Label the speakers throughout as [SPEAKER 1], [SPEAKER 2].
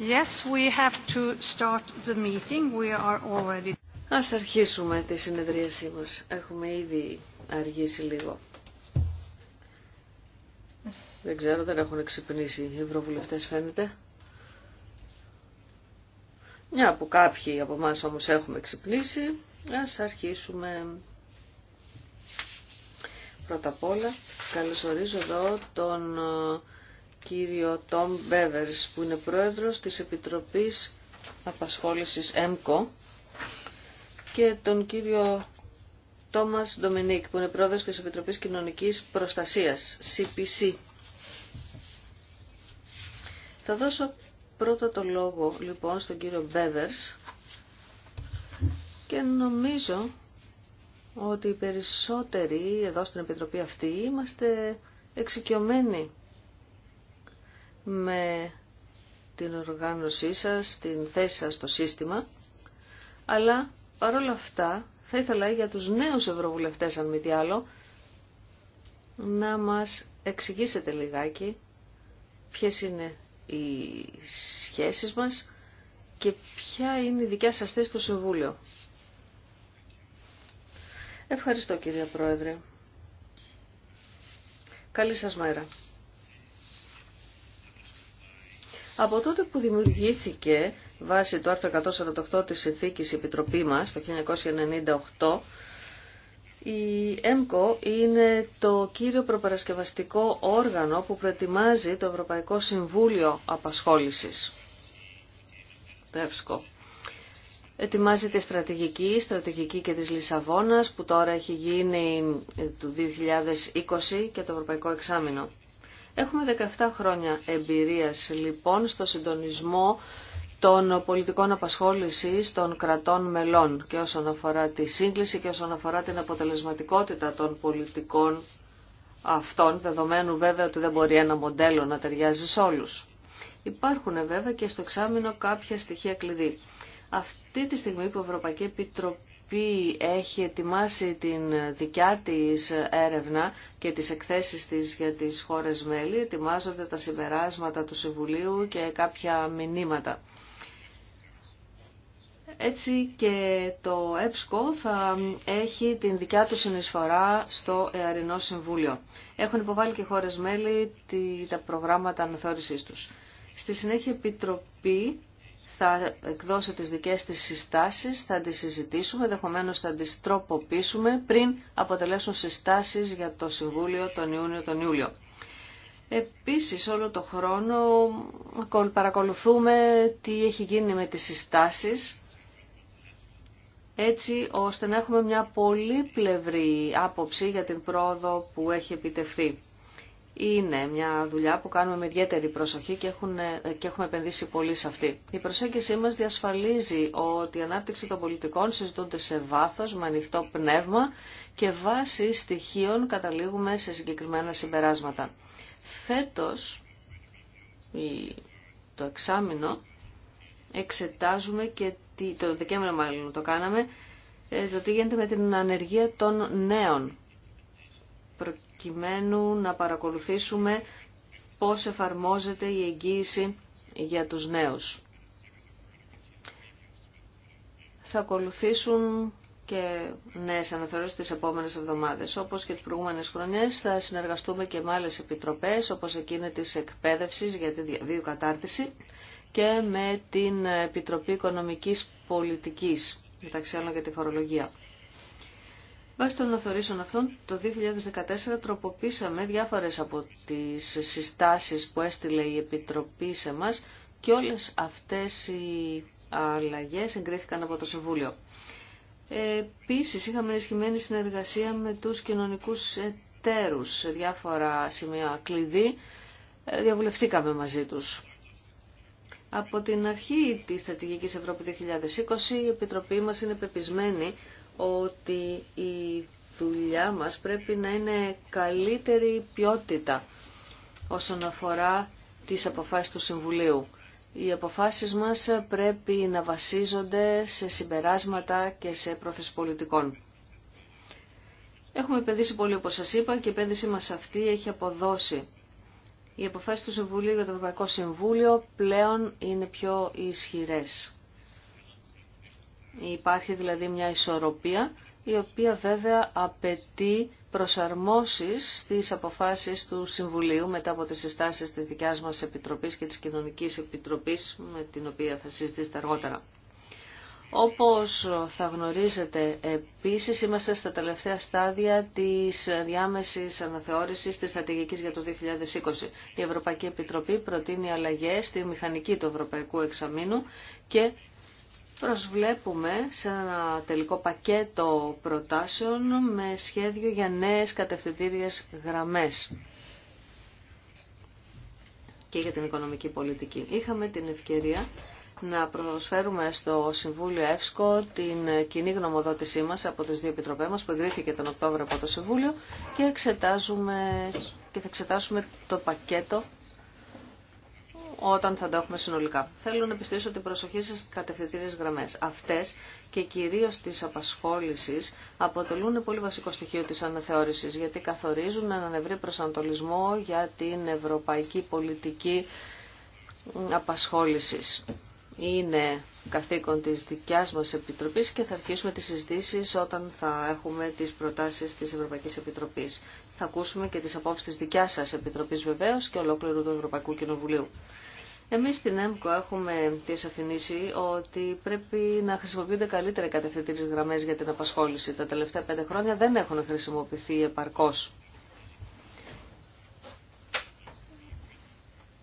[SPEAKER 1] Yes, we have to start the meeting. We are already... Ας αρχίσουμε τη συνεδρίασή μας. Έχουμε ήδη αργήσει λίγο. Δεν ξέρω, δεν έχουν ξυπνήσει οι ευρωβουλευτές φαίνεται. Μια που κάποιοι από εμά όμως έχουμε ξυπνήσει, ας αρχίσουμε. Πρώτα απ' όλα καλωσορίζω εδώ τον ε, κύριο Τόμ Μπέβερς που είναι πρόεδρος της Επιτροπής Απασχόλησης ΕΜΚΟ και τον κύριο Τόμας Ντομινίκ που είναι πρόεδρος της Επιτροπής Κοινωνικής Προστασίας, CPC. Θα δώσω πρώτα το λόγο λοιπόν στον κύριο Μπέβερς και νομίζω ότι οι περισσότεροι εδώ στην Επιτροπή αυτή είμαστε εξοικειωμένοι με την οργάνωσή σας, την θέση σας στο σύστημα, αλλά παρόλα αυτά θα ήθελα για τους νέους ευρωβουλευτές, αν μη τι άλλο, να μας εξηγήσετε λιγάκι ποιες είναι οι σχέσεις μας και ποια είναι η δικιά σας θέση στο Συμβούλιο. Ευχαριστώ κυρία Πρόεδρε. Καλή σας μέρα. Από τότε που δημιουργήθηκε βάσει του άρθρου 148 της Συνθήκης Επιτροπή μας το 1998, η ΕΜΚΟ είναι το κύριο προπαρασκευαστικό όργανο που προετοιμάζει το Ευρωπαϊκό Συμβούλιο Απασχόλησης, το ΕΦΣΚΟ. Ετοιμάζει τη στρατηγική, στρατηγική και της Λισαβόνας που τώρα έχει γίνει του 2020 και το Ευρωπαϊκό Εξάμεινο. Έχουμε 17 χρόνια εμπειρίας λοιπόν στο συντονισμό των πολιτικών απασχόλησης των κρατών μελών και όσον αφορά τη σύγκληση και όσον αφορά την αποτελεσματικότητα των πολιτικών αυτών, δεδομένου βέβαια ότι δεν μπορεί ένα μοντέλο να ταιριάζει σε όλους. Υπάρχουν βέβαια και στο εξάμεινο κάποια στοιχεία κλειδί. Αυτή τη στιγμή που η Ευρωπαϊκή Επιτροπή οποία έχει ετοιμάσει την δικιά της έρευνα και τις εκθέσεις της για τις χώρες μέλη. Ετοιμάζονται τα συμπεράσματα του Συμβουλίου και κάποια μηνύματα. Έτσι και το ΕΠΣΚΟ θα έχει την δικιά του συνεισφορά στο Εαρινό Συμβούλιο. Έχουν υποβάλει και χώρες μέλη τα προγράμματα αναθεώρησής τους. Στη συνέχεια η Επιτροπή θα εκδώσει τις δικές της συστάσεις, θα τις συζητήσουμε, δεχομένως θα τις τροποποιήσουμε πριν αποτελέσουν συστάσεις για το Συμβούλιο τον Ιούνιο τον Ιούλιο. Επίσης όλο το χρόνο παρακολουθούμε τι έχει γίνει με τις συστάσεις έτσι ώστε να έχουμε μια πολύπλευρη άποψη για την πρόοδο που έχει επιτευχθεί είναι μια δουλειά που κάνουμε με ιδιαίτερη προσοχή και, έχουν, και έχουμε επενδύσει πολύ σε αυτή. Η προσέγγιση μας διασφαλίζει ότι η ανάπτυξη των πολιτικών συζητούνται σε βάθος, με ανοιχτό πνεύμα και βάσει στοιχείων καταλήγουμε σε συγκεκριμένα συμπεράσματα. Φέτος, το εξάμεινο, εξετάζουμε και το Δεκέμβριο μάλλον το κάναμε, ε, το τι γίνεται με την ανεργία των νέων να παρακολουθήσουμε πώς εφαρμόζεται η εγγύηση για τους νέους. Θα ακολουθήσουν και νέες αναθεωρήσεις τις επόμενες εβδομάδες. Όπως και τις προηγούμενες χρονιές θα συνεργαστούμε και με άλλες επιτροπές, όπως εκείνη της εκπαίδευσης για τη διαβίου κατάρτιση και με την Επιτροπή Οικονομικής Πολιτικής, μεταξύ άλλων για τη φορολογία. Βάσει των αθωρήσεων αυτών, το 2014 τροποποίησαμε διάφορες από τις συστάσεις που έστειλε η Επιτροπή σε μας και όλες αυτές οι αλλαγές εγκρίθηκαν από το Συμβούλιο. Επίσης, είχαμε ενισχυμένη συνεργασία με τους κοινωνικούς εταίρους σε διάφορα σημεία κλειδί. Διαβουλευτήκαμε μαζί τους. Από την αρχή της Στρατηγικής Ευρώπη 2020, η Επιτροπή μας είναι πεπισμένη ότι η δουλειά μας πρέπει να είναι καλύτερη ποιότητα όσον αφορά τις αποφάσεις του Συμβουλίου. Οι αποφάσεις μας πρέπει να βασίζονται σε συμπεράσματα και σε πρόθεση πολιτικών. Έχουμε επενδύσει πολύ όπως σας είπα και η επένδυση μας αυτή έχει αποδώσει. η αποφάση του Συμβουλίου για το Ευρωπαϊκό Συμβούλιο πλέον είναι πιο ισχυρές. Υπάρχει δηλαδή μια ισορροπία η οποία βέβαια απαιτεί προσαρμόσεις στις αποφάσεις του Συμβουλίου μετά από τις συστάσεις της δικιάς μας Επιτροπής και της Κοινωνικής Επιτροπής με την οποία θα συζητήσετε αργότερα. Όπως θα γνωρίζετε επίσης είμαστε στα τελευταία στάδια της διάμεσης αναθεώρησης της στρατηγικής για το 2020. Η Ευρωπαϊκή Επιτροπή προτείνει αλλαγές στη μηχανική του Ευρωπαϊκού Εξαμήνου και προσβλέπουμε σε ένα τελικό πακέτο προτάσεων με σχέδιο για νέες κατευθυντήριες γραμμές και για την οικονομική πολιτική. Είχαμε την ευκαιρία να προσφέρουμε στο Συμβούλιο ΕΦΣΚΟ την κοινή γνωμοδότησή μας από τις δύο επιτροπές μας που εγκρίθηκε τον Οκτώβριο από το Συμβούλιο και, εξετάζουμε, και θα εξετάσουμε το πακέτο όταν θα τα έχουμε συνολικά. Θέλω να πιστήσω την προσοχή σας στις κατευθυντήριες γραμμές. Αυτές και κυρίως της απασχόλησης αποτελούν πολύ βασικό στοιχείο της αναθεώρησης γιατί καθορίζουν έναν ευρύ προσανατολισμό για την ευρωπαϊκή πολιτική απασχόλησης. Είναι καθήκον της δικιάς μας Επιτροπής και θα αρχίσουμε τις συζητήσεις όταν θα έχουμε τις προτάσεις της Ευρωπαϊκής Επιτροπής. Θα ακούσουμε και τις απόψεις της δικιάς σας Επιτροπής βεβαίως και ολόκληρου του Ευρωπαϊκού Κοινοβουλίου. Εμείς στην ΕΜΚΟ έχουμε διασαφηνίσει ότι πρέπει να χρησιμοποιούνται καλύτερα οι κατευθυντήριες γραμμές για την απασχόληση. Τα τελευταία πέντε χρόνια δεν έχουν χρησιμοποιηθεί επαρκώς.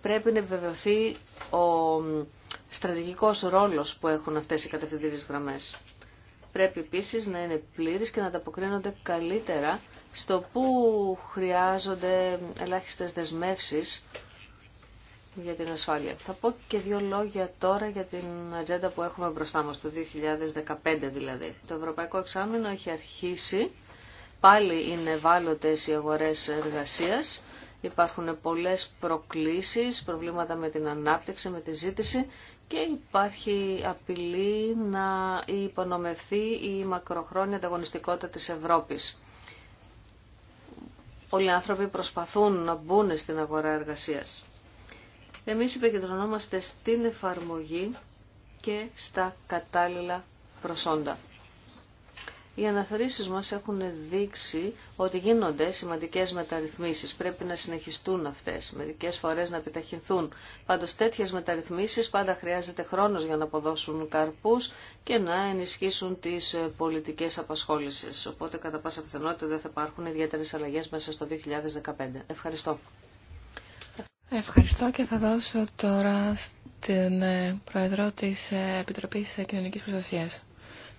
[SPEAKER 1] Πρέπει να επιβεβαιωθεί ο στρατηγικός ρόλος που έχουν αυτές οι κατευθυντήριες γραμμές. Πρέπει επίση να είναι πλήρε και να ανταποκρίνονται καλύτερα στο που χρειάζονται ελάχιστες δεσμεύσεις για την ασφάλεια. Θα πω και δύο λόγια τώρα για την ατζέντα που έχουμε μπροστά μας, το 2015 δηλαδή. Το Ευρωπαϊκό Εξάμεινο έχει αρχίσει, πάλι είναι ευάλωτες οι αγορές εργασίας, υπάρχουν πολλές προκλήσεις, προβλήματα με την ανάπτυξη, με τη ζήτηση και υπάρχει απειλή να υπονομευθεί η μακροχρόνια ανταγωνιστικότητα της Ευρώπης. Πολλοί άνθρωποι προσπαθούν να μπουν στην αγορά εργασίας. Εμείς επικεντρωνόμαστε στην εφαρμογή και στα κατάλληλα προσόντα. Οι αναθεωρήσεις μας έχουν δείξει ότι γίνονται σημαντικές μεταρρυθμίσεις. Πρέπει να συνεχιστούν αυτές, μερικές φορές να επιταχυνθούν. Πάντως τέτοιες μεταρρυθμίσεις πάντα χρειάζεται χρόνος για να αποδώσουν καρπούς και να ενισχύσουν τις πολιτικές απασχόλησεις. Οπότε κατά πάσα πιθανότητα δεν θα υπάρχουν ιδιαίτερες αλλαγές μέσα στο 2015. Ευχαριστώ.
[SPEAKER 2] Ευχαριστώ και θα δώσω τώρα στην ε, Πρόεδρο της ε, Επιτροπής Κοινωνικής Προστασίας.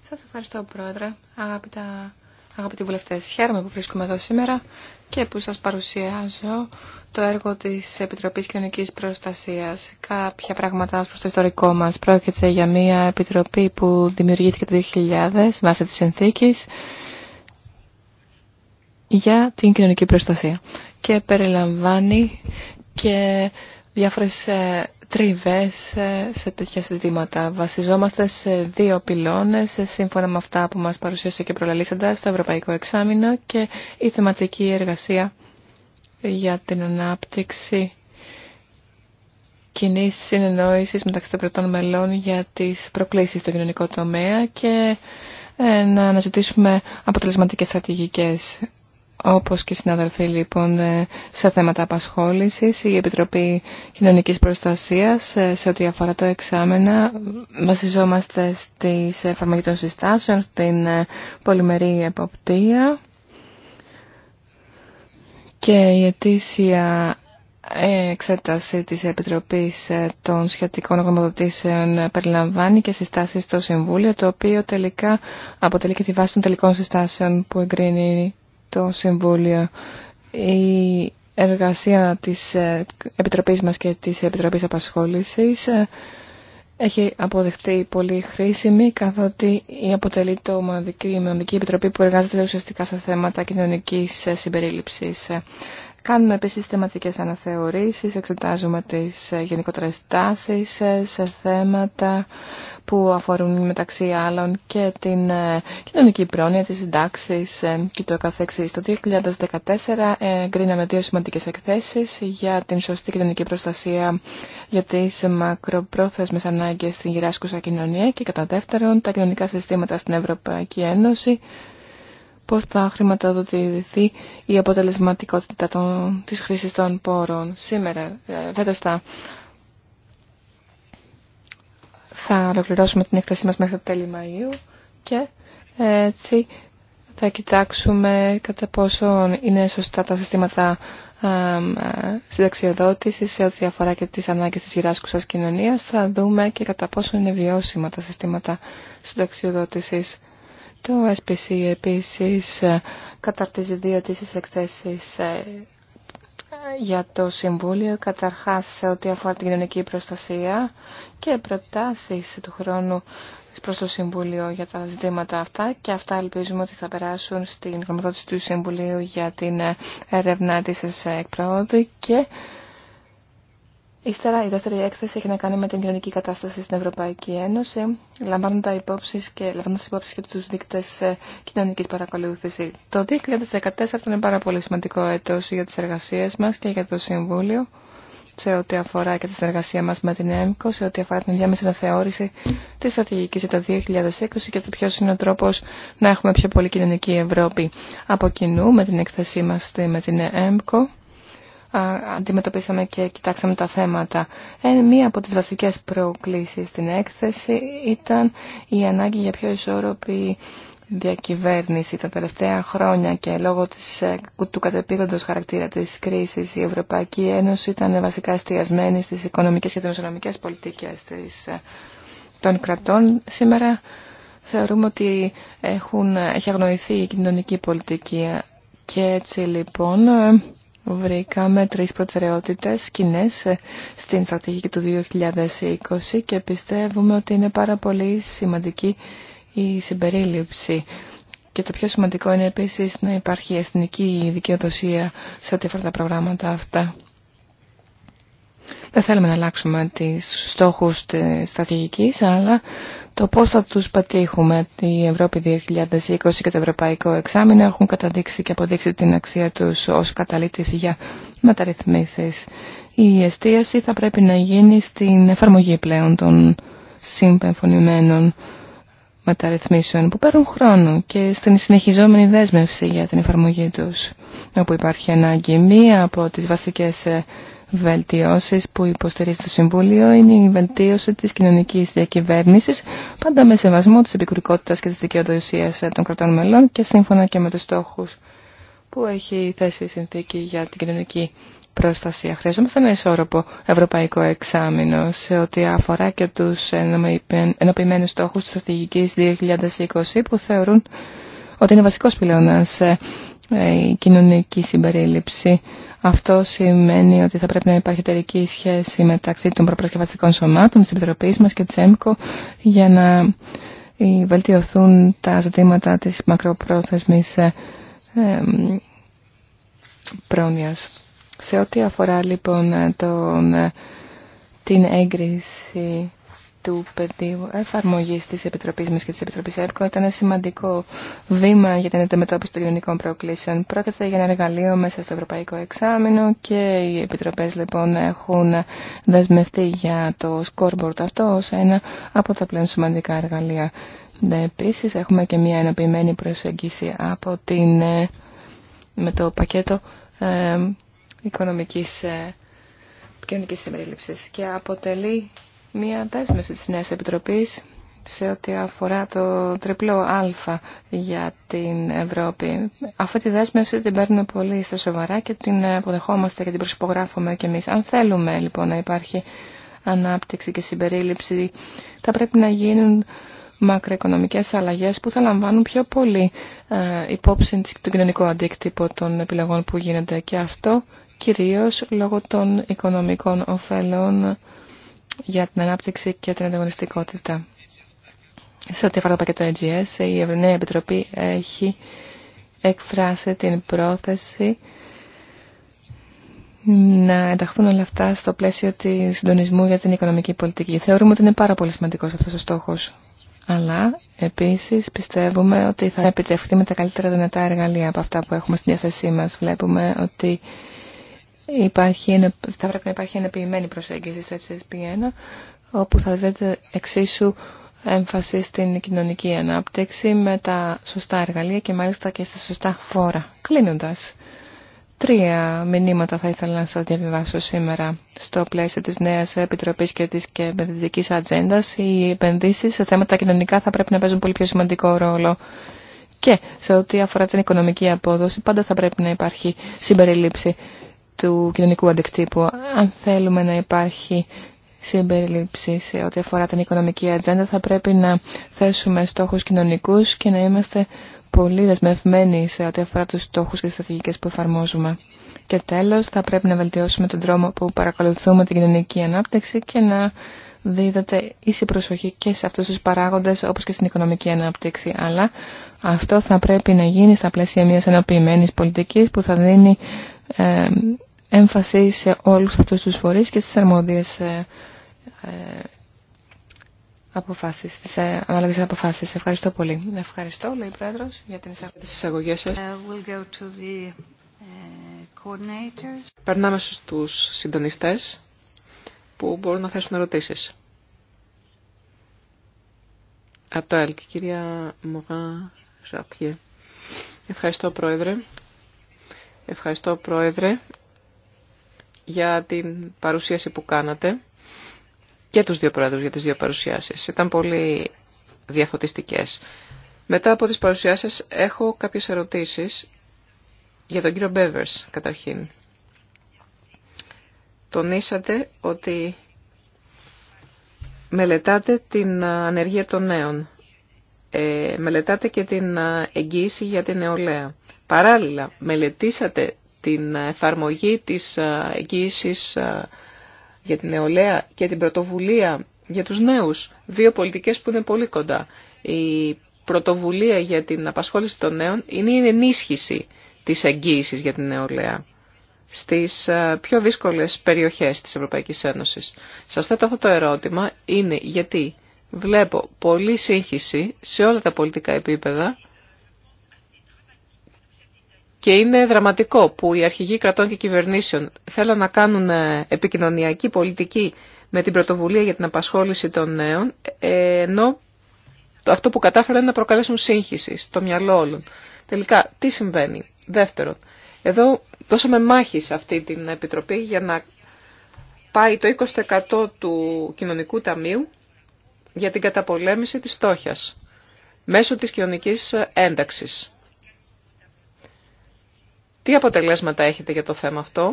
[SPEAKER 2] Σας ευχαριστώ Πρόεδρε, αγαπητά, αγαπητοί βουλευτές. Χαίρομαι που βρίσκομαι εδώ σήμερα και που σας παρουσιάζω το έργο της Επιτροπής Κοινωνικής Προστασίας. Κάποια πράγματα ως προς το ιστορικό μας. Πρόκειται για μια επιτροπή που δημιουργήθηκε το 2000 βάσει της συνθήκης για την κοινωνική προστασία και περιλαμβάνει και διάφορες ε, τριβές ε, σε τέτοια συζητήματα. Βασιζόμαστε σε δύο πυλώνες, ε, σύμφωνα με αυτά που μας παρουσίασε και προλαλήσαντα στο Ευρωπαϊκό Εξάμεινο και η θεματική εργασία για την ανάπτυξη κοινή συνεννόησης μεταξύ των κρατών μελών για τις προκλήσεις στο κοινωνικό τομέα και να αναζητήσουμε αποτελεσματικές στρατηγικές. Όπως και οι συναδελφοί λοιπόν ε, σε θέματα απασχόλησης, η Επιτροπή Κοινωνικής Προστασίας ε, σε ό,τι αφορά το εξάμενα βασιζόμαστε στις εφαρμογή των συστάσεων, στην ε, πολυμερή εποπτεία και η αιτήσια εξέταση της Επιτροπής των Σχετικών Γνωμοδοτήσεων περιλαμβάνει και συστάσεις στο Συμβούλιο, το οποίο τελικά αποτελεί και τη βάση των τελικών συστάσεων που εγκρίνει το Συμβούλιο. Η εργασία της ε, Επιτροπής μας και της Επιτροπής Απασχόλησης ε, έχει αποδεχτεί πολύ χρήσιμη, καθότι αποτελεί το μοναδική, η Μοναδική Επιτροπή που εργάζεται ουσιαστικά σε θέματα κοινωνικής ε, συμπερίληψης. Κάνουμε επίσης θεματικές αναθεωρήσεις, εξετάζουμε τις ε, γενικότερες τάσεις ε, σε θέματα που αφορούν μεταξύ άλλων και την ε, κοινωνική πρόνοια, της συντάξει και το καθεξής. Το 2014 εγκρίναμε δύο σημαντικές εκθέσεις για την σωστή κοινωνική προστασία για τις μακροπρόθεσμες ανάγκες στην γυράσκουσα κοινωνία και κατά δεύτερον τα κοινωνικά συστήματα στην Ευρωπαϊκή Ένωση πώς θα χρηματοδοτηθεί η αποτελεσματικότητα των, της χρήσης των πόρων. Σήμερα, ε, φέτος θα, θα ολοκληρώσουμε την έκθεσή μας μέχρι το τέλη Μαΐου και έτσι θα κοιτάξουμε κατά πόσο είναι σωστά τα συστήματα ε, συνταξιοδότηση σε ό,τι αφορά και τις ανάγκες της γυράσκουσας κοινωνίας. Θα δούμε και κατά πόσο είναι βιώσιμα τα συστήματα συνταξιοδότησης. Το SPC επίσης ε, καταρτίζει δύο τις εκθέσεις ε, για το Συμβούλιο, καταρχάς σε ό,τι αφορά την κοινωνική προστασία και προτάσεις του χρόνου προς το Συμβούλιο για τα ζητήματα αυτά και αυτά ελπίζουμε ότι θα περάσουν στην γνωμοδότηση του Συμβουλίου για την ε, έρευνά της εκπρόοδου και Ύστερα η δεύτερη έκθεση έχει να κάνει με την κοινωνική κατάσταση στην Ευρωπαϊκή Ένωση, λαμβάνοντα υπόψη και, λαμβάνοντας υπόψη και τους δείκτες ε, κοινωνικής παρακολούθησης. Το 2014 ήταν πάρα πολύ σημαντικό έτος για τις εργασίες μας και για το Συμβούλιο, σε ό,τι αφορά και τη συνεργασία μας με την ΕΜΚΟ, σε ό,τι αφορά την διάμεση αναθεώρηση της στρατηγικής για το 2020 και το ποιος είναι ο τρόπος να έχουμε πιο πολύ κοινωνική Ευρώπη. Από κοινού με την έκθεσή μας με την ΕΜΚΟ αντιμετωπίσαμε και κοιτάξαμε τα θέματα. Ε, μία από τις βασικές προκλήσεις στην έκθεση ήταν η ανάγκη για πιο ισόρροπη διακυβέρνηση τα τελευταία χρόνια και λόγω της, ε, του κατεπήγοντος χαρακτήρα της κρίσης η Ευρωπαϊκή Ένωση ήταν βασικά εστιασμένη στις οικονομικές και δημοσιονομικές πολιτικές της, ε, των κρατών. Σήμερα θεωρούμε ότι έχουν, έχει αγνοηθεί η κοινωνική πολιτική και έτσι λοιπόν ε, βρήκαμε τρεις προτεραιότητες κοινέ ε, στην στρατηγική του 2020 και πιστεύουμε ότι είναι πάρα πολύ σημαντική η συμπερίληψη. Και το πιο σημαντικό είναι επίσης να υπάρχει εθνική δικαιοδοσία σε ό,τι αφορά τα προγράμματα αυτά. Δεν θέλουμε να αλλάξουμε τις στόχους της στρατηγικής, αλλά το πώς θα τους πετύχουμε, η Ευρώπη 2020 και το Ευρωπαϊκό Εξάμεινο έχουν καταδείξει και αποδείξει την αξία τους ως καταλήτης για μεταρρυθμίσεις. Η εστίαση θα πρέπει να γίνει στην εφαρμογή πλέον των συμπεμφωνημένων μεταρρυθμίσεων που παίρνουν χρόνο και στην συνεχιζόμενη δέσμευση για την εφαρμογή τους, όπου υπάρχει ανάγκη. Μία από τις βασικές βελτιώσεις που υποστηρίζει το Συμβούλιο είναι η βελτίωση της κοινωνικής διακυβέρνησης, πάντα με σεβασμό της επικουρικότητας και της δικαιοδοσία των κρατών μελών και σύμφωνα και με τους στόχους που έχει θέσει η συνθήκη για την κοινωνική προστασία. Χρειαζόμαστε ένα ισόρροπο ευρωπαϊκό εξάμεινο σε ό,τι αφορά και του ενωπημένου στόχους τη στρατηγικής 2020 που θεωρούν ότι είναι βασικός πυλώνας ε, ε, η κοινωνική συμπερίληψη. Αυτό σημαίνει ότι θα πρέπει να υπάρχει εταιρική σχέση μεταξύ των προπροσκευαστικών σωμάτων, της Επιτροπής μας και της ΕΜΚΟ για να ε, βελτιωθούν τα ζητήματα της μακροπρόθεσμης ε, πρόνοιας. Σε ό,τι αφορά λοιπόν τον, την έγκριση του πεδίου εφαρμογή τη Επιτροπή μα και τη Επιτροπή ΕΠΚΟ ήταν ένα σημαντικό βήμα για την αντιμετώπιση των κοινωνικών προκλήσεων. Πρόκειται για ένα εργαλείο μέσα στο Ευρωπαϊκό Εξάμεινο και οι επιτροπέ λοιπόν έχουν δεσμευτεί για το scoreboard αυτό ω ένα από τα πλέον σημαντικά εργαλεία. Επίση, έχουμε και μια ενοποιημένη προσέγγιση από την, ε, με το πακέτο ε, οικονομικής ε, συμπερίληψης και αποτελεί μία δέσμευση της Νέας Επιτροπής σε ό,τι αφορά το τριπλό α για την Ευρώπη. Αυτή τη δέσμευση την παίρνουμε πολύ στα σοβαρά και την αποδεχόμαστε και την προσυπογράφουμε και εμείς. Αν θέλουμε λοιπόν να υπάρχει ανάπτυξη και συμπερίληψη, θα πρέπει να γίνουν μακροοικονομικές αλλαγές που θα λαμβάνουν πιο πολύ ε, υπόψη του κοινωνικό αντίκτυπο των επιλογών που γίνονται και αυτό κυρίως λόγω των οικονομικών ωφέλων για την ανάπτυξη και την ανταγωνιστικότητα. Σε ό,τι αφορά το πακέτο EGS, η Ευρωνέα Επιτροπή έχει εκφράσει την πρόθεση να ενταχθούν όλα αυτά στο πλαίσιο του συντονισμού για την οικονομική πολιτική. Θεωρούμε ότι είναι πάρα πολύ σημαντικός αυτός ο στόχος. Αλλά επίσης πιστεύουμε ότι θα επιτευχθεί με τα καλύτερα δυνατά εργαλεία από αυτά που έχουμε στη διάθεσή μας. Βλέπουμε ότι υπάρχει, θα πρέπει να υπάρχει ενεποιημένη προσέγγιση στο HSP1, όπου θα δίνεται εξίσου έμφαση στην κοινωνική ανάπτυξη με τα σωστά εργαλεία και μάλιστα και στα σωστά φόρα. Κλείνοντας, τρία μηνύματα θα ήθελα να σας διαβιβάσω σήμερα στο πλαίσιο της νέας επιτροπής και της και επενδυτικής ατζέντα. Οι επενδύσεις σε θέματα κοινωνικά θα πρέπει να παίζουν πολύ πιο σημαντικό ρόλο. Και σε ό,τι αφορά την οικονομική απόδοση, πάντα θα πρέπει να υπάρχει συμπεριλήψη του κοινωνικού αντικτύπου. Αν θέλουμε να υπάρχει συμπεριλήψη σε ό,τι αφορά την οικονομική ατζέντα, θα πρέπει να θέσουμε στόχους κοινωνικούς και να είμαστε πολύ δεσμευμένοι σε ό,τι αφορά τους στόχους και τις στρατηγικές που εφαρμόζουμε. Και τέλος, θα πρέπει να βελτιώσουμε τον τρόμο που παρακολουθούμε την κοινωνική ανάπτυξη και να δίδεται ίση προσοχή και σε αυτούς τους παράγοντες όπως και στην οικονομική ανάπτυξη. Αλλά αυτό θα πρέπει να γίνει στα πλαίσια μιας ενοποιημένης πολιτικής που θα δίνει ε, έμφαση σε όλους αυτούς τους φορείς και στις αρμόδιες ε, ε, αποφάσεις, τις ε, ανάλογες αποφάσεις. Ευχαριστώ πολύ. Ευχαριστώ, λέει ο Πρόεδρος, για την
[SPEAKER 3] εισαγωγή της σας. Ε, we'll go to the, ε,
[SPEAKER 4] Περνάμε στους συντονιστές που μπορούν να θέσουν ερωτήσεις. Από ε, το ΕΛΚ, κυρία Μωρά Ζαπιέ. Ευχαριστώ, Πρόεδρε. Ευχαριστώ, Πρόεδρε, για την παρουσίαση που κάνατε και τους δύο πρόεδρους για τις δύο παρουσιάσεις. Ήταν πολύ διαφωτιστικές. Μετά από τις παρουσιάσεις έχω κάποιες ερωτήσεις για τον κύριο Μπέβερς καταρχήν. Τονίσατε ότι μελετάτε την ανεργία των νέων. Ε, μελετάτε και την ε, εγγύηση για την νεολαία. Παράλληλα, μελετήσατε την εφαρμογή της ε, εγγύησης ε, για την νεολαία και την πρωτοβουλία για τους νέους. Δύο πολιτικές που είναι πολύ κοντά. Η πρωτοβουλία για την απασχόληση των νέων είναι η ενίσχυση της εγγύησης για την νεολαία στις ε, πιο δύσκολες περιοχές της Ευρωπαϊκής Ένωσης. Σας θέτω αυτό το ερώτημα είναι γιατί βλέπω πολλή σύγχυση σε όλα τα πολιτικά επίπεδα και είναι δραματικό που οι αρχηγοί κρατών και κυβερνήσεων θέλουν να κάνουν ε, επικοινωνιακή πολιτική με την πρωτοβουλία για την απασχόληση των νέων, ε, ενώ αυτό που κατάφεραν είναι να προκαλέσουν σύγχυση στο μυαλό όλων. Τελικά, τι συμβαίνει. Δεύτερον, εδώ δώσαμε μάχη σε αυτή την Επιτροπή για να πάει το 20% του κοινωνικού ταμείου για την καταπολέμηση της στόχιας μέσω της κοινωνικής ένταξης. Τι αποτελέσματα έχετε για το θέμα αυτό.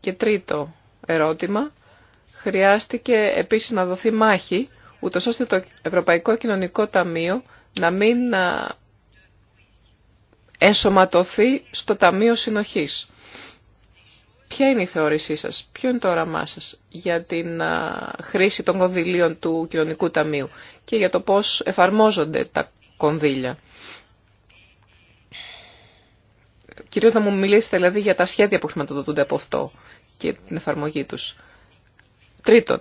[SPEAKER 4] Και τρίτο ερώτημα. Χρειάστηκε επίσης να δοθεί μάχη, ούτως ώστε το Ευρωπαϊκό Κοινωνικό Ταμείο να μην ενσωματωθεί στο Ταμείο Συνοχής. Ποια είναι η θεώρησή σας, ποιο είναι το όραμά σας για την χρήση των κονδυλίων του Κοινωνικού Ταμείου και για το πώς εφαρμόζονται τα κονδύλια. κυρίως να μου μιλήσετε δηλαδή για τα σχέδια που χρηματοδοτούνται από αυτό και την εφαρμογή τους. Τρίτον,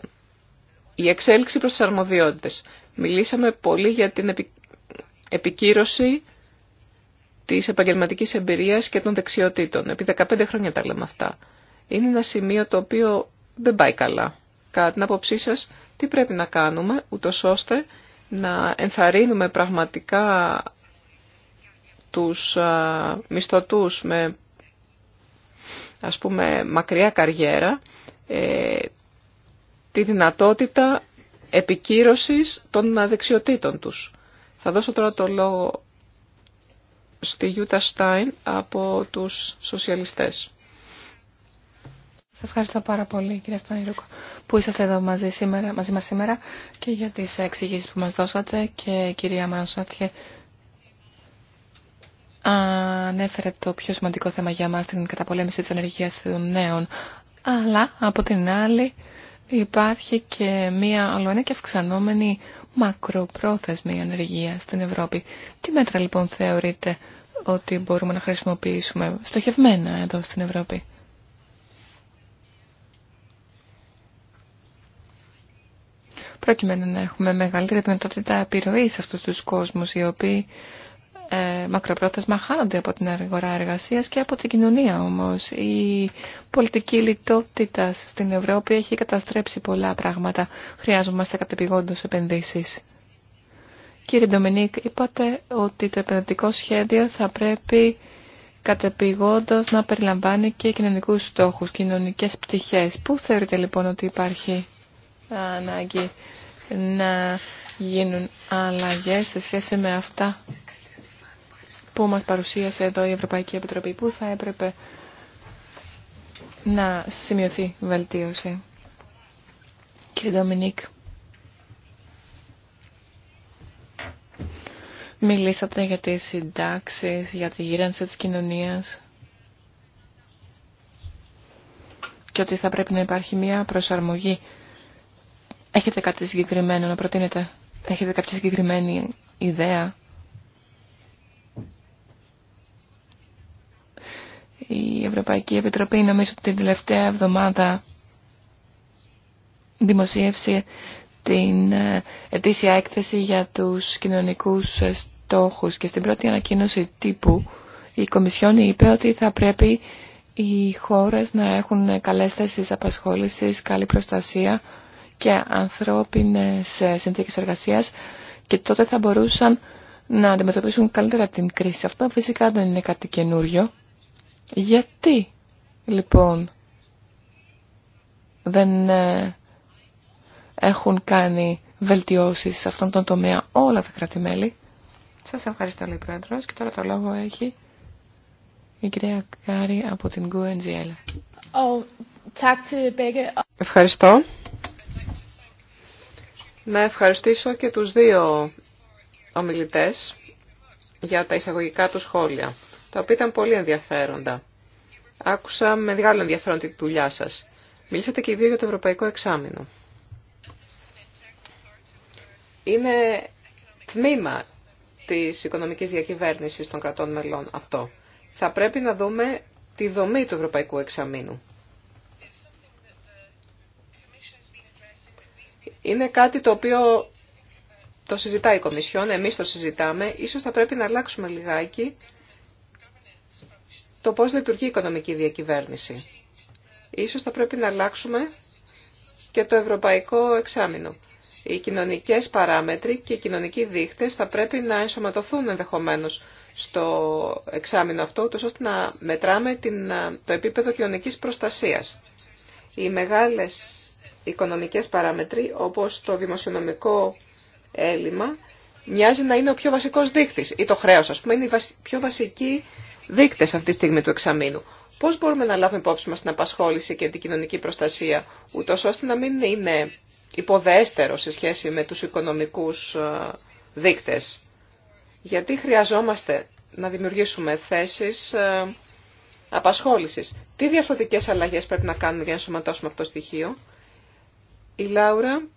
[SPEAKER 4] η εξέλιξη προς τις αρμοδιότητες. Μιλήσαμε πολύ για την επικύρωση της επαγγελματικής εμπειρίας και των δεξιοτήτων. Επί 15 χρόνια τα λέμε αυτά. Είναι ένα σημείο το οποίο δεν πάει καλά. Κατά την άποψή σας, τι πρέπει να κάνουμε, ούτω ώστε να ενθαρρύνουμε πραγματικά τους μισθωτούς με ας πούμε μακριά καριέρα ε, τη δυνατότητα επικύρωσης των αδεξιοτήτων τους. Θα δώσω τώρα το λόγο στη Γιούτα Στάιν από τους σοσιαλιστές.
[SPEAKER 2] Σας ευχαριστώ πάρα πολύ κυρία Στανιρούκο που είσαστε εδώ μαζί, σήμερα, μαζί μας σήμερα και για τις εξηγήσεις που μας δώσατε και κυρία Μαρανσάτια ανέφερε το πιο σημαντικό θέμα για μας, την καταπολέμηση της ενεργείας των νέων. Αλλά, από την άλλη, υπάρχει και μία ολοένα και αυξανόμενη μακροπρόθεσμη ανεργία στην Ευρώπη. Τι μέτρα λοιπόν θεωρείτε ότι μπορούμε να χρησιμοποιήσουμε στοχευμένα εδώ στην Ευρώπη. Προκειμένου να έχουμε μεγαλύτερη δυνατότητα επιρροή σε αυτούς τους κόσμους οι οποίοι ε, μακροπρόθεσμα χάνονται από την αργόρα εργασίας και από την κοινωνία όμως. Η πολιτική λιτότητα στην Ευρώπη έχει καταστρέψει πολλά πράγματα. Χρειάζομαστε κατεπηγόντως επενδύσεις. Κύριε Ντομινίκ, είπατε ότι το επενδυτικό σχέδιο θα πρέπει κατεπηγόντως να περιλαμβάνει και κοινωνικούς στόχους, κοινωνικές πτυχές. Πού θεωρείτε λοιπόν ότι υπάρχει ανάγκη να γίνουν αλλαγές σε σχέση με αυτά που μας παρουσίασε εδώ η Ευρωπαϊκή Επιτροπή, που θα έπρεπε να σημειωθεί βελτίωση. Κύριε Ντομινίκ, μιλήσατε για τις συντάξεις, για τη γύρανση της κοινωνίας και ότι θα πρέπει να υπάρχει μια προσαρμογή. Έχετε κάτι συγκεκριμένο να προτείνετε, έχετε κάποια συγκεκριμένη ιδέα η Ευρωπαϊκή Επιτροπή νομίζω ότι την τελευταία εβδομάδα δημοσίευσε την ε, ετήσια έκθεση για τους κοινωνικούς ε, στόχους και στην πρώτη ανακοίνωση τύπου η Κομισιόν είπε ότι θα πρέπει οι χώρες να έχουν καλές θέσεις απασχόλησης, καλή προστασία και ανθρώπινες ε, συνθήκες εργασίας και τότε θα μπορούσαν να αντιμετωπίσουν καλύτερα την κρίση. Αυτό φυσικά δεν είναι κάτι καινούριο. Γιατί λοιπόν δεν ε, έχουν κάνει βελτιώσεις σε αυτόν τον τομέα όλα τα κράτη-μέλη. Σας ευχαριστώ λέει Πρόεδρος και τώρα το λόγο έχει η κυρία Κάρη από την oh, GUNGL.
[SPEAKER 4] Ευχαριστώ. Να ευχαριστήσω και τους δύο ομιλητές για τα εισαγωγικά του σχόλια τα οποία ήταν πολύ ενδιαφέροντα. Άκουσα με μεγάλο ενδιαφέρον τη δουλειά σας. Μιλήσατε και οι δύο για το Ευρωπαϊκό Εξάμεινο. Είναι τμήμα της οικονομικής διακυβέρνησης των κρατών μελών αυτό. Θα πρέπει να δούμε τη δομή του Ευρωπαϊκού Εξαμήνου. Είναι κάτι το οποίο το συζητάει η Κομισιόν, εμείς το συζητάμε. Ίσως θα πρέπει να αλλάξουμε λιγάκι το πώς λειτουργεί η οικονομική διακυβέρνηση. Ίσως θα πρέπει να αλλάξουμε και το ευρωπαϊκό εξάμεινο. Οι κοινωνικές παράμετροι και οι κοινωνικοί δείχτες θα πρέπει να ενσωματωθούν ενδεχομένως στο εξάμεινο αυτό, ούτως ώστε να μετράμε την, το επίπεδο κοινωνικής προστασίας. Οι μεγάλες οικονομικές παράμετροι, όπως το δημοσιονομικό έλλειμμα, μοιάζει να είναι ο πιο βασικός δείχτης ή το χρέος, ας πούμε, είναι η πιο βασική δείκτε αυτή τη στιγμή του εξαμήνου. Πώς μπορούμε να λάβουμε υπόψη μα την απασχόληση και την κοινωνική προστασία, ούτω ώστε να μην είναι υποδέστερο σε σχέση με τους οικονομικούς ε, δείκτε. Γιατί χρειαζόμαστε να δημιουργήσουμε θέσεις ε, απασχόλησης. Τι διαφορετικές αλλαγές πρέπει να κάνουμε για να σωματώσουμε αυτό το στοιχείο. Η Λάουρα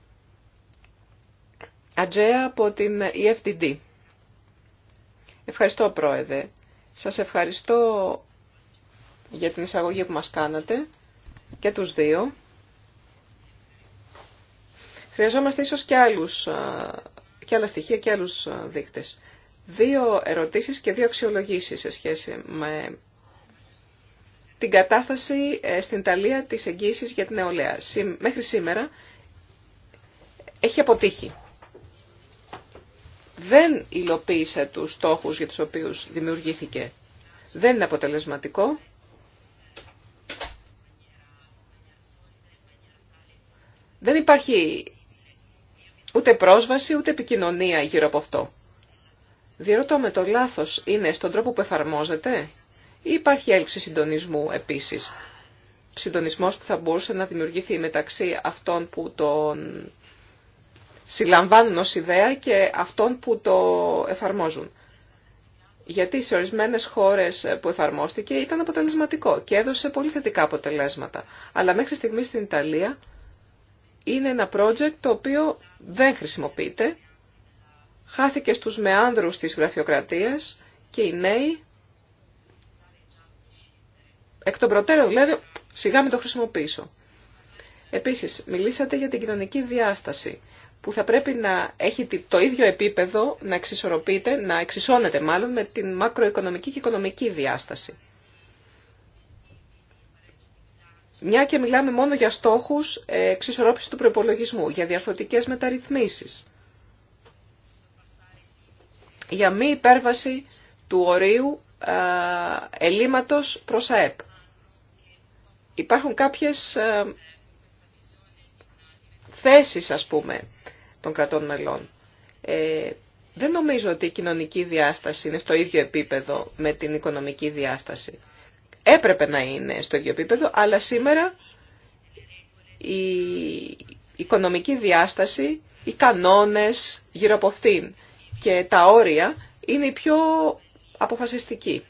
[SPEAKER 4] Ατζέα από την EFTD. Ε Ευχαριστώ, Πρόεδρε. Σας ευχαριστώ για την εισαγωγή που μας κάνατε και τους δύο. Χρειαζόμαστε ίσως και, άλλους, και άλλα στοιχεία και άλλους δείκτες. Δύο ερωτήσεις και δύο αξιολογήσεις σε σχέση με την κατάσταση ε, στην Ιταλία της εγγύησης για την νεολαία. Μέχρι σήμερα έχει αποτύχει δεν υλοποίησε τους στόχους για τους οποίους δημιουργήθηκε. Δεν είναι αποτελεσματικό. Δεν υπάρχει ούτε πρόσβαση ούτε επικοινωνία γύρω από αυτό. Διερωτώ με το λάθος είναι στον τρόπο που εφαρμόζεται ή υπάρχει έλλειψη συντονισμού επίσης. Συντονισμός που θα μπορούσε να δημιουργηθεί μεταξύ αυτών που τον συλλαμβάνουν ως ιδέα και αυτών που το εφαρμόζουν. Γιατί σε ορισμένε χώρε που εφαρμόστηκε ήταν αποτελεσματικό και έδωσε πολύ θετικά αποτελέσματα. Αλλά μέχρι στιγμή στην Ιταλία είναι ένα project το οποίο δεν χρησιμοποιείται, χάθηκε στους μεάνδρους της γραφειοκρατίας και οι νέοι εκ των προτέρων δηλαδή σιγά μην το χρησιμοποιήσω. Επίσης, μιλήσατε για την κοινωνική διάσταση που θα πρέπει να έχει το ίδιο επίπεδο, να εξισορροπείται, να εξισώνεται μάλλον με την μακροοικονομική και οικονομική διάσταση. Μια και μιλάμε μόνο για στόχους ε, εξισορρόπηση του προπολογισμού, για διαρθωτικές μεταρρυθμίσεις, για μη υπέρβαση του ορίου ε, ελλείμματος προς ΑΕΠ. Υπάρχουν κάποιες ε, θέσεις, ας πούμε, των κρατών μελών. Ε, δεν νομίζω ότι η κοινωνική διάσταση είναι στο ίδιο επίπεδο με την οικονομική διάσταση. Έπρεπε να είναι στο ίδιο επίπεδο, αλλά σήμερα η οικονομική διάσταση, οι κανόνες γύρω από αυτήν και τα όρια είναι οι πιο αποφασιστικοί.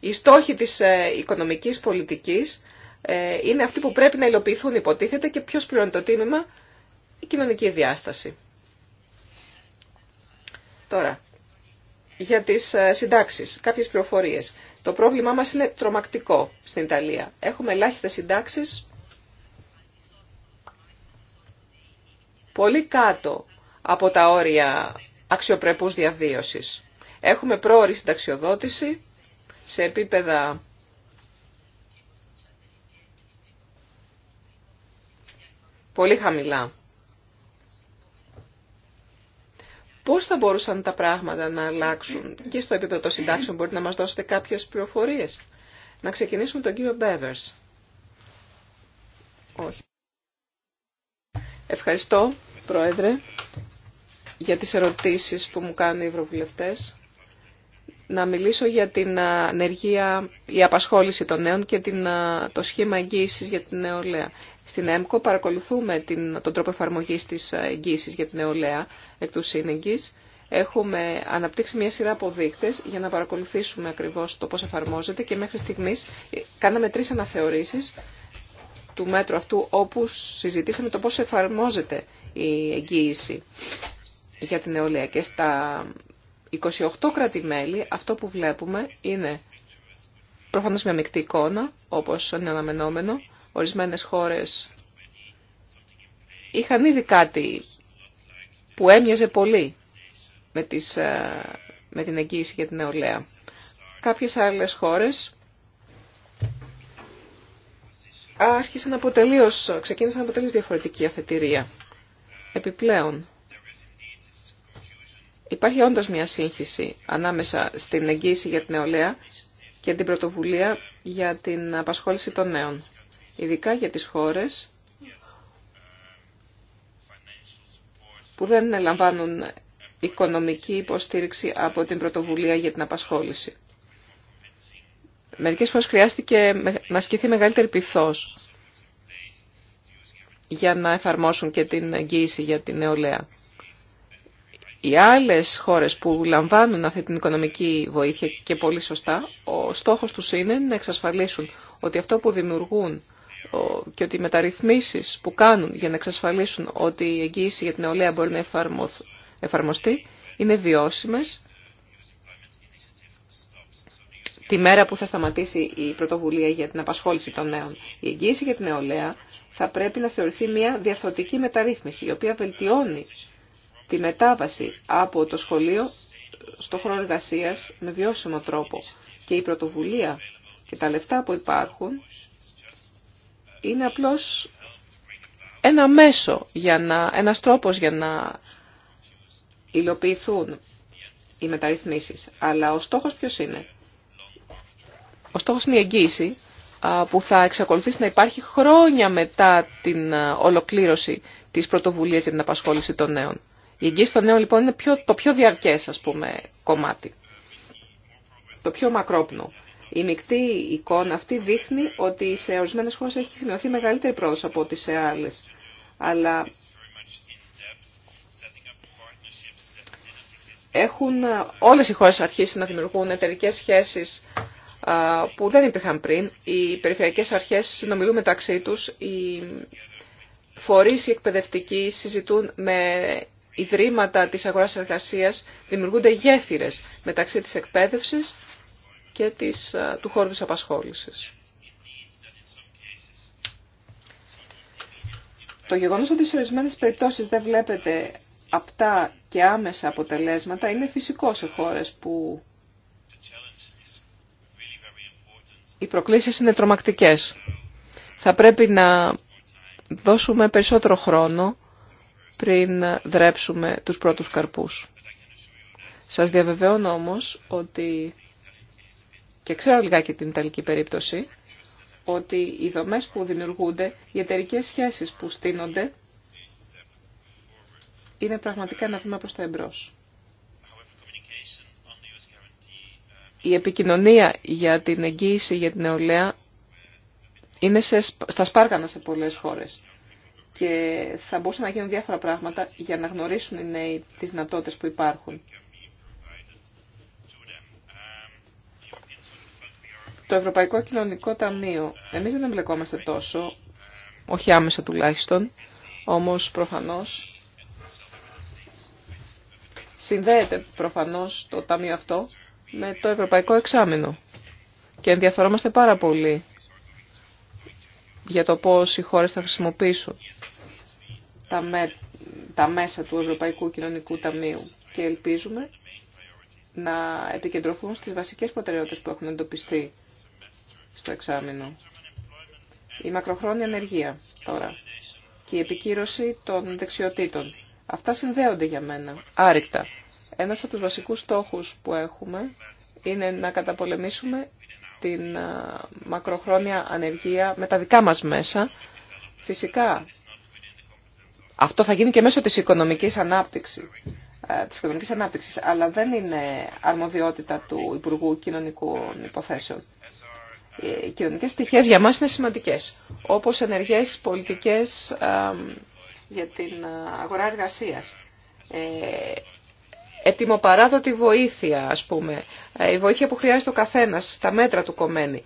[SPEAKER 4] Οι στόχοι της ε, οικονομικής πολιτικής ε, είναι αυτοί που πρέπει να υλοποιηθούν υποτίθεται και ποιος πληρώνει το τίμημα η κοινωνική διάσταση. Τώρα, για τις ε, συντάξεις, κάποιες πληροφορίες. Το πρόβλημά μας είναι τρομακτικό στην Ιταλία. Έχουμε ελάχιστες συντάξεις, πολύ κάτω από τα όρια αξιοπρεπούς διαβίωσης. Έχουμε πρόορη συνταξιοδότηση σε επίπεδα πολύ χαμηλά. Πώ θα μπορούσαν τα πράγματα να αλλάξουν και στο επίπεδο των συντάξεων μπορείτε να μας δώσετε κάποιες πληροφορίε. Να ξεκινήσουμε τον κύριο Μπέβερς. Όχι. Ευχαριστώ, Πρόεδρε, για τις ερωτήσεις που μου κάνουν οι ευρωβουλευτές να μιλήσω για την ανεργία, η απασχόληση των νέων και την, το σχήμα εγγύησης για την νεολαία. Στην ΕΜΚΟ παρακολουθούμε την, τον τρόπο εφαρμογής της εγγύησης για την νεολαία εκ του σύνεγγυ. Έχουμε αναπτύξει μια σειρά από δείκτες για να παρακολουθήσουμε ακριβώς το πώς εφαρμόζεται και μέχρι στιγμής ε, κάναμε τρεις αναθεωρήσεις του μέτρου αυτού όπου συζητήσαμε το πώς εφαρμόζεται η εγγύηση για την νεολαία και στα 28 κράτη-μέλη αυτό που βλέπουμε είναι προφανώς μια μεικτή εικόνα, όπως είναι αναμενόμενο. Ορισμένες χώρες είχαν ήδη κάτι που έμοιαζε πολύ με, τις, ε, με την εγγύηση για την νεολαία. Κάποιες άλλες χώρες άρχισαν να τελείως, ξεκίνησαν από τελείως διαφορετική αφετηρία. Επιπλέον, Υπάρχει όντως μια σύγχυση ανάμεσα στην εγγύηση για την νεολαία και την πρωτοβουλία για την απασχόληση των νέων, ειδικά για τις χώρες που δεν λαμβάνουν οικονομική υποστήριξη από την πρωτοβουλία για την απασχόληση. Μερικές φορές χρειάστηκε να ασκηθεί μεγαλύτερη πυθός για να εφαρμόσουν και την εγγύηση για την νεολαία οι άλλες χώρες που λαμβάνουν αυτή την οικονομική βοήθεια και πολύ σωστά, ο στόχος τους είναι να εξασφαλίσουν ότι αυτό που δημιουργούν και ότι οι μεταρρυθμίσεις που κάνουν για να εξασφαλίσουν ότι η εγγύηση για την νεολαία μπορεί να εφαρμοστεί είναι βιώσιμες τη μέρα που θα σταματήσει η πρωτοβουλία για την απασχόληση των νέων. Η εγγύηση για την νεολαία θα πρέπει να θεωρηθεί μια διαρθρωτική μεταρρύθμιση η οποία βελτιώνει η μετάβαση από το σχολείο στο χρόνο εργασία με βιώσιμο τρόπο. Και η πρωτοβουλία και τα λεφτά που υπάρχουν είναι απλώς ένα μέσο, για να, ένας τρόπος για να υλοποιηθούν οι μεταρρυθμίσεις. Αλλά ο στόχος ποιος είναι. Ο στόχος είναι η εγγύηση που θα εξακολουθήσει να υπάρχει χρόνια μετά την ολοκλήρωση της πρωτοβουλίας για την απασχόληση των νέων. Η εγγύηση των νέων λοιπόν είναι πιο, το πιο διαρκές ας πούμε κομμάτι, το πιο μακρόπνο. Η μεικτή εικόνα αυτή δείχνει ότι σε ορισμένε χώρε έχει σημειωθεί μεγαλύτερη πρόοδο από ό,τι σε άλλε. Αλλά έχουν όλες οι χώρες αρχίσει να δημιουργούν εταιρικέ σχέσεις που δεν υπήρχαν πριν. Οι περιφερειακές αρχές συνομιλούν μεταξύ τους, οι φορείς οι εκπαιδευτικοί συζητούν με ιδρύματα της αγοράς εργασίας δημιουργούνται γέφυρες μεταξύ της εκπαίδευσης και της, του χώρου της απασχόλησης. Το γεγονός ότι σε ορισμένε περιπτώσεις δεν βλέπετε απτά και άμεσα αποτελέσματα είναι φυσικό σε χώρες που οι προκλήσεις είναι τρομακτικές. Θα πρέπει να δώσουμε περισσότερο χρόνο πριν δρέψουμε τους πρώτους καρπούς. Σας διαβεβαιώνω όμως ότι, και ξέρω λιγάκι την Ιταλική περίπτωση, ότι οι δομές που δημιουργούνται, οι εταιρικέ σχέσεις που στείνονται, είναι πραγματικά ένα βήμα προς το εμπρός. Η επικοινωνία για την εγγύηση για την νεολαία είναι σε, στα σπάργανα σε πολλές χώρες και θα μπορούσαν να γίνουν διάφορα πράγματα για να γνωρίσουν οι νέοι τις δυνατότητε που υπάρχουν. Το Ευρωπαϊκό Κοινωνικό Ταμείο, εμείς δεν εμπλεκόμαστε τόσο, όχι άμεσα τουλάχιστον, όμως προφανώς συνδέεται προφανώς το Ταμείο αυτό με το Ευρωπαϊκό Εξάμεινο και ενδιαφερόμαστε πάρα πολύ για το πώς οι χώρες θα χρησιμοποιήσουν τα, με, τα μέσα του Ευρωπαϊκού Κοινωνικού Ταμείου και ελπίζουμε να επικεντρωθούν στις βασικές προτεραιότητες που έχουν εντοπιστεί στο εξάμεινο. Η μακροχρόνια ανεργία τώρα και η επικύρωση των δεξιοτήτων. Αυτά συνδέονται για μένα άρρηκτα. Ένας από τους βασικούς στόχους που έχουμε είναι να καταπολεμήσουμε την μακροχρόνια ανεργία με τα δικά μας μέσα. Φυσικά αυτό θα γίνει και μέσω της οικονομικής ανάπτυξης. Ε, της οικονομικής ανάπτυξης, αλλά δεν είναι αρμοδιότητα του Υπουργού Κοινωνικών Υποθέσεων. Οι κοινωνικές πτυχές για μας είναι σημαντικές, όπως ενεργές πολιτικές για την ε, αγορά εργασίας. Ε, ετοιμοπαράδοτη βοήθεια, ας πούμε, η βοήθεια που χρειάζεται ο καθένας στα μέτρα του κομμένη.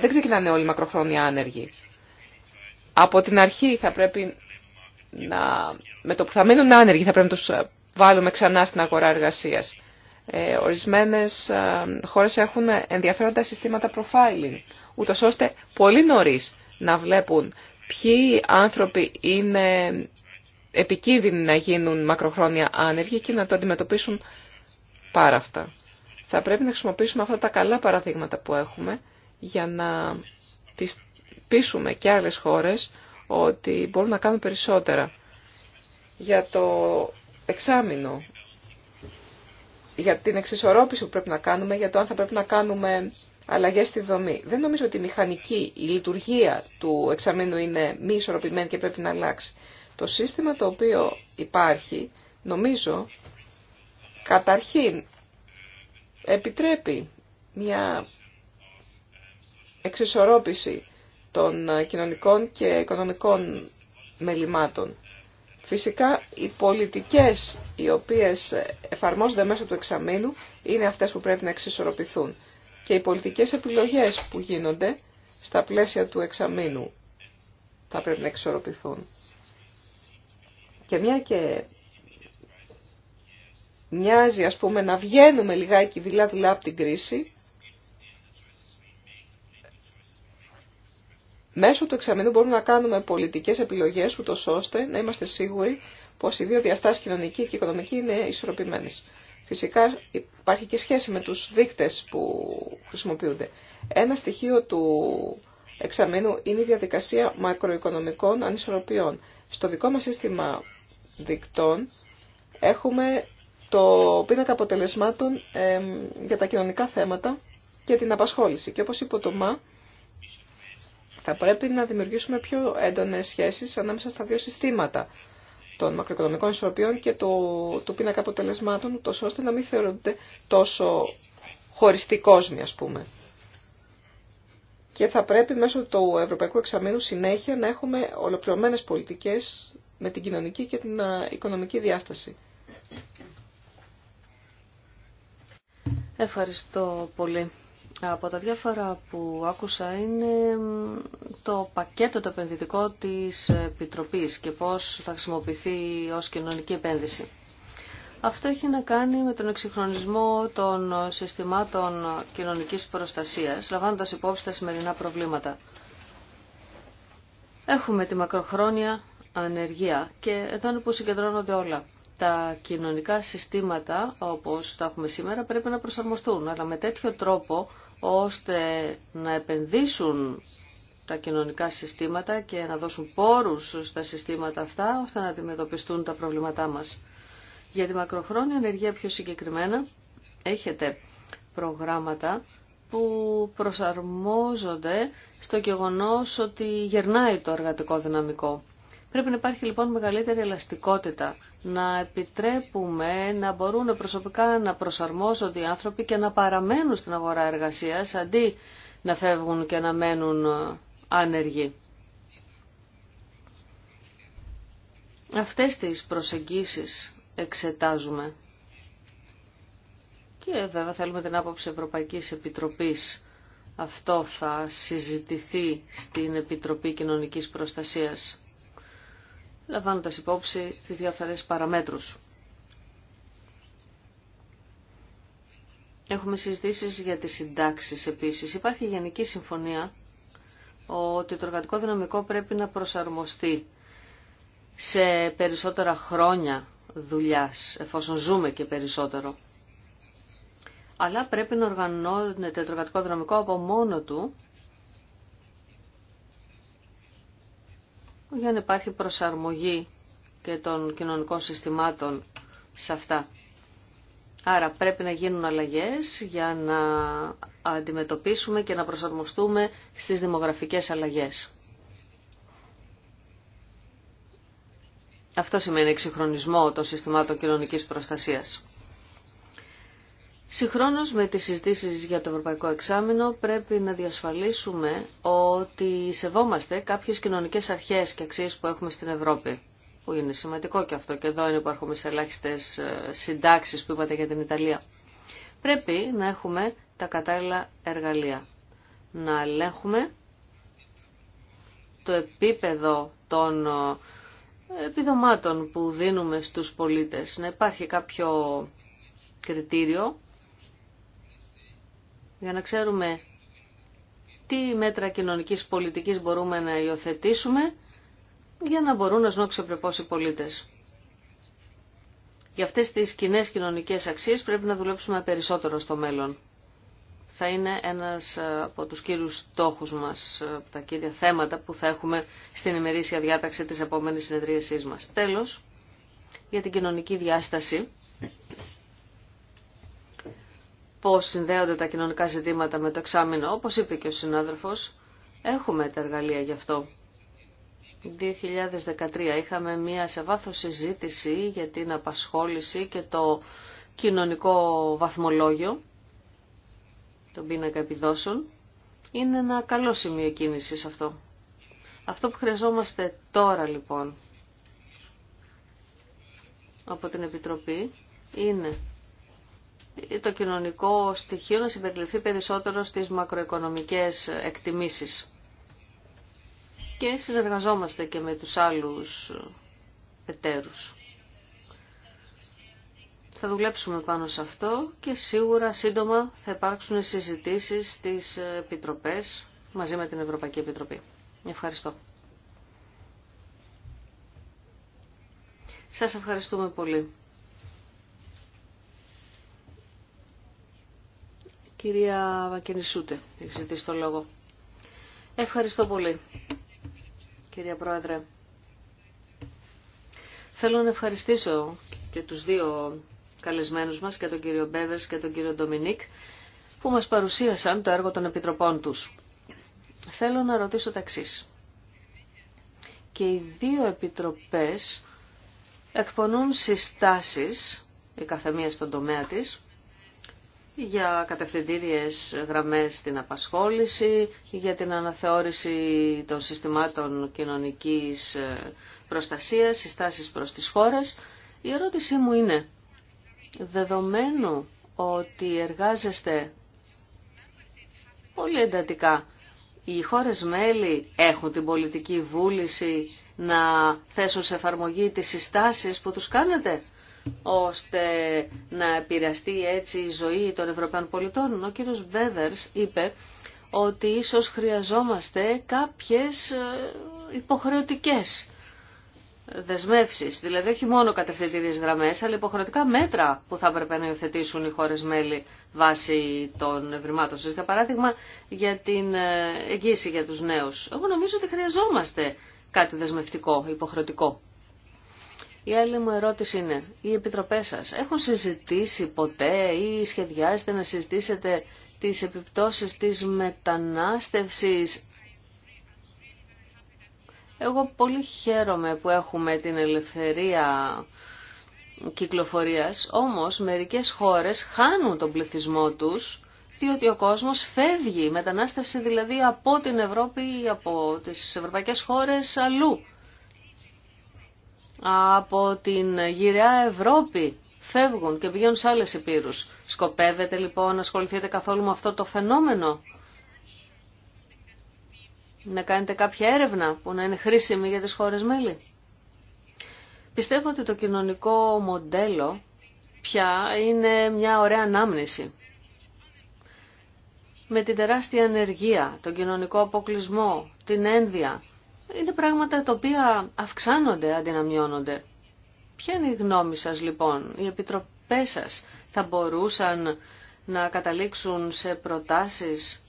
[SPEAKER 4] Δεν ξεκινάνε όλοι μακροχρόνια άνεργοι. Από την αρχή θα πρέπει να, με το που θα μείνουν άνεργοι θα πρέπει να τους ε, βάλουμε ξανά στην αγορά εργασίας. Ε, ορισμένες ε, χώρες έχουν ενδιαφέροντα συστήματα profiling, ούτω ώστε πολύ νωρίς να βλέπουν ποιοι άνθρωποι είναι επικίνδυνοι να γίνουν μακροχρόνια άνεργοι και να το αντιμετωπίσουν πάρα αυτά. Θα πρέπει να χρησιμοποιήσουμε αυτά τα καλά παραδείγματα που έχουμε για να πείσουμε και άλλες χώρες ότι μπορούν να κάνουν περισσότερα. Για το εξάμεινο, για την εξισορρόπηση που πρέπει να κάνουμε, για το αν θα πρέπει να κάνουμε αλλαγέ στη δομή. Δεν νομίζω ότι η μηχανική, η λειτουργία του εξαμήνου είναι μη ισορροπημένη και πρέπει να αλλάξει. Το σύστημα το οποίο υπάρχει, νομίζω, καταρχήν επιτρέπει μια εξισορρόπηση των ε, κοινωνικών και οικονομικών μελημάτων. Φυσικά οι πολιτικές οι οποίες εφαρμόζονται μέσω του εξαμήνου είναι αυτές που πρέπει να εξισορροπηθούν και οι πολιτικές επιλογές που γίνονται στα πλαίσια του εξαμήνου θα πρέπει να εξισορροπηθούν. Και μια και μοιάζει ας πούμε να βγαίνουμε λιγάκι δειλά-δειλά από την κρίση, Μέσω του εξαμήνου μπορούμε να κάνουμε πολιτικές επιλογές ούτω ώστε να είμαστε σίγουροι πως οι δύο διαστάσει κοινωνική και οικονομική είναι ισορροπημένε. Φυσικά υπάρχει και σχέση με τους δείκτε που χρησιμοποιούνται. Ένα στοιχείο του εξαμήνου είναι η διαδικασία μακροοικονομικών ανισορροπιών. Στο δικό μας σύστημα δικτών έχουμε το πίνακα αποτελεσμάτων για τα κοινωνικά θέματα και την απασχόληση. Και όπως είπε θα πρέπει να δημιουργήσουμε πιο έντονε σχέσεις ανάμεσα στα δύο συστήματα των μακροοικονομικών ισορροπιών και του το πίνακα αποτελεσμάτων, ώστε να μην θεωρούνται τόσο κόσμοι, ας πούμε. Και θα πρέπει μέσω του Ευρωπαϊκού Εξαμήνου συνέχεια να έχουμε ολοκληρωμένε πολιτικές με την κοινωνική και την οικονομική διάσταση.
[SPEAKER 1] Ευχαριστώ πολύ από τα διάφορα που άκουσα είναι το πακέτο το επενδυτικό της Επιτροπής και πώς θα χρησιμοποιηθεί ως κοινωνική επένδυση. Αυτό έχει να κάνει με τον εξυγχρονισμό των συστημάτων κοινωνικής προστασίας, λαμβάνοντας υπόψη τα σημερινά προβλήματα. Έχουμε τη μακροχρόνια ανεργία και εδώ είναι που συγκεντρώνονται όλα. Τα κοινωνικά συστήματα, όπως τα έχουμε σήμερα, πρέπει να προσαρμοστούν, αλλά με τέτοιο τρόπο ώστε να επενδύσουν τα κοινωνικά συστήματα και να δώσουν πόρους στα συστήματα αυτά ώστε να αντιμετωπιστούν τα προβλήματά μας. Για τη μακροχρόνια ενεργεία πιο συγκεκριμένα έχετε προγράμματα που προσαρμόζονται στο γεγονός ότι γερνάει το εργατικό δυναμικό. Πρέπει να υπάρχει λοιπόν μεγαλύτερη ελαστικότητα, να επιτρέπουμε να μπορούν προσωπικά να προσαρμόζονται οι άνθρωποι και να παραμένουν στην αγορά εργασίας αντί να φεύγουν και να μένουν ε, άνεργοι. Αυτές τις προσεγγίσεις εξετάζουμε. Και βέβαια θέλουμε την άποψη Ευρωπαϊκής Επιτροπής. Αυτό θα συζητηθεί στην Επιτροπή Κοινωνικής Προστασίας λαμβάνοντας υπόψη τις διάφορες παραμέτρους. Έχουμε συζητήσει για τις συντάξεις επίσης. Υπάρχει γενική συμφωνία ότι το εργατικό δυναμικό πρέπει να προσαρμοστεί σε περισσότερα χρόνια δουλειάς, εφόσον ζούμε και περισσότερο. Αλλά πρέπει να οργανώνεται το εργατικό δυναμικό από μόνο του για να υπάρχει προσαρμογή και των κοινωνικών συστημάτων σε αυτά. Άρα πρέπει να γίνουν αλλαγές για να αντιμετωπίσουμε και να προσαρμοστούμε στις δημογραφικές αλλαγές. Αυτό σημαίνει εξυγχρονισμό των συστημάτων κοινωνικής προστασίας. Συγχρόνως με τις συζητήσεις για το Ευρωπαϊκό Εξάμεινο πρέπει να διασφαλίσουμε ότι σεβόμαστε κάποιες κοινωνικές αρχές και αξίες που έχουμε στην Ευρώπη. Που είναι σημαντικό και αυτό και εδώ είναι που έρχομαι σε ελάχιστε ε, συντάξεις που είπατε για την Ιταλία. Πρέπει να έχουμε τα κατάλληλα εργαλεία. Να ελέγχουμε το επίπεδο των ε, επιδομάτων που δίνουμε στους πολίτες. Να υπάρχει κάποιο κριτήριο για να ξέρουμε τι μέτρα κοινωνικής πολιτικής μπορούμε να υιοθετήσουμε για να μπορούν να ζουν αξιοπρεπώς οι πολίτες. Για αυτές τις κοινέ κοινωνικές αξίες πρέπει να δουλέψουμε περισσότερο στο μέλλον. Θα είναι ένας ε, από τους κύριους στόχους μας, ε, τα κύρια θέματα που θα έχουμε στην ημερήσια διάταξη της επόμενης συνεδρίασής μας. Τέλος, για την κοινωνική διάσταση πώς συνδέονται τα κοινωνικά ζητήματα με το εξάμεινο, όπως είπε και ο συνάδελφος, έχουμε τα εργαλεία γι' αυτό. 2013 είχαμε μία σε βάθος συζήτηση για την απασχόληση και το κοινωνικό βαθμολόγιο, τον πίνακα επιδόσεων. Είναι ένα καλό σημείο κίνησης αυτό. Αυτό που χρειαζόμαστε τώρα λοιπόν από την Επιτροπή είναι το κοινωνικό στοιχείο να συμπεριληφθεί περισσότερο στις μακροοικονομικές εκτιμήσεις. Και συνεργαζόμαστε και με τους άλλους εταίρους. Θα δουλέψουμε πάνω σε αυτό και σίγουρα σύντομα θα υπάρξουν συζητήσεις στις επιτροπές μαζί με την Ευρωπαϊκή Επιτροπή. Ευχαριστώ. Σας ευχαριστούμε πολύ. Κυρία Βακενισούτε, έχει το λόγο. Ευχαριστώ πολύ, κυρία Πρόεδρε. Θέλω να ευχαριστήσω και τους δύο καλεσμένους μας, και τον κύριο Μπέβερς και τον κύριο Ντομινίκ, που μας παρουσίασαν το έργο των επιτροπών τους. Θέλω να ρωτήσω τα Και οι δύο επιτροπές εκπονούν συστάσεις, η καθεμία στον τομέα της, για κατευθυντήριες γραμμές στην απασχόληση, για την αναθεώρηση των συστημάτων κοινωνικής ε, προστασίας, συστάσεις προς τις χώρες. Η ερώτησή μου είναι, δεδομένου ότι εργάζεστε πολύ εντατικά, οι χώρες μέλη έχουν την πολιτική βούληση να θέσουν σε εφαρμογή τις συστάσεις που τους κάνετε ώστε να επηρεαστεί έτσι η ζωή των Ευρωπαίων πολιτών. Ο κύριος Μπέβερς είπε ότι ίσως χρειαζόμαστε κάποιες ε, υποχρεωτικές δεσμεύσεις, δηλαδή όχι μόνο κατευθυντήριες γραμμές, αλλά υποχρεωτικά μέτρα που θα έπρεπε να υιοθετήσουν οι χώρες μέλη βάσει των ευρημάτων σας. Για παράδειγμα, για την ε, εγγύηση για τους νέους. Εγώ νομίζω ότι χρειαζόμαστε κάτι δεσμευτικό, υποχρεωτικό. Η άλλη μου ερώτηση είναι, οι επιτροπές σας έχουν συζητήσει ποτέ ή σχεδιάζετε να συζητήσετε τις επιπτώσεις της μετανάστευσης. Εγώ πολύ χαίρομαι που έχουμε την ελευθερία κυκλοφορίας, όμως μερικές χώρες χάνουν τον πληθυσμό τους διότι ο κόσμος φεύγει, η μετανάστευση δηλαδή από την Ευρώπη ή από τις ευρωπαϊκές μερικες χωρες χανουν τον πληθυσμο τους διοτι ο κοσμος φευγει αλλού από την γυραιά Ευρώπη φεύγουν και πηγαίνουν σε άλλες υπήρους. Σκοπεύετε λοιπόν να ασχοληθείτε καθόλου με αυτό το φαινόμενο. Να κάνετε κάποια έρευνα που να είναι χρήσιμη για τις χώρες μέλη. Πιστεύω ότι το κοινωνικό μοντέλο πια είναι μια ωραία ανάμνηση. Με την τεράστια ανεργία, τον κοινωνικό αποκλεισμό, την ένδια, είναι πράγματα τα οποία αυξάνονται αντί να μειώνονται. Ποια είναι η γνώμη σας λοιπόν, οι επιτροπές σας θα μπορούσαν να καταλήξουν σε προτάσεις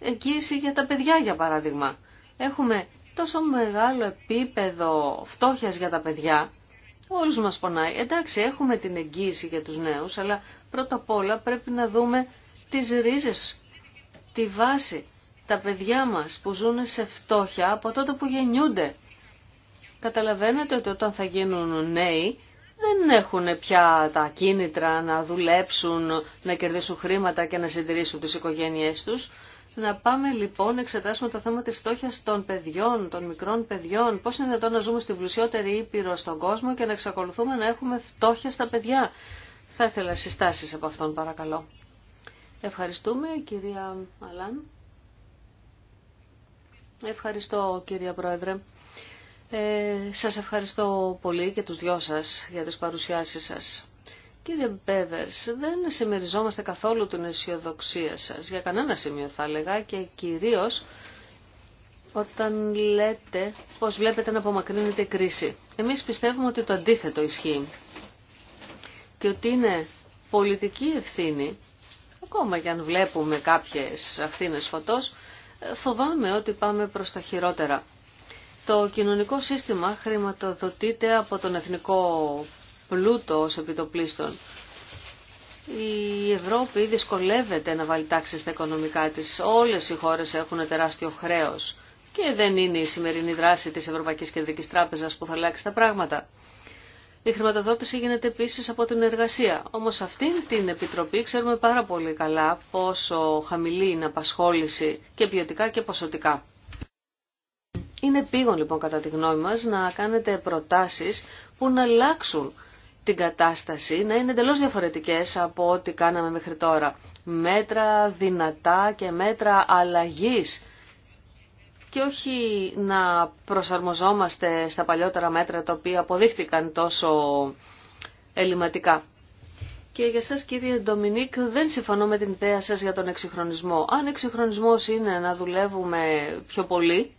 [SPEAKER 1] εγγύηση για τα παιδιά για παράδειγμα. Έχουμε τόσο μεγάλο επίπεδο φτώχειας για τα παιδιά, όλους μας πονάει. Εντάξει, έχουμε την εγγύηση για τους νέους, αλλά πρώτα απ' όλα πρέπει να δούμε τις ρίζες, τη βάση τα παιδιά μας που ζουν σε φτώχεια από τότε που γεννιούνται. Καταλαβαίνετε ότι όταν θα γίνουν νέοι δεν έχουν πια τα κίνητρα να δουλέψουν, να κερδίσουν χρήματα και να συντηρήσουν τις οικογένειές τους. Να πάμε λοιπόν να εξετάσουμε το θέμα της φτώχειας των παιδιών, των μικρών παιδιών. Πώς είναι δυνατόν να ζούμε στην πλουσιότερη ήπειρο στον κόσμο και να εξακολουθούμε να έχουμε φτώχεια στα παιδιά. Θα ήθελα συστάσεις από αυτόν παρακαλώ. Ευχαριστούμε κυρία Αλάν. Ευχαριστώ κύριε Πρόεδρε. Ε, σας ευχαριστώ πολύ και τους δυο σας για τις παρουσιάσεις σας. Κύριε Μπέβερς, δεν συμμεριζόμαστε καθόλου την αισιοδοξία σας, για κανένα σημείο θα έλεγα και κυρίως όταν λέτε πως βλέπετε να απομακρύνεται η κρίση. Εμείς πιστεύουμε ότι το αντίθετο ισχύει και ότι είναι πολιτική ευθύνη, ακόμα και αν βλέπουμε κάποιες αυθύνες φωτός, φοβάμαι ότι πάμε προς τα χειρότερα. Το κοινωνικό σύστημα χρηματοδοτείται από τον εθνικό πλούτο ως επιτοπλίστων. Η Ευρώπη δυσκολεύεται να βάλει τάξη στα οικονομικά της. Όλες οι χώρες έχουν τεράστιο χρέος. Και δεν είναι η σημερινή δράση της Ευρωπαϊκής Κεντρικής Τράπεζας που θα αλλάξει τα πράγματα. Η χρηματοδότηση γίνεται επίσης από την εργασία. Όμως αυτήν την Επιτροπή ξέρουμε πάρα πολύ καλά πόσο χαμηλή είναι απασχόληση και ποιοτικά και ποσοτικά. Είναι πήγον λοιπόν κατά τη γνώμη μας να κάνετε προτάσεις που να αλλάξουν την κατάσταση, να είναι εντελώς διαφορετικές από ό,τι κάναμε μέχρι τώρα. Μέτρα δυνατά και μέτρα αλλαγής και όχι να προσαρμοζόμαστε στα παλιότερα μέτρα τα οποία αποδείχθηκαν τόσο ελληματικά. Και για σας κύριε Ντομινίκ δεν συμφωνώ με την ιδέα σας για τον εξυγχρονισμό. Αν εξυγχρονισμός είναι να δουλεύουμε πιο πολύ,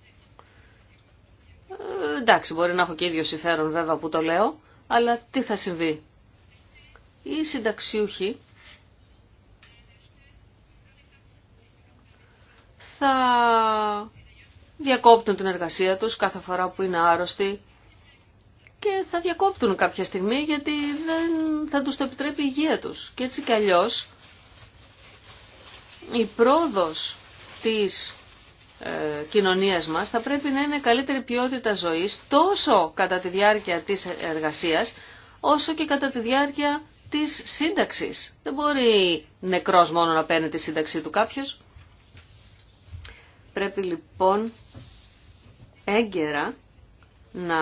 [SPEAKER 1] ε, εντάξει μπορεί να έχω και ίδιο συμφέρον βέβαια που το λέω, αλλά τι θα συμβεί. Η συνταξιούχοι θα διακόπτουν την εργασία τους κάθε φορά που είναι άρρωστοι και θα διακόπτουν κάποια στιγμή γιατί δεν θα τους το επιτρέπει η υγεία τους. Και έτσι κι αλλιώς η πρόοδος της ε, κοινωνίας μας θα πρέπει να είναι καλύτερη ποιότητα ζωής τόσο κατά τη διάρκεια της εργασίας όσο και κατά τη διάρκεια της σύνταξης. Δεν μπορεί νεκρός μόνο να παίρνει τη σύνταξή του κάποιος. Πρέπει λοιπόν έγκαιρα να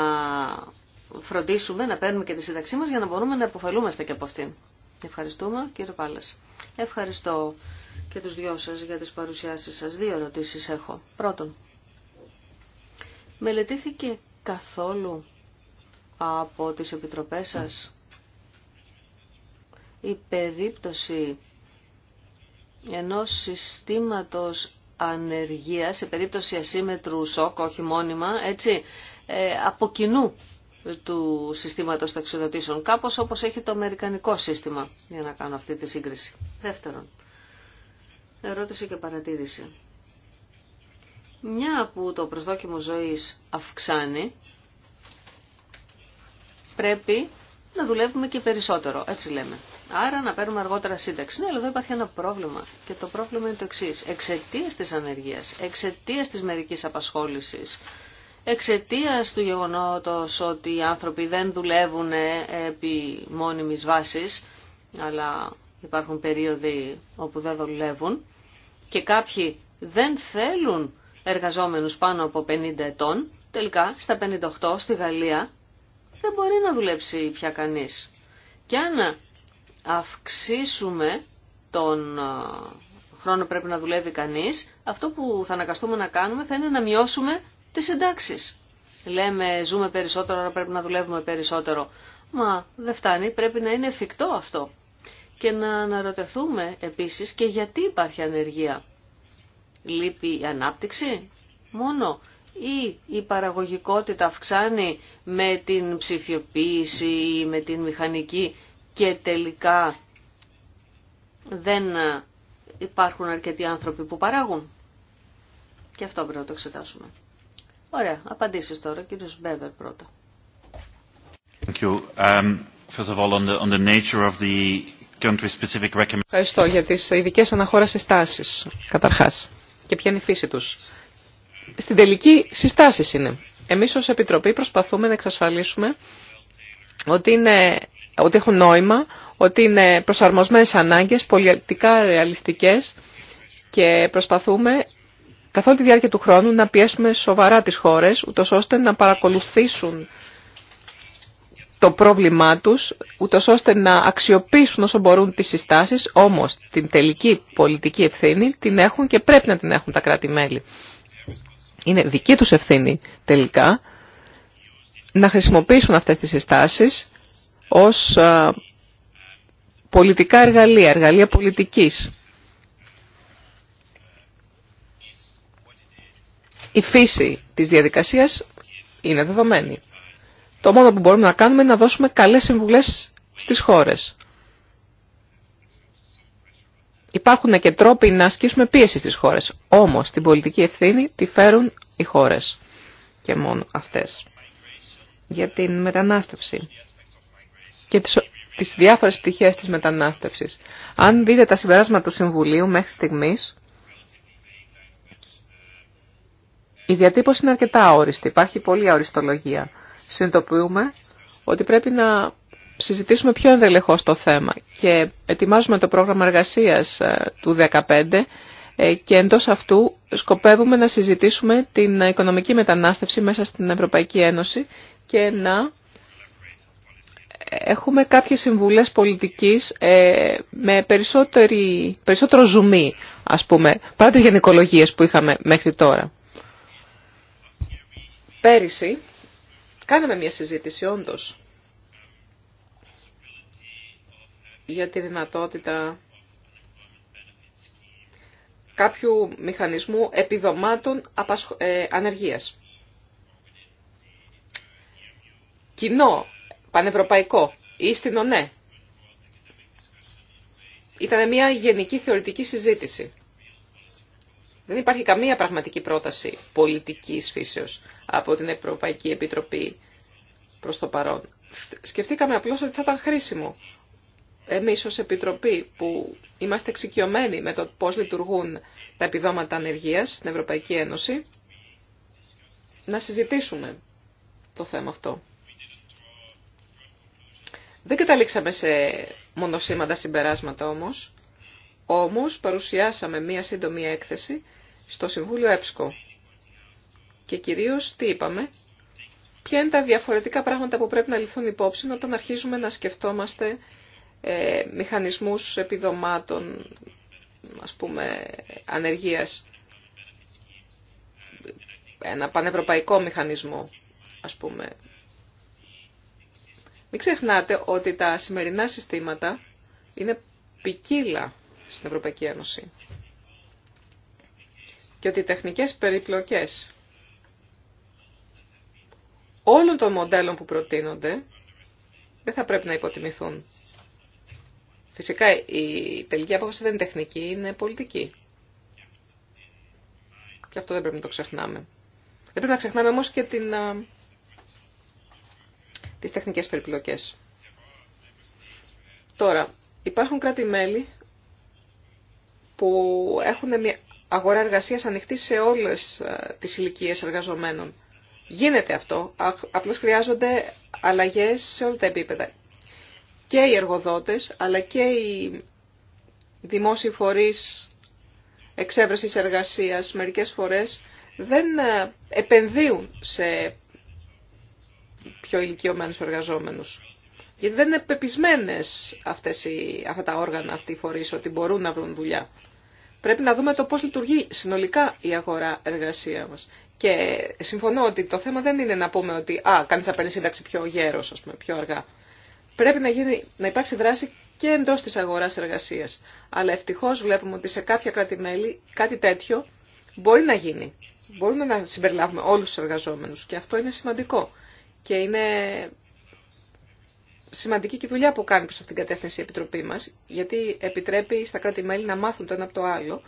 [SPEAKER 1] φροντίσουμε να παίρνουμε και τη σύνταξή μας για να μπορούμε να υποφελούμαστε και από αυτήν. Ευχαριστούμε κύριε Πάλλας. Ευχαριστώ και τους δυο σας για τις παρουσιάσεις σας. Δύο ερωτήσεις έχω. Πρώτον, μελετήθηκε καθόλου από τις επιτροπές σας η περίπτωση ενός συστήματος ανεργία σε περίπτωση ασύμετρου σοκ, όχι μόνιμα, έτσι, ε, από κοινού του συστήματος ταξιδοτήσεων, κάπως όπως έχει το αμερικανικό σύστημα, για να κάνω αυτή τη σύγκριση. Δεύτερον, ερώτηση και παρατήρηση. Μια που το προσδόκιμο ζωής αυξάνει, πρέπει να δουλεύουμε και περισσότερο, έτσι λέμε. Άρα να παίρνουμε αργότερα σύνταξη. Ναι, αλλά εδώ υπάρχει ένα πρόβλημα. Και το πρόβλημα είναι το εξή. Εξαιτία τη ανεργία, εξαιτία τη μερική απασχόληση, εξαιτία του γεγονότο ότι οι άνθρωποι δεν δουλεύουν ε, επί μόνιμη βάση, αλλά υπάρχουν περίοδοι όπου δεν δουλεύουν και κάποιοι δεν θέλουν εργαζόμενους πάνω από 50 ετών, τελικά στα 58 στη Γαλλία δεν μπορεί να δουλέψει πια κανείς. Και αν αυξήσουμε τον ε, χρόνο πρέπει να δουλεύει κανείς, αυτό που θα αναγκαστούμε να κάνουμε θα είναι να μειώσουμε τις συντάξεις. Λέμε ζούμε περισσότερο, άρα πρέπει να δουλεύουμε περισσότερο. Μα δεν φτάνει, πρέπει να είναι εφικτό αυτό. Και να αναρωτηθούμε επίσης και γιατί υπάρχει ανεργία. Λείπει η ανάπτυξη μόνο ή η παραγωγικότητα αυξάνει με την ψηφιοποίηση ή με την μηχανική και τελικά δεν υπάρχουν αρκετοί άνθρωποι που παράγουν. Και αυτό πρέπει να το εξετάσουμε. Ωραία, απαντήσεις τώρα, κύριος Μπέβερ πρώτα.
[SPEAKER 4] Ευχαριστώ για τις ειδικέ αναχώρες συστάσεις καταρχάς. Και ποια είναι η φύση τους. Στην τελική συστάσεις είναι. Εμείς ως Επιτροπή προσπαθούμε να εξασφαλίσουμε ότι είναι ότι έχουν νόημα, ότι είναι προσαρμοσμένες ανάγκες, πολιτικά ρεαλιστικές και προσπαθούμε καθόλου τη διάρκεια του χρόνου να πιέσουμε σοβαρά τις χώρες, ούτως ώστε να παρακολουθήσουν το πρόβλημά τους, ούτως ώστε να αξιοποιήσουν όσο μπορούν τις συστάσεις, όμως την τελική πολιτική ευθύνη την έχουν και πρέπει να την έχουν τα κράτη-μέλη. Είναι δική τους ευθύνη τελικά να χρησιμοποιήσουν αυτές τις συστάσεις ως πολιτικά εργαλεία, εργαλεία πολιτικής. Η φύση της διαδικασίας είναι δεδομένη. Το μόνο που μπορούμε να κάνουμε είναι να δώσουμε καλές συμβουλές στις χώρες. Υπάρχουν και τρόποι να ασκήσουμε πίεση στις χώρες. Όμως την πολιτική ευθύνη τη φέρουν οι χώρες και μόνο αυτές. Για την μετανάστευση και τις διάφορες πτυχές της μετανάστευσης. Αν δείτε τα συμπεράσματα του Συμβουλίου μέχρι στιγμής, η διατύπωση είναι αρκετά αόριστη, υπάρχει πολλή αοριστολογία. Συνειδητοποιούμε ότι πρέπει να συζητήσουμε πιο ενδελεχώς το θέμα και ετοιμάζουμε το πρόγραμμα εργασίας ε, του 2015 ε, και εντός αυτού σκοπεύουμε να συζητήσουμε την οικονομική μετανάστευση μέσα στην Ευρωπαϊκή Ένωση και να έχουμε κάποιες συμβουλές πολιτικής ε, με περισσότερη, περισσότερο ζουμί, ας πούμε, παρά τις γενικολογίες που είχαμε μέχρι τώρα. Πέρυσι, κάναμε μια συζήτηση όντως για τη δυνατότητα κάποιου μηχανισμού επιδομάτων ε, ανεργίας. Κοινό πανευρωπαϊκό ή στην ΟΝΕ. Ήταν μια γενική θεωρητική συζήτηση. Δεν υπάρχει καμία πραγματική πρόταση πολιτικής φύσεως από την Ευρωπαϊκή Επιτροπή προς το παρόν. Σκεφτήκαμε απλώς ότι θα ήταν χρήσιμο εμείς ως Επιτροπή που είμαστε εξοικειωμένοι με το πώς λειτουργούν τα επιδόματα ανεργίας στην Ευρωπαϊκή Ένωση, να συζητήσουμε το θέμα αυτό. Δεν καταλήξαμε σε μονοσήμαντα συμπεράσματα όμως, όμως παρουσιάσαμε μία σύντομη έκθεση στο Συμβούλιο ΕΠΣΚΟ. Και κυρίως τι είπαμε, ποια είναι τα διαφορετικά πράγματα που πρέπει να ληφθούν υπόψη όταν αρχίζουμε να σκεφτόμαστε ε, μηχανισμούς επιδομάτων, ας πούμε, ανεργίας. Ένα πανευρωπαϊκό μηχανισμό, ας πούμε, μην ξεχνάτε ότι τα σημερινά συστήματα είναι ποικίλα στην Ευρωπαϊκή Ένωση και ότι οι τεχνικές περιπλοκές όλων των μοντέλων που προτείνονται δεν θα πρέπει να υποτιμηθούν. Φυσικά η τελική απόφαση δεν είναι τεχνική, είναι πολιτική. Και αυτό δεν πρέπει να το ξεχνάμε. Δεν πρέπει να ξεχνάμε όμως και την τις τεχνικές περιπλοκές. Τώρα, υπάρχουν κράτη-μέλη που έχουν μια αγορά εργασίας ανοιχτή σε όλες ε, τις ηλικίε εργαζομένων. Γίνεται αυτό, απλώς χρειάζονται αλλαγές σε όλα τα επίπεδα. Και οι εργοδότες, αλλά και οι δημόσιοι φορείς εξέβρεσης εργασίας μερικές φορές δεν ε, επενδύουν σε πιο ηλικιωμένους εργαζόμενου. Γιατί δεν είναι πεπισμένε αυτά τα όργανα, αυτοί οι φορείς, ότι μπορούν να βρουν δουλειά. Πρέπει να δούμε το πώ λειτουργεί συνολικά η αγορά εργασία μα. Και συμφωνώ ότι το θέμα δεν είναι να πούμε ότι α, κανείς θα παίρνει σύνταξη πιο γέρο ας πούμε, πιο αργά. Πρέπει να, γίνει, να υπάρξει δράση και εντό τη αγορά εργασία. Αλλά ευτυχώ βλέπουμε ότι σε κάποια κράτη-μέλη κάτι τέτοιο μπορεί να γίνει. Μπορούμε να συμπεριλάβουμε όλου του εργαζόμενου. και αυτό είναι σημαντικό και είναι σημαντική και η δουλειά που κάνει προς αυτήν την κατεύθυνση η Επιτροπή μας, γιατί επιτρέπει στα κράτη-μέλη να μάθουν το ένα από το άλλο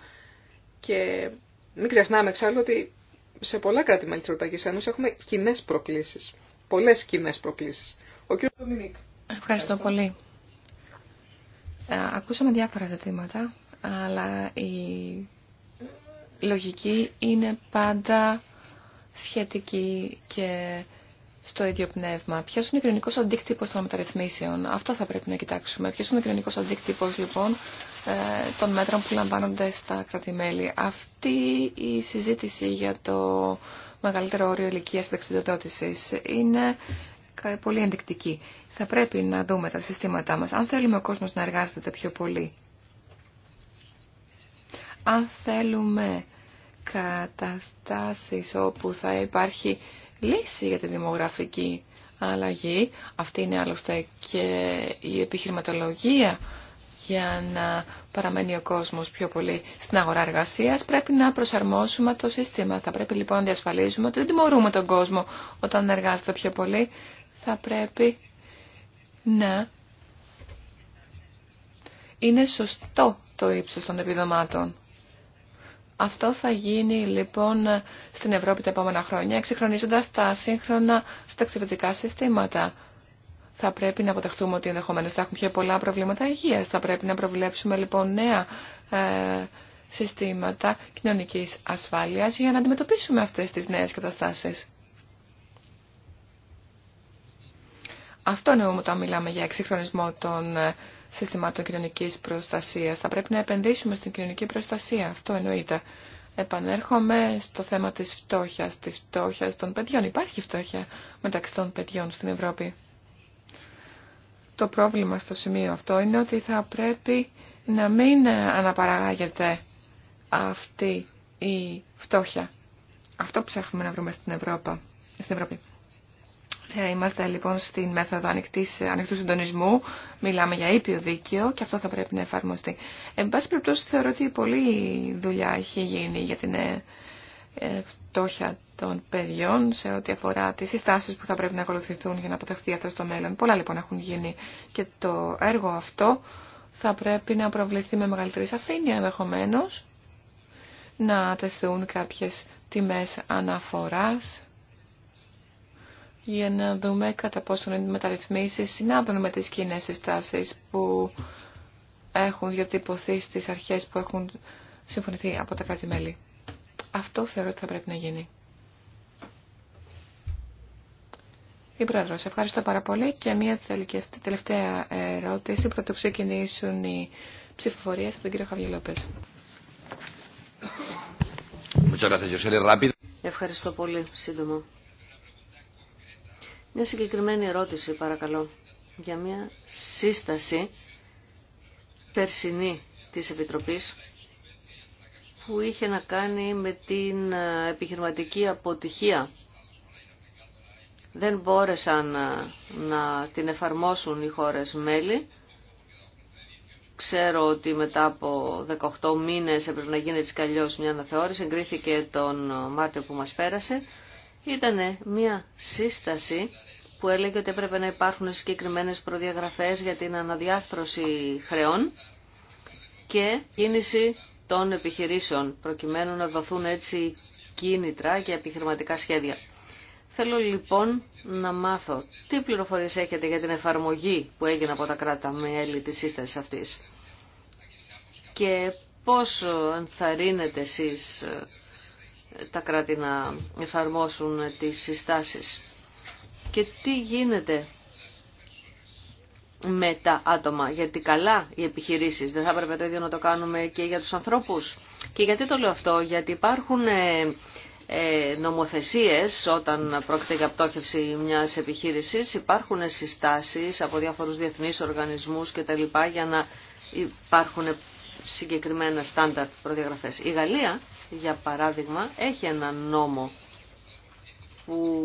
[SPEAKER 4] και μην ξεχνάμε εξάλλου ότι σε πολλά κράτη-μέλη της Ευρωπαϊκής Ένωσης έχουμε κοινέ προκλήσεις, πολλές κοινέ προκλήσεις. Ο κύριος Ευχαριστώ, Ευχαριστώ πολύ.
[SPEAKER 2] Ε, ακούσαμε διάφορα ζητήματα, αλλά η λογική είναι πάντα σχετική και στο ίδιο πνεύμα. Ποιο είναι ο κοινωνικό αντίκτυπος των μεταρρυθμίσεων. Αυτό θα πρέπει να κοιτάξουμε. Ποιο είναι ο κοινωνικό αντίκτυπος λοιπόν ε, των μέτρων που λαμβάνονται στα κρατημέλη. Αυτή η συζήτηση για το μεγαλύτερο όριο ηλικία συνταξιδοτότησης είναι πολύ ενδεικτική. Θα πρέπει να δούμε τα συστήματά μα. Αν θέλουμε ο κόσμο να εργάζεται πιο πολύ. Αν θέλουμε καταστάσεις όπου θα υπάρχει λύση για τη δημογραφική αλλαγή. Αυτή είναι άλλωστε και η επιχειρηματολογία για να παραμένει ο κόσμος πιο πολύ στην αγορά εργασίας, πρέπει να προσαρμόσουμε το σύστημα. Θα πρέπει λοιπόν να διασφαλίζουμε ότι δεν τιμωρούμε τον κόσμο όταν εργάζεται πιο πολύ. Θα πρέπει να είναι σωστό το ύψος των επιδομάτων. Αυτό θα γίνει λοιπόν στην Ευρώπη τα επόμενα χρόνια, εξυγχρονίζοντας τα σύγχρονα σταξιδιωτικά συστήματα. Θα πρέπει να αποτεχτούμε ότι ενδεχομένω θα έχουν πιο πολλά προβλήματα υγεία. Θα πρέπει να προβλέψουμε λοιπόν νέα ε, συστήματα κοινωνική ασφάλεια για να αντιμετωπίσουμε αυτέ τι νέε καταστάσει. Αυτό εννοούμε όταν μιλάμε για εξυγχρονισμό των ε, συστημάτων κοινωνική προστασίας. Θα πρέπει να επενδύσουμε στην κοινωνική προστασία, αυτό εννοείται. Επανέρχομαι στο θέμα της φτώχεια, της φτώχεια των παιδιών. Υπάρχει φτώχεια μεταξύ των παιδιών στην Ευρώπη. Το πρόβλημα στο σημείο αυτό είναι ότι θα πρέπει να μην αναπαράγεται αυτή η φτώχεια. Αυτό ψάχνουμε να βρούμε στην Ευρώπη. Στην Ευρώπη. Ε, είμαστε λοιπόν στην μέθοδο ανοιχτής, ανοιχτού συντονισμού. Μιλάμε για ήπιο δίκαιο και αυτό θα πρέπει να εφαρμοστεί. Εν πάση περιπτώσει θεωρώ ότι πολλή δουλειά έχει γίνει για την ε, ε, φτώχεια των παιδιών σε ό,τι αφορά τις συστάσεις που θα πρέπει να ακολουθηθούν για να αποτευχθεί αυτό στο μέλλον. Πολλά λοιπόν έχουν γίνει και το έργο αυτό θα πρέπει να προβληθεί με μεγαλύτερη σαφήνεια ενδεχομένω να τεθούν κάποιες τιμές αναφοράς για να δούμε κατά πόσο οι μεταρρυθμίσεις συνάδουν με τις κοινέ συστάσεις που έχουν διατυπωθεί στις αρχές που έχουν συμφωνηθεί από τα κράτη-μέλη. Αυτό θεωρώ ότι θα πρέπει να γίνει. Η Πρόεδρος, ευχαριστώ πάρα πολύ και μια τελευταία ερώτηση πρωτού ξεκινήσουν οι ψηφοφορίες από τον κύριο Λόπες.
[SPEAKER 1] Ευχαριστώ πολύ. Σύντομα. Μια συγκεκριμένη ερώτηση παρακαλώ για μια σύσταση περσινή της Επιτροπής που είχε να κάνει με την ε, επιχειρηματική αποτυχία. Δεν μπόρεσαν ε, να την εφαρμόσουν οι χώρες μέλη. Ξέρω ότι μετά από 18 μήνες έπρεπε να γίνει έτσι μια αναθεώρηση. Εγκρίθηκε τον Μάρτιο που μας πέρασε ήταν μια σύσταση που έλεγε ότι έπρεπε να υπάρχουν συγκεκριμένες προδιαγραφές για την αναδιάρθρωση χρεών και κίνηση των επιχειρήσεων, προκειμένου να δοθούν έτσι κίνητρα και επιχειρηματικά σχέδια. Θέλω λοιπόν να μάθω τι πληροφορίες έχετε για την εφαρμογή που έγινε από τα κράτα μέλη της σύσταση αυτής και πώς ενθαρρύνετε εσείς ε, τα κράτη να εφαρμόσουν τις συστάσεις. Και τι γίνεται με τα άτομα, γιατί καλά οι επιχειρήσεις, δεν θα έπρεπε το ίδιο να το κάνουμε και για τους ανθρώπους. Και γιατί το λέω αυτό, γιατί υπάρχουν ε, ε, νομοθεσίες όταν πρόκειται για πτώχευση μιας επιχείρησης, υπάρχουν συστάσεις από διάφορους διεθνείς οργανισμούς κτλ. για να υπάρχουν συγκεκριμένα στάνταρτ προδιαγραφές. Η Γαλλία για παράδειγμα, έχει ένα νόμο που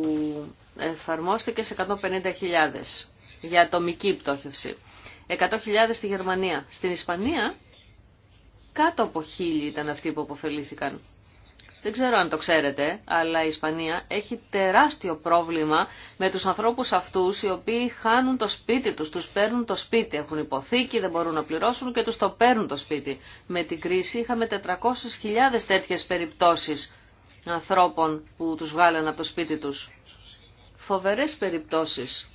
[SPEAKER 1] εφαρμόστηκε σε 150.000 για ατομική πτώχευση. 100.000 στη Γερμανία. Στην Ισπανία κάτω από 1.000 ήταν αυτοί που αποφελήθηκαν. Δεν ξέρω αν το ξέρετε, αλλά η Ισπανία έχει τεράστιο πρόβλημα με τους ανθρώπους αυτούς οι οποίοι χάνουν το σπίτι τους, τους παίρνουν το σπίτι, έχουν υποθήκη, δεν μπορούν να πληρώσουν και τους το παίρνουν το σπίτι. Με την κρίση είχαμε 400.000 τέτοιες περιπτώσεις ανθρώπων που τους βγάλαν από το σπίτι τους. Φοβερές περιπτώσεις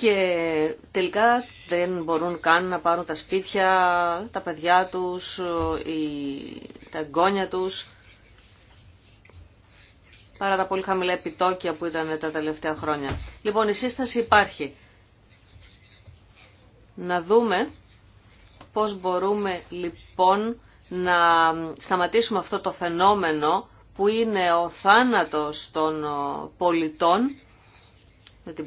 [SPEAKER 1] και τελικά δεν μπορούν καν να πάρουν τα σπίτια, τα παιδιά τους, τα εγγόνια τους, παρά τα πολύ χαμηλά επιτόκια που ήταν τα τελευταία χρόνια. Λοιπόν, η σύσταση υπάρχει. Να δούμε πώς μπορούμε λοιπόν να σταματήσουμε αυτό το φαινόμενο που είναι ο θάνατος των ε, πολιτών με τη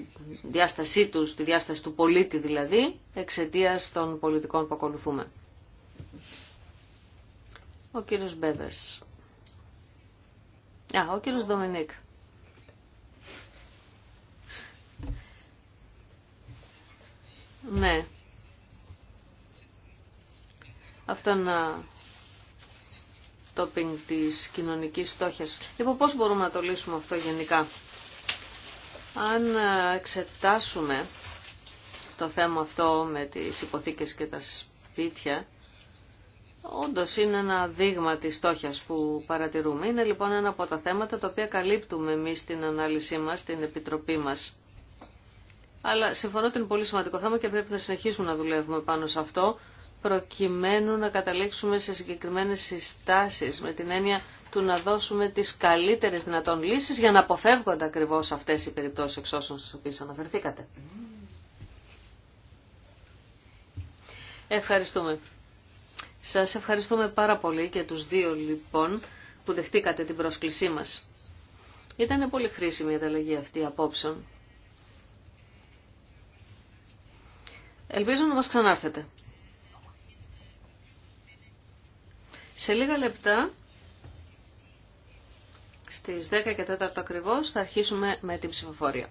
[SPEAKER 1] διάστασή τους, τη διάσταση του πολίτη δηλαδή, εξαιτία των πολιτικών που ακολουθούμε. Ο κύριος Μπέβερς. Α, ο κύριος Δομινίκ. Ναι. Αυτό είναι το τοπινγκ της κοινωνικής στόχιας. Λοιπόν, πώς μπορούμε να το λύσουμε αυτό γενικά. Αν εξετάσουμε το θέμα αυτό με τις υποθήκες και τα σπίτια, όντως είναι ένα δείγμα της στόχιας που παρατηρούμε. Είναι λοιπόν ένα από τα θέματα τα οποία καλύπτουμε εμείς στην ανάλυση μας, στην Επιτροπή μας. Αλλά συμφωνώ ότι είναι πολύ σημαντικό θέμα και πρέπει να συνεχίσουμε να δουλεύουμε πάνω σε αυτό, προκειμένου να καταλήξουμε σε συγκεκριμένες συστάσεις με την έννοια του να δώσουμε τις καλύτερες δυνατόν λύσεις για να αποφεύγονται ακριβώς αυτές οι περιπτώσεις όσων στις οποίες αναφερθήκατε. Ευχαριστούμε. Σας ευχαριστούμε πάρα πολύ και τους δύο λοιπόν που δεχτήκατε την πρόσκλησή μας. Ήταν πολύ χρήσιμη η ανταλλαγή αυτή απόψεων. Ελπίζω να μας ξανάρθετε. Σε λίγα λεπτά, στις 10 και 4 ακριβώς, θα αρχίσουμε με την ψηφοφορία.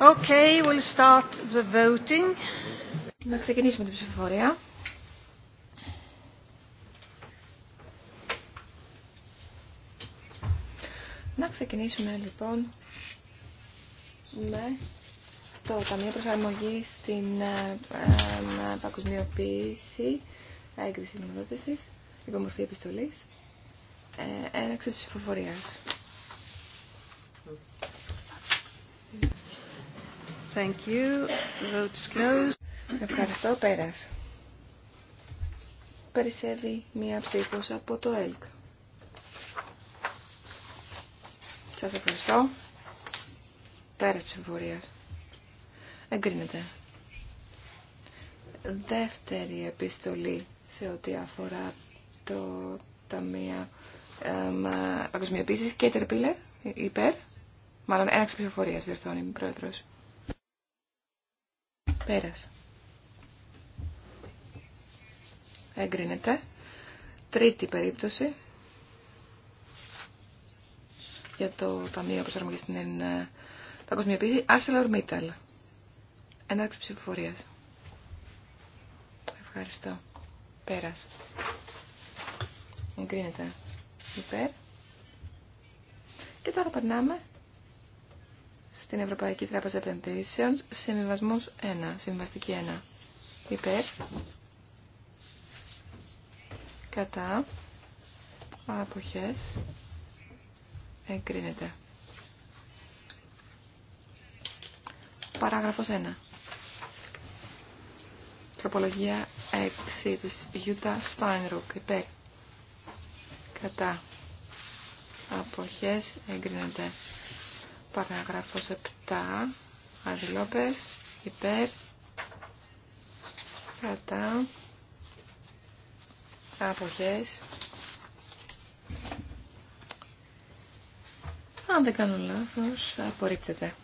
[SPEAKER 1] Okay, we'll Να ξεκινήσουμε την ψηφοφορία.
[SPEAKER 2] Να ξεκινήσουμε λοιπόν με το Ταμείο Προσαρμογή στην ε, ε, ε, Παγκοσμιοποίηση, έγκριση νομοδότηση, υπομορφή επιστολή, ε, έναξη ψηφοφορία.
[SPEAKER 3] Ευχαριστώ, πέρας.
[SPEAKER 2] Περισσεύει μία ψήφος από το ΕΛΚ. Σας ευχαριστώ. Πέρα ψηφορίας. Εγκρίνεται. Δεύτερη επιστολή σε ό,τι αφορά το Ταμείο Παγκοσμιοποίησης. Κέιτερ Πίλερ, υπέρ. Μάλλον έναξη ψηφοφορίας η πρόεδρος. Πέρας. Εγκρίνεται. Τρίτη περίπτωση για το Ταμείο Προσαρμογής στην Παγκοσμιοποίηση. Μίταλ. Έναρξη ψηφοφορίας. Ευχαριστώ. Πέρας. Εγκρίνεται. Υπέρ. Και τώρα περνάμε στην Ευρωπαϊκή Τράπεζα Επενδύσεων. Συμβιβασμό 1. Συμβαστική 1. Υπέρ. Κατά. Αποχές. Εγκρίνεται. Παράγραφος 1. Τροπολογία 6 της Γιούτα Στάινρουκ. Υπέρ. Κατά. Αποχές εγκρίνεται. Παράγραφος 7. Αντιλόπες. Υπέρ. Κατά. Αποχές. Αν δεν κάνω λάθος, απορρίπτεται.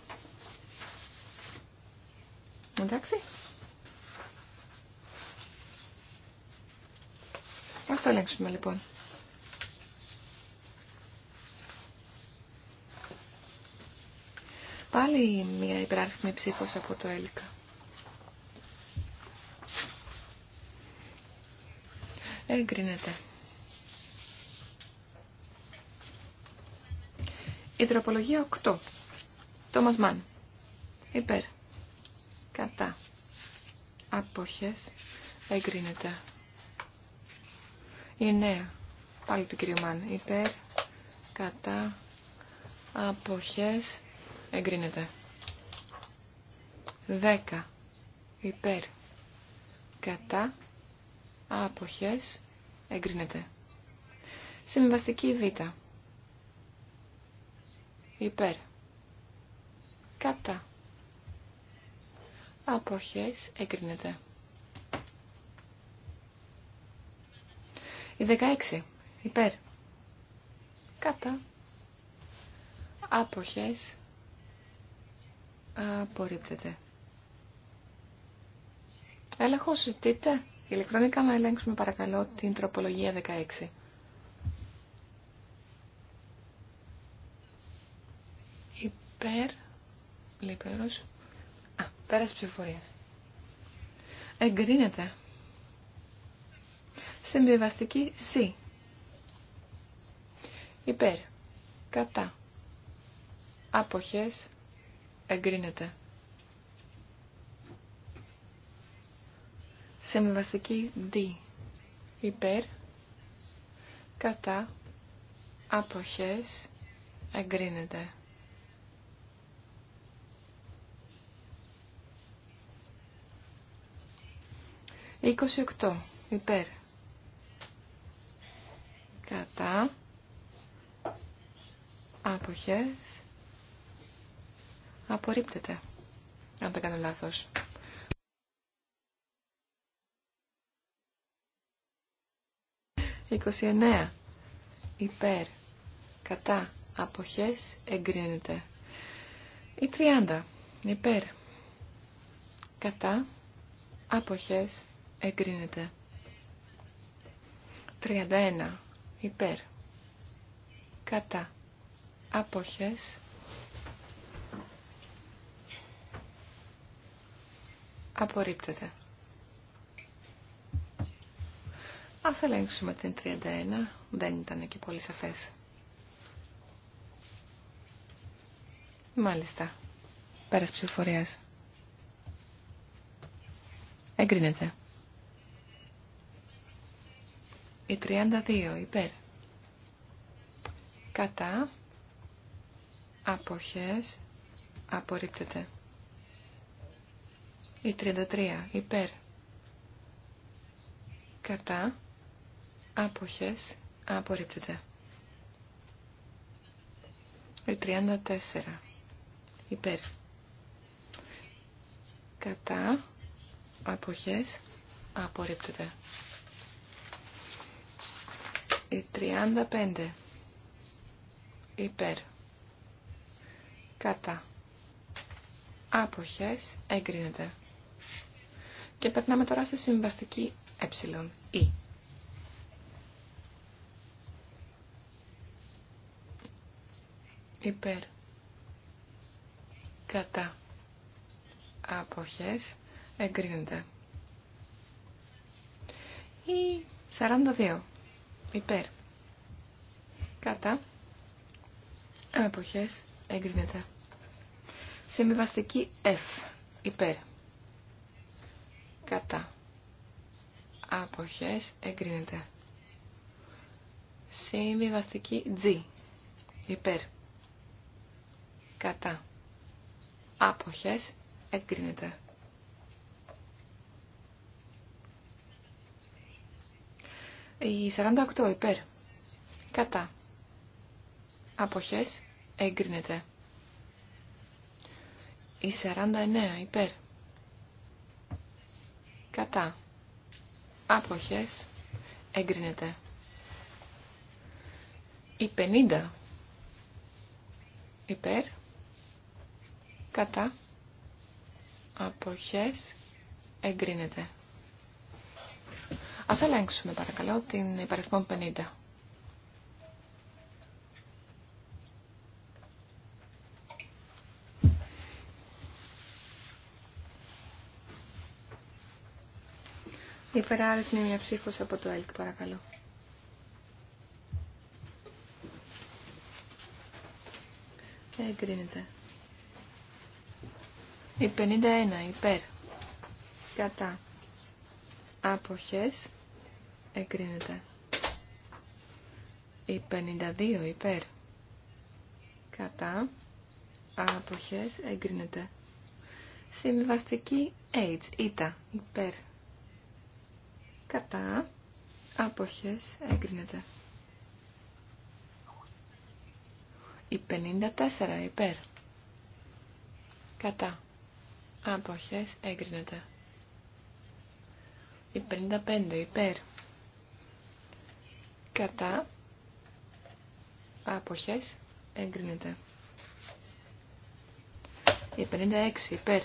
[SPEAKER 2] Εντάξει. Αυτό το ελέγξουμε λοιπόν. άλλη μια υπεράριθμη ψήφος από το ΕΛΚΑ. Εγκρίνεται. Η τροπολογία 8. Τόμας Μάν. Υπέρ. Κατά. Απόχες. Εγκρίνεται. Η νέα. Πάλι του κύριου Μάν. Υπέρ. Κατά. Απόχες. Εγκρίνεται. Δέκα. υπέρ κατά άποχες εγκρίνεται. Συμβαστική Β. Υπέρ. Κατά. Αποχές εγκρίνεται. Η 16. Υπέρ. Κατά. Άποχες Απορρίπτεται. Έλεγχο ζητείτε. Ηλεκτρονικά να ελέγξουμε παρακαλώ την τροπολογία 16. Υπέρ. Λίπερος. Α, πέρας ψηφορίας. Εγκρίνεται. Συμβιβαστική C. Υπέρ. Κατά. Άποχες εγκρίνεται. βασική D. Υπέρ, κατά, αποχές, εγκρίνεται. Είκοσι οκτώ. Υπέρ. Κατά. Αποχές. Απορρίπτεται, αν δεν κάνω λάθος. «29. Υπέρ. Κατά. Αποχές. Εγκρίνεται». 30. Υπέρ. Κατά. Αποχές. Εγκρίνεται». «31. Υπέρ. Κατά. Αποχές. Απορρίπτεται. Ας ελέγξουμε την 31. Δεν ήταν και πολύ σαφές. Μάλιστα. Πέρας ψηφοφορίας. Εγκρίνεται. Η 32 υπέρ. Κατά. Αποχές. Απορρίπτεται. Η 33 υπέρ κατά άποχες απορρίπτεται. Η 34 υπέρ κατά άποχες απορρίπτεται. Η 35 υπέρ κατά άποχες εγκρίνεται. Και περνάμε τώρα στη συμβαστική ε, ή. Υπέρ. Κατά. Αποχές. Εγκρίνεται. Ή 42. Υπέρ. Κατά. Αποχές. Εγκρίνεται. Συμβαστική F. Υπέρ κατά αποχές εγκρίνεται. Συμβιβαστική G υπέρ κατά αποχές εγκρίνεται. Η 48 υπέρ κατά αποχές εγκρίνεται. Η 49 υπέρ κατά άποχες εγκρίνεται. Η 50 υπέρ κατά άποχες εγκρίνεται. Ας ελέγξουμε παρακαλώ την υπαριθμό 50. Υπεράριθμη μια ψήφο από το ΕΛΚ, παρακαλώ. Εγκρίνεται. Η 51 υπέρ. Κατά. Άποχες. Εγκρίνεται. Η 52 υπέρ. Κατά. Άποχες. Εγκρίνεται. Συμβιβαστική H. Ήτα. Υπέρ κατά αποχές εγκρίνεται. Η 54 υπέρ κατά αποχές εγκρίνεται. Η 55 υπέρ κατά αποχές εγκρίνεται. Η 56 υπέρ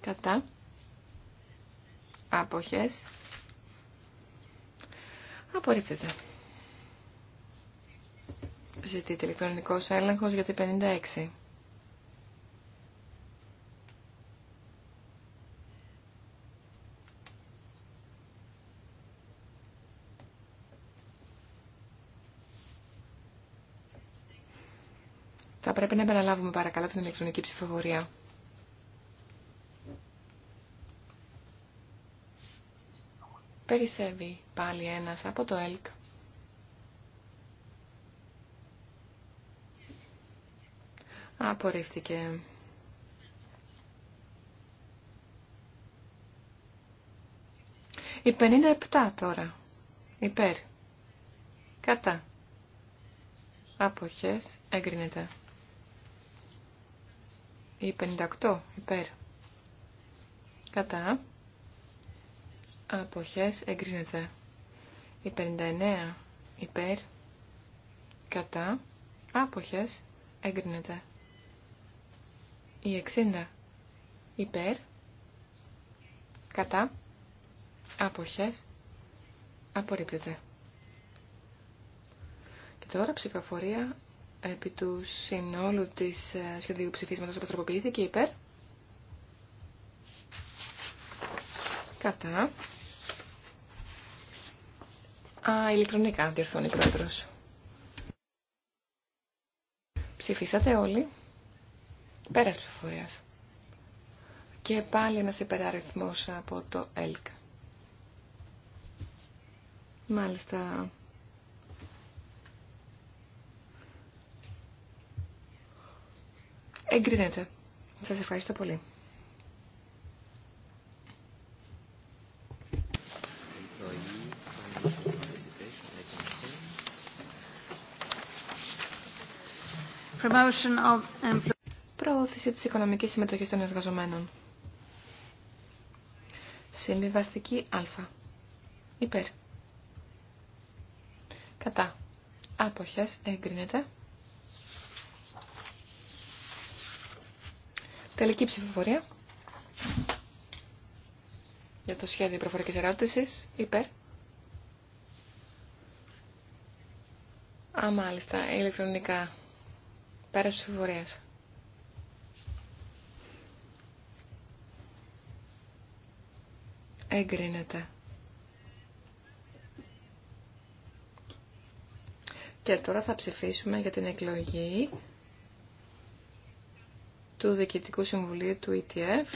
[SPEAKER 2] κατά Αποχές. Απορρίπτεται. Ζητείται ηλεκτρονικός έλεγχος για τη 56. Θα πρέπει να επαναλάβουμε παρακαλώ την ηλεκτρονική ψηφοφορία. Περισσεύει πάλι ένας από το ΕΛΚ. Απορρίφθηκε. Η 57 τώρα. Υπέρ. Κατά. Αποχές. Έγκρινεται. Η 58. Υπέρ. Κατά αποχές εγκρίνεται. Η 59 υπέρ κατά άποχες εγκρίνεται. Η 60 υπέρ κατά άποχες απορρίπτεται. Και τώρα ψηφοφορία επί του συνόλου της ε, σχεδίου ψηφίσματος που τροποποιήθηκε υπέρ κατά Α, ηλεκτρονικά διορθώνει ο Ψηφίσατε όλοι. Πέρας ψηφοφορίας. Και πάλι ένα υπεραριθμό από το ΕΛΚ. Μάλιστα. Εγκρίνεται. Σας ευχαριστώ πολύ. Προώθηση της οικονομικής συμμετοχής των εργαζομένων. Συμβιβαστική α. Υπέρ. Κατά. Άποχες. Εγκρίνεται. Τελική ψηφοφορία. Για το σχέδιο προφορικής ερώτησης. Υπέρ. Α, μάλιστα. Ηλεκτρονικά Πέρα ψηφοφορίας. Εγκρίνεται. Και τώρα θα ψηφίσουμε για την εκλογή του Διοικητικού Συμβουλίου του ETF.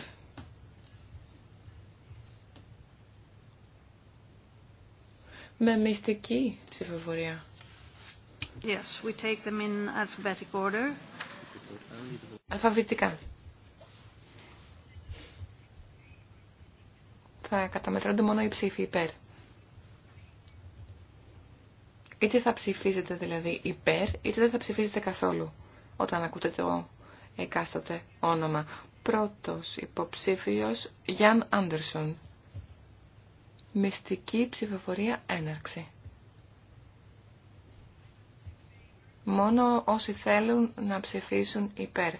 [SPEAKER 2] Με μυστική
[SPEAKER 1] ψηφοφορία.
[SPEAKER 2] Αλφαβητικά. Θα καταμετρώνται μόνο οι ψήφοι υπέρ. Είτε θα ψηφίζετε δηλαδή υπέρ, είτε δεν θα ψηφίζετε καθόλου όταν ακούτε το εκάστοτε όνομα. Πρώτος υποψήφιος Γιάν Άντερσον. Μυστική ψηφοφορία έναρξη. μόνο όσοι θέλουν να ψηφίσουν υπέρ.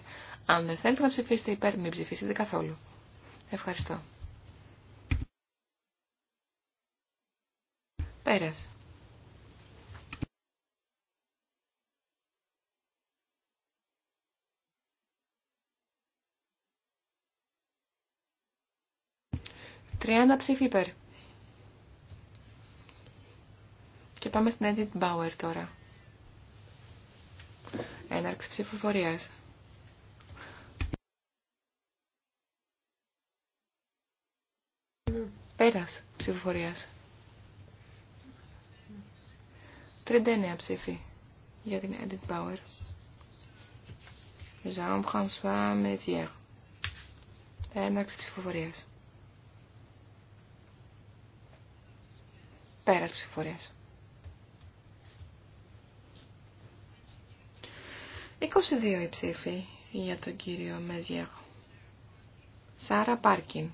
[SPEAKER 2] Αν δεν θέλετε να ψηφίσετε υπέρ, μην ψηφίσετε καθόλου. Ευχαριστώ. Πέρας. Τριάντα ψήφι υπέρ. Και πάμε στην Edith Bauer τώρα. Έναρξη ψηφοφορίας. Πέρας ψηφοφορίας. 39 ψήφοι για την Edit Power. Jean-François Métier. Έναρξη ψηφοφορίας. Πέρας ψηφοφορίας. 22 οι ψήφοι για τον κύριο Μεζιέχο. Σάρα Πάρκιν.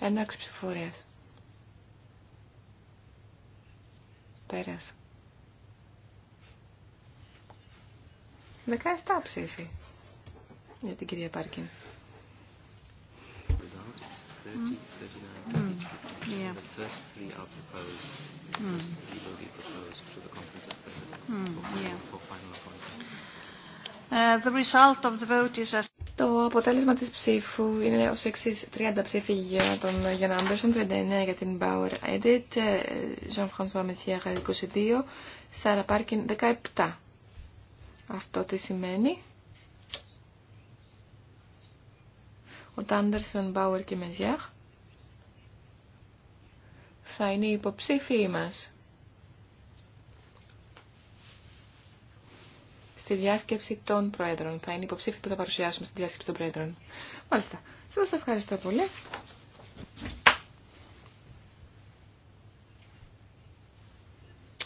[SPEAKER 2] Έναρξη ψηφορία. Πέρασε. 17 ψήφοι για την κυρία Πάρκιν.
[SPEAKER 3] Mm. Mm. Mm.
[SPEAKER 1] Ε, Το αποτέλεσμα της ψήφου
[SPEAKER 3] είναι
[SPEAKER 2] ως εξής 30 ψήφοι για τον Γιάννα Άντερσον, 39 για την Bauer Edit, ε, Jean-François 22, Σάρα Πάρκιν 17. Αυτό τι σημαίνει. Ο Τάντερσον, Μπάουερ και Μεσιάχα θα είναι οι υποψήφοι μας. στη διάσκεψη των Προέδρων. Θα είναι υποψήφιοι που θα παρουσιάσουμε στη διάσκεψη των Προέδρων. Μάλιστα. Σας ευχαριστώ πολύ.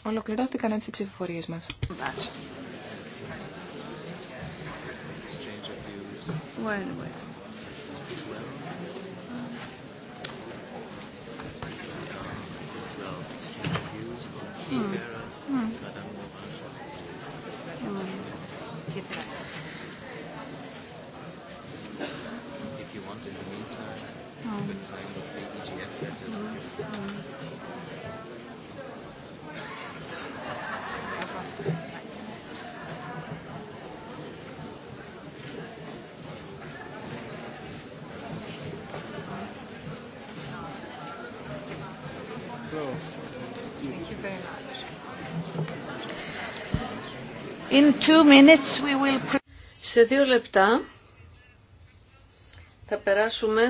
[SPEAKER 2] Ολοκληρώθηκαν έτσι οι ψηφοφορίες μας.
[SPEAKER 3] Mm. Mm.
[SPEAKER 1] Σε δύο λεπτά θα περάσουμε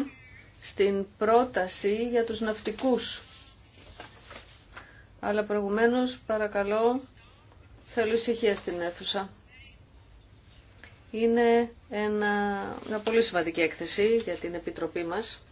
[SPEAKER 1] στην πρόταση για τους ναυτικούς. Αλλά προηγουμένως παρακαλώ θέλω ησυχία στην αίθουσα. Είναι ένα, μια πολύ σημαντική έκθεση για την Επιτροπή μας.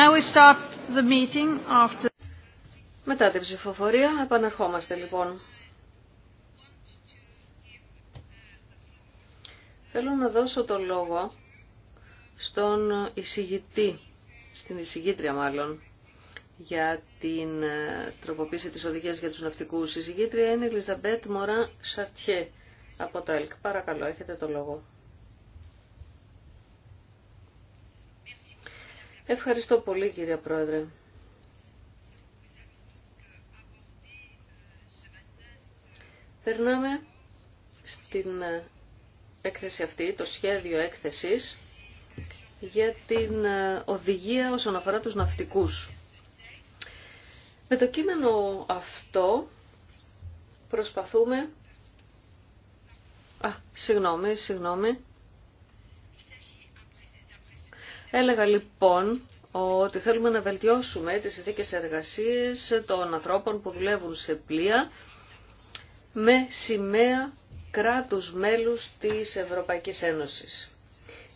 [SPEAKER 1] Now we start the meeting after... Μετά την ψηφοφορία επαναρχόμαστε λοιπόν. Θέλω να δώσω το λόγο στον εισηγητή, στην εισηγήτρια μάλλον, για την ε, τροποποίηση της οδηγίας για τους ναυτικούς. Η εισηγήτρια είναι η Ελιζαμπέτ Μωρά Σαρτιέ από το ΕΛΚ. Παρακαλώ, έχετε το λόγο. Ευχαριστώ πολύ κύριε Πρόεδρε. Περνάμε στην έκθεση αυτή, το σχέδιο έκθεσης για την οδηγία όσον αφορά τους ναυτικούς. Με το κείμενο αυτό προσπαθούμε... Α, συγγνώμη, συγγνώμη. Έλεγα λοιπόν ότι θέλουμε να βελτιώσουμε τις συνθήκες εργασίες των ανθρώπων που δουλεύουν σε πλοία με σημαία κράτους μέλους της Ευρωπαϊκής Ένωσης.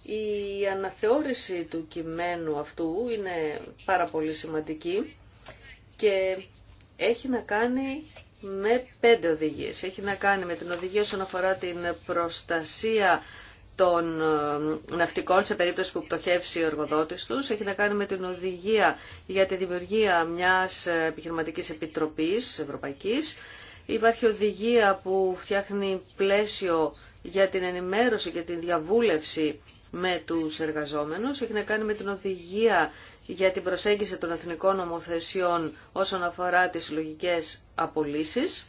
[SPEAKER 1] Η αναθεώρηση του κειμένου αυτού είναι πάρα πολύ σημαντική και έχει να κάνει με πέντε οδηγίες. Έχει να κάνει με την οδηγία όσον αφορά την προστασία των ε, ναυτικών σε περίπτωση που πτωχεύσει ο εργοδότης Έχει να κάνει με την οδηγία για τη δημιουργία μιας επιχειρηματικής επιτροπής ευρωπαϊκής. Υπάρχει οδηγία που φτιάχνει πλαίσιο για την ενημέρωση και την διαβούλευση με τους εργαζόμενους. Έχει να κάνει με την οδηγία για την προσέγγιση των εθνικών νομοθεσιών όσον αφορά τις συλλογικέ απολύσεις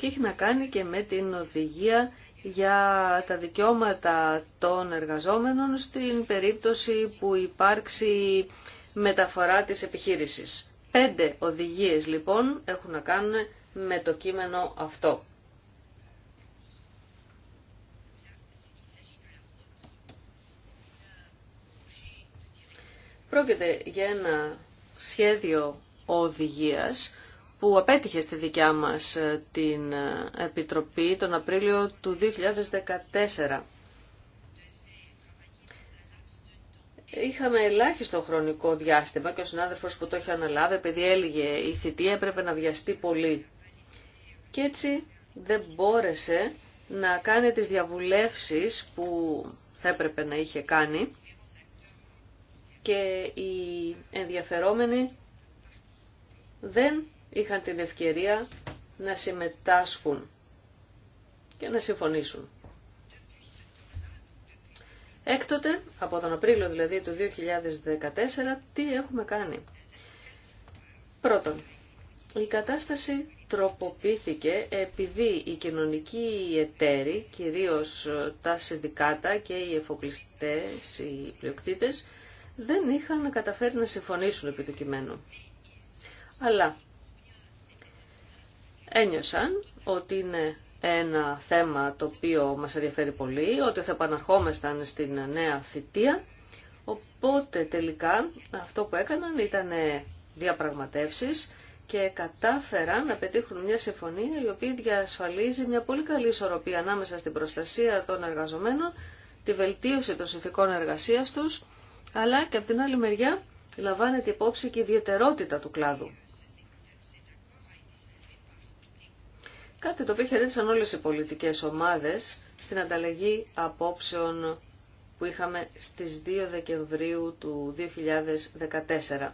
[SPEAKER 1] και έχει να κάνει και με την οδηγία για τα δικαιώματα των εργαζόμενων στην περίπτωση που υπάρξει μεταφορά της επιχείρησης. Πέντε οδηγίες λοιπόν έχουν να κάνουν με το κείμενο αυτό. Πρόκειται για ένα σχέδιο οδηγίας που απέτυχε στη δικιά μας ε, την ε, Επιτροπή τον Απρίλιο του 2014. Είχαμε ελάχιστο χρονικό διάστημα και ο συνάδελφος που το είχε αναλάβει, επειδή έλεγε η θητεία έπρεπε να βιαστεί πολύ. Και έτσι δεν μπόρεσε να κάνει τις διαβουλεύσεις που θα έπρεπε να είχε κάνει και οι ενδιαφερόμενοι δεν είχαν την ευκαιρία να συμμετάσχουν και να συμφωνήσουν. Έκτοτε, από τον Απρίλιο δηλαδή του 2014, τι έχουμε κάνει. Πρώτον, η κατάσταση τροποποιήθηκε επειδή οι κοινωνικοί εταίροι, κυρίως τα συνδικάτα και οι εφοπλιστές, οι πλειοκτήτες, δεν είχαν καταφέρει να συμφωνήσουν επί του κειμένου. Αλλά ένιωσαν ότι είναι ένα θέμα το οποίο μας ενδιαφέρει πολύ, ότι θα επαναρχόμασταν στην νέα θητεία. Οπότε τελικά αυτό που έκαναν ήταν διαπραγματεύσεις και κατάφεραν να πετύχουν μια συμφωνία η οποία διασφαλίζει μια πολύ καλή ισορροπία ανάμεσα στην προστασία των εργαζομένων, τη βελτίωση των συνθηκών εργασίας τους, αλλά και από την άλλη μεριά λαμβάνεται υπόψη και η ιδιαιτερότητα του κλάδου. Κάτι το οποίο χαιρέτησαν όλες οι πολιτικές ομάδες στην ανταλλαγή απόψεων που είχαμε στις 2 Δεκεμβρίου του 2014.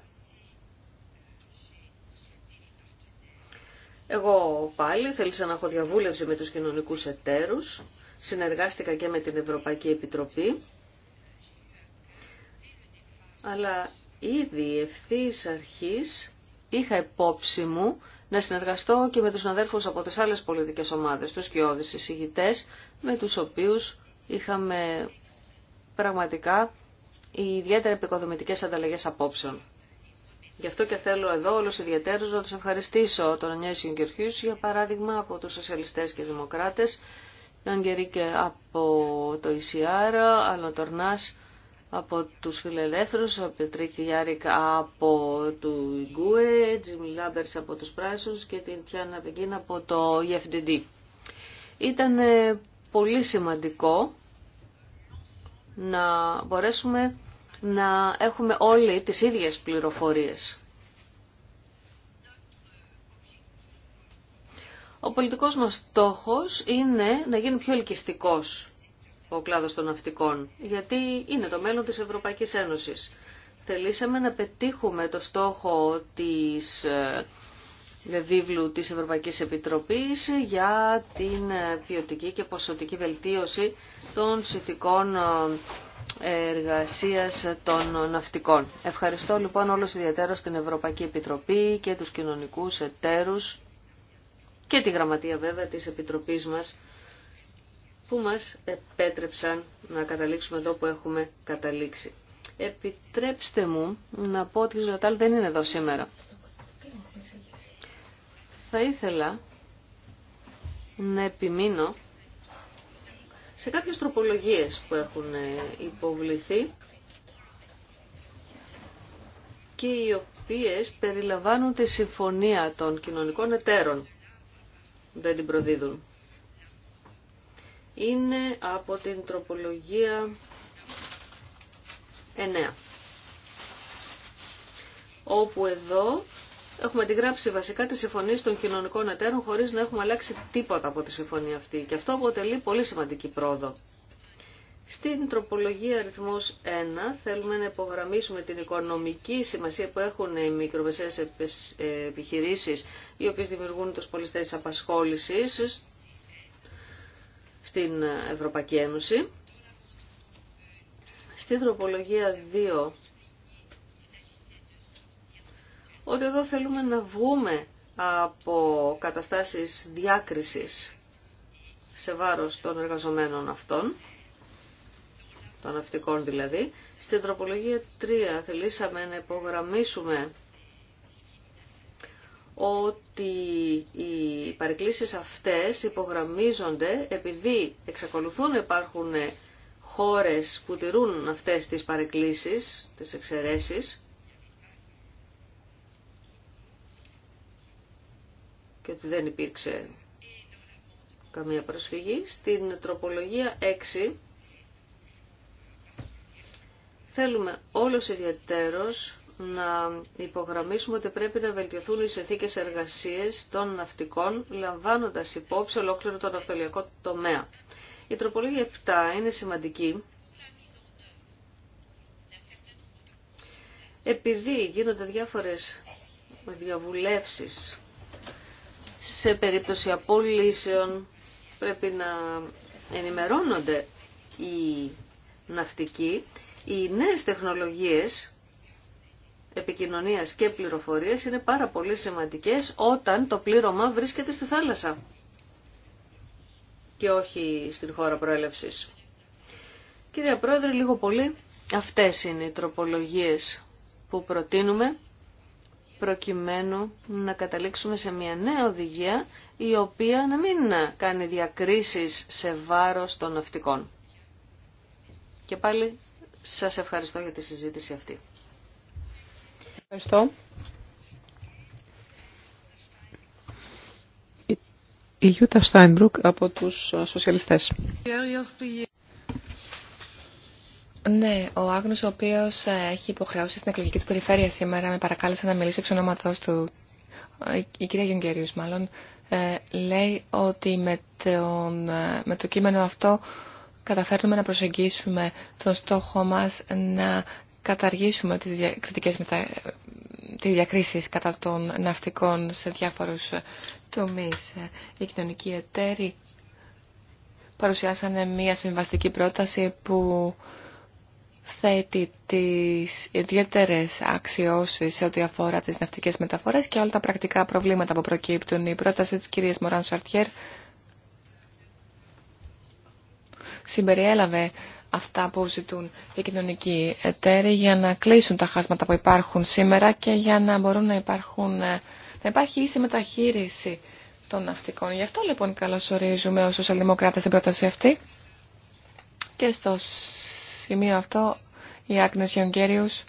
[SPEAKER 1] Εγώ πάλι θέλησα να έχω διαβούλευση με τους κοινωνικούς εταίρους, συνεργάστηκα και με την Ευρωπαϊκή Επιτροπή, αλλά ήδη ευθύ αρχής είχα υπόψη μου να συνεργαστώ και με τους αδέρφους από τις άλλες πολιτικές ομάδες, τους κοιόδης εισηγητές, με τους οποίους είχαμε πραγματικά ιδιαίτερα επικοδομητικές ανταλλαγές απόψεων. Γι' αυτό και θέλω εδώ όλους ιδιαίτερους να τους ευχαριστήσω τον Ανιέ Σιγκερχιούς, για παράδειγμα από τους σοσιαλιστές και δημοκράτες, τον Γκερίκε από το ICR, Άλλο από τους φιλελεύθερους, από Τρίτη Γιάρικ από του Γκουε, Τζιμι Λάμπερς από τους Πράσους και την Τιάννα Πεγκίν από το EFDD. Ήταν ε, πολύ σημαντικό να μπορέσουμε να έχουμε όλοι τις ίδιες πληροφορίες. Ο πολιτικός μας στόχος είναι να γίνει πιο ελκυστικός ο κλάδος των ναυτικών, γιατί είναι το μέλλον της Ευρωπαϊκής Ένωσης. Θελήσαμε να πετύχουμε το στόχο της ε, βίβλου της Ευρωπαϊκής Επιτροπής για την ε, ποιοτική και ποσοτική βελτίωση των συνθηκών ε, εργασίας των ναυτικών. Ευχαριστώ λοιπόν όλους ιδιαίτερα στην Ευρωπαϊκή Επιτροπή και τους κοινωνικούς εταίρους και τη γραμματεία βέβαια της Επιτροπής μας που μας επέτρεψαν να καταλήξουμε εδώ που έχουμε καταλήξει. Επιτρέψτε μου να πω ότι ο Ζωτάλ δεν είναι εδώ σήμερα. Θα ήθελα να επιμείνω σε κάποιες τροπολογίες που έχουν ε, υποβληθεί και οι οποίες περιλαμβάνουν τη συμφωνία των κοινωνικών εταίρων. Δεν την προδίδουν είναι από την τροπολογία 9. Όπου εδώ έχουμε αντιγράψει βασικά τη συμφωνία των κοινωνικών εταίρων χωρίς να έχουμε αλλάξει τίποτα από τη συμφωνία αυτή. Και αυτό αποτελεί πολύ σημαντική πρόοδο. Στην τροπολογία αριθμός 1 θέλουμε να υπογραμμίσουμε την οικονομική σημασία που έχουν οι μικρομεσαίες επιχειρήσεις οι οποίες δημιουργούν τους πολλές απασχόλησης στην Ευρωπαϊκή Ένωση. Στην τροπολογία 2, ότι εδώ θέλουμε να βγούμε από καταστάσεις διάκρισης σε βάρος των εργαζομένων αυτών, των ναυτικών δηλαδή. Στην τροπολογία 3 θελήσαμε να υπογραμμίσουμε ότι οι παρεκκλήσεις αυτές υπογραμμίζονται επειδή εξακολουθούν να υπάρχουν χώρες που τηρούν αυτές τις παρεκκλήσεις, τις εξαιρέσεις και ότι δεν υπήρξε καμία προσφυγή. Στην τροπολογία 6 θέλουμε όλος ιδιαίτερος να υπογραμμίσουμε ότι πρέπει να βελτιωθούν οι συνθήκε εργασίες των ναυτικών, λαμβάνοντας υπόψη ολόκληρο το ναυτολιακό τομέα. Η τροπολογία 7 είναι σημαντική, επειδή γίνονται διάφορες διαβουλεύσεις σε περίπτωση απολύσεων, πρέπει να ενημερώνονται οι ναυτικοί, οι νέες τεχνολογίες επικοινωνίας και πληροφορίες είναι πάρα πολύ σημαντικές όταν το πλήρωμα βρίσκεται στη θάλασσα και όχι στην χώρα προέλευσης. Κυρία Πρόεδρε, λίγο πολύ αυτές είναι οι τροπολογίες που προτείνουμε προκειμένου να καταλήξουμε σε μια νέα οδηγία η οποία να μην κάνει διακρίσεις σε βάρος των ναυτικών. Και πάλι σας ευχαριστώ για τη συζήτηση αυτή.
[SPEAKER 4] Ευχαριστώ. Η Γιούτα Στάινμπρουκ από τους ε, σοσιαλιστές.
[SPEAKER 2] Ναι, ο Άγνος ο οποίος ε, έχει υποχρεώσει στην εκλογική του περιφέρεια σήμερα με παρακάλεσε να μιλήσει εξ ονόματός του, ε, η κυρία Γιονγκέριους μάλλον, λέει ότι με, με το κείμενο αυτό καταφέρνουμε να προσεγγίσουμε τον στόχο μας να καταργήσουμε τις κριτικές μετα... διακρίσεις κατά των ναυτικών σε διάφορους ε, τομείς. Ε, οι κοινωνικοί εταίροι παρουσιάσανε μία συμβαστική πρόταση που θέτει τις ιδιαίτερες αξιώσεις σε ό,τι αφορά τις ναυτικές μεταφορές και όλα τα πρακτικά προβλήματα που προκύπτουν. Η πρόταση της κυρίας Μωράν Σαρτιέρ συμπεριέλαβε αυτά που ζητούν οι κοινωνικοί εταίροι για να κλείσουν τα χάσματα που υπάρχουν σήμερα και για να μπορούν να, υπάρχουν, ε, να υπάρχει ίση μεταχείριση των ναυτικών. Γι' αυτό λοιπόν καλωσορίζουμε ως σοσιαλδημοκράτε την πρόταση αυτή. Και στο σημείο αυτό η Άκνε Γιονγκέριους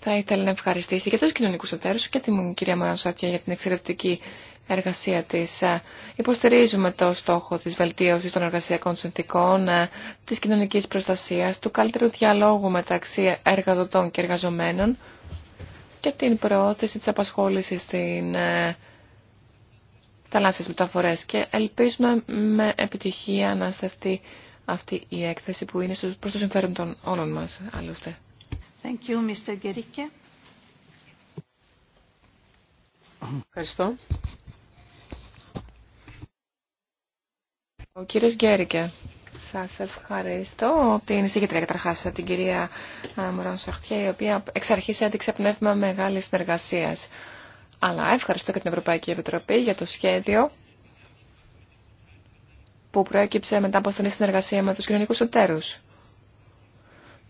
[SPEAKER 2] θα ήθελε να ευχαριστήσει και τους κοινωνικούς εταίρους και την κυρία Σαρτιά για την εξαιρετική εργασία της. Ε, υποστηρίζουμε το στόχο της βελτίωσης των εργασιακών συνθήκων, ε, της κοινωνικής προστασίας, του καλύτερου διαλόγου μεταξύ εργαδοτών και εργαζομένων και την προώθηση της απασχόλησης στην ε, θαλάσσιες μεταφορές και ελπίζουμε με επιτυχία να στεφτεί αυτή η έκθεση που είναι προς το συμφέρον των
[SPEAKER 4] όλων μας άλλωστε.
[SPEAKER 1] Thank you,
[SPEAKER 2] Ο κύριος Γκέρικε. Σας ευχαριστώ την εισηγήτρια καταρχάς, την κυρία Μωρόν Σαχτιέ, η οποία εξ αρχής έδειξε πνεύμα μεγάλης συνεργασίας. Αλλά ευχαριστώ και την Ευρωπαϊκή Επιτροπή για το σχέδιο που προέκυψε μετά από στενή συνεργασία με τους κοινωνικούς εταίρους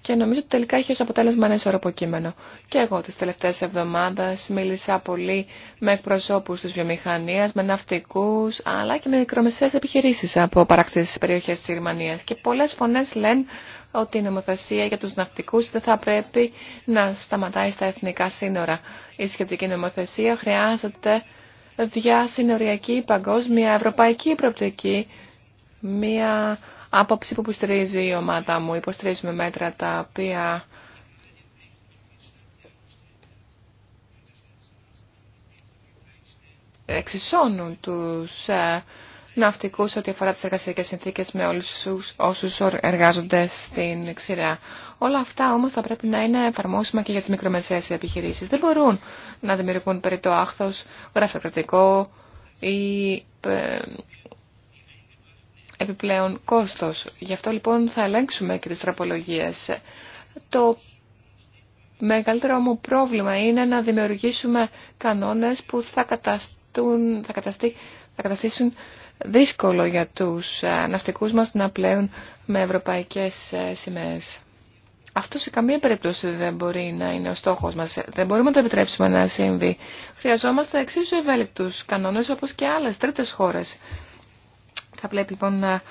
[SPEAKER 2] και νομίζω ότι τελικά έχει ως αποτέλεσμα ένα ισορροπό κείμενο. Και εγώ τις τελευταίες εβδομάδες μίλησα πολύ με εκπροσώπους της βιομηχανίας, με ναυτικούς, αλλά και με μικρομεσαίες επιχειρήσεις από παρακτήσεις περιοχές της Γερμανίας. Και πολλές φωνές λένε ότι η νομοθεσία για τους ναυτικούς δεν θα πρέπει να σταματάει στα εθνικά σύνορα. Η σχετική νομοθεσία χρειάζεται διασυνοριακή παγκόσμια ευρωπαϊκή προοπτική, μια άποψη που υποστηρίζει η ομάδα μου. Υποστηρίζουμε μέτρα τα οποία εξισώνουν τους ε, ναυτικούς ό,τι αφορά τις εργασιακές συνθήκες με όλους όσους εργάζονται στην ξηρά. Όλα αυτά όμως θα πρέπει να είναι εφαρμόσιμα και για τις μικρομεσαίες επιχειρήσεις. Δεν μπορούν να δημιουργούν περί το άχθος γραφειοκρατικό ή ε, επιπλέον κόστος. Γι' αυτό λοιπόν θα ελέγξουμε και τις τραπολογίες. Το μεγαλύτερο μου πρόβλημα είναι να δημιουργήσουμε κανόνες που θα, καταστούν, θα, θα καταστήσουν δύσκολο για τους ε, ναυτικούς μας να πλέουν με ευρωπαϊκές ε, σημαίες. Αυτό σε καμία περίπτωση δεν μπορεί να είναι ο στόχος μας. Δεν μπορούμε να το επιτρέψουμε να συμβεί. Χρειαζόμαστε εξίσου ευέλικτους κανόνες όπως και άλλες τρίτες χώρες θα πρέπει λοιπόν να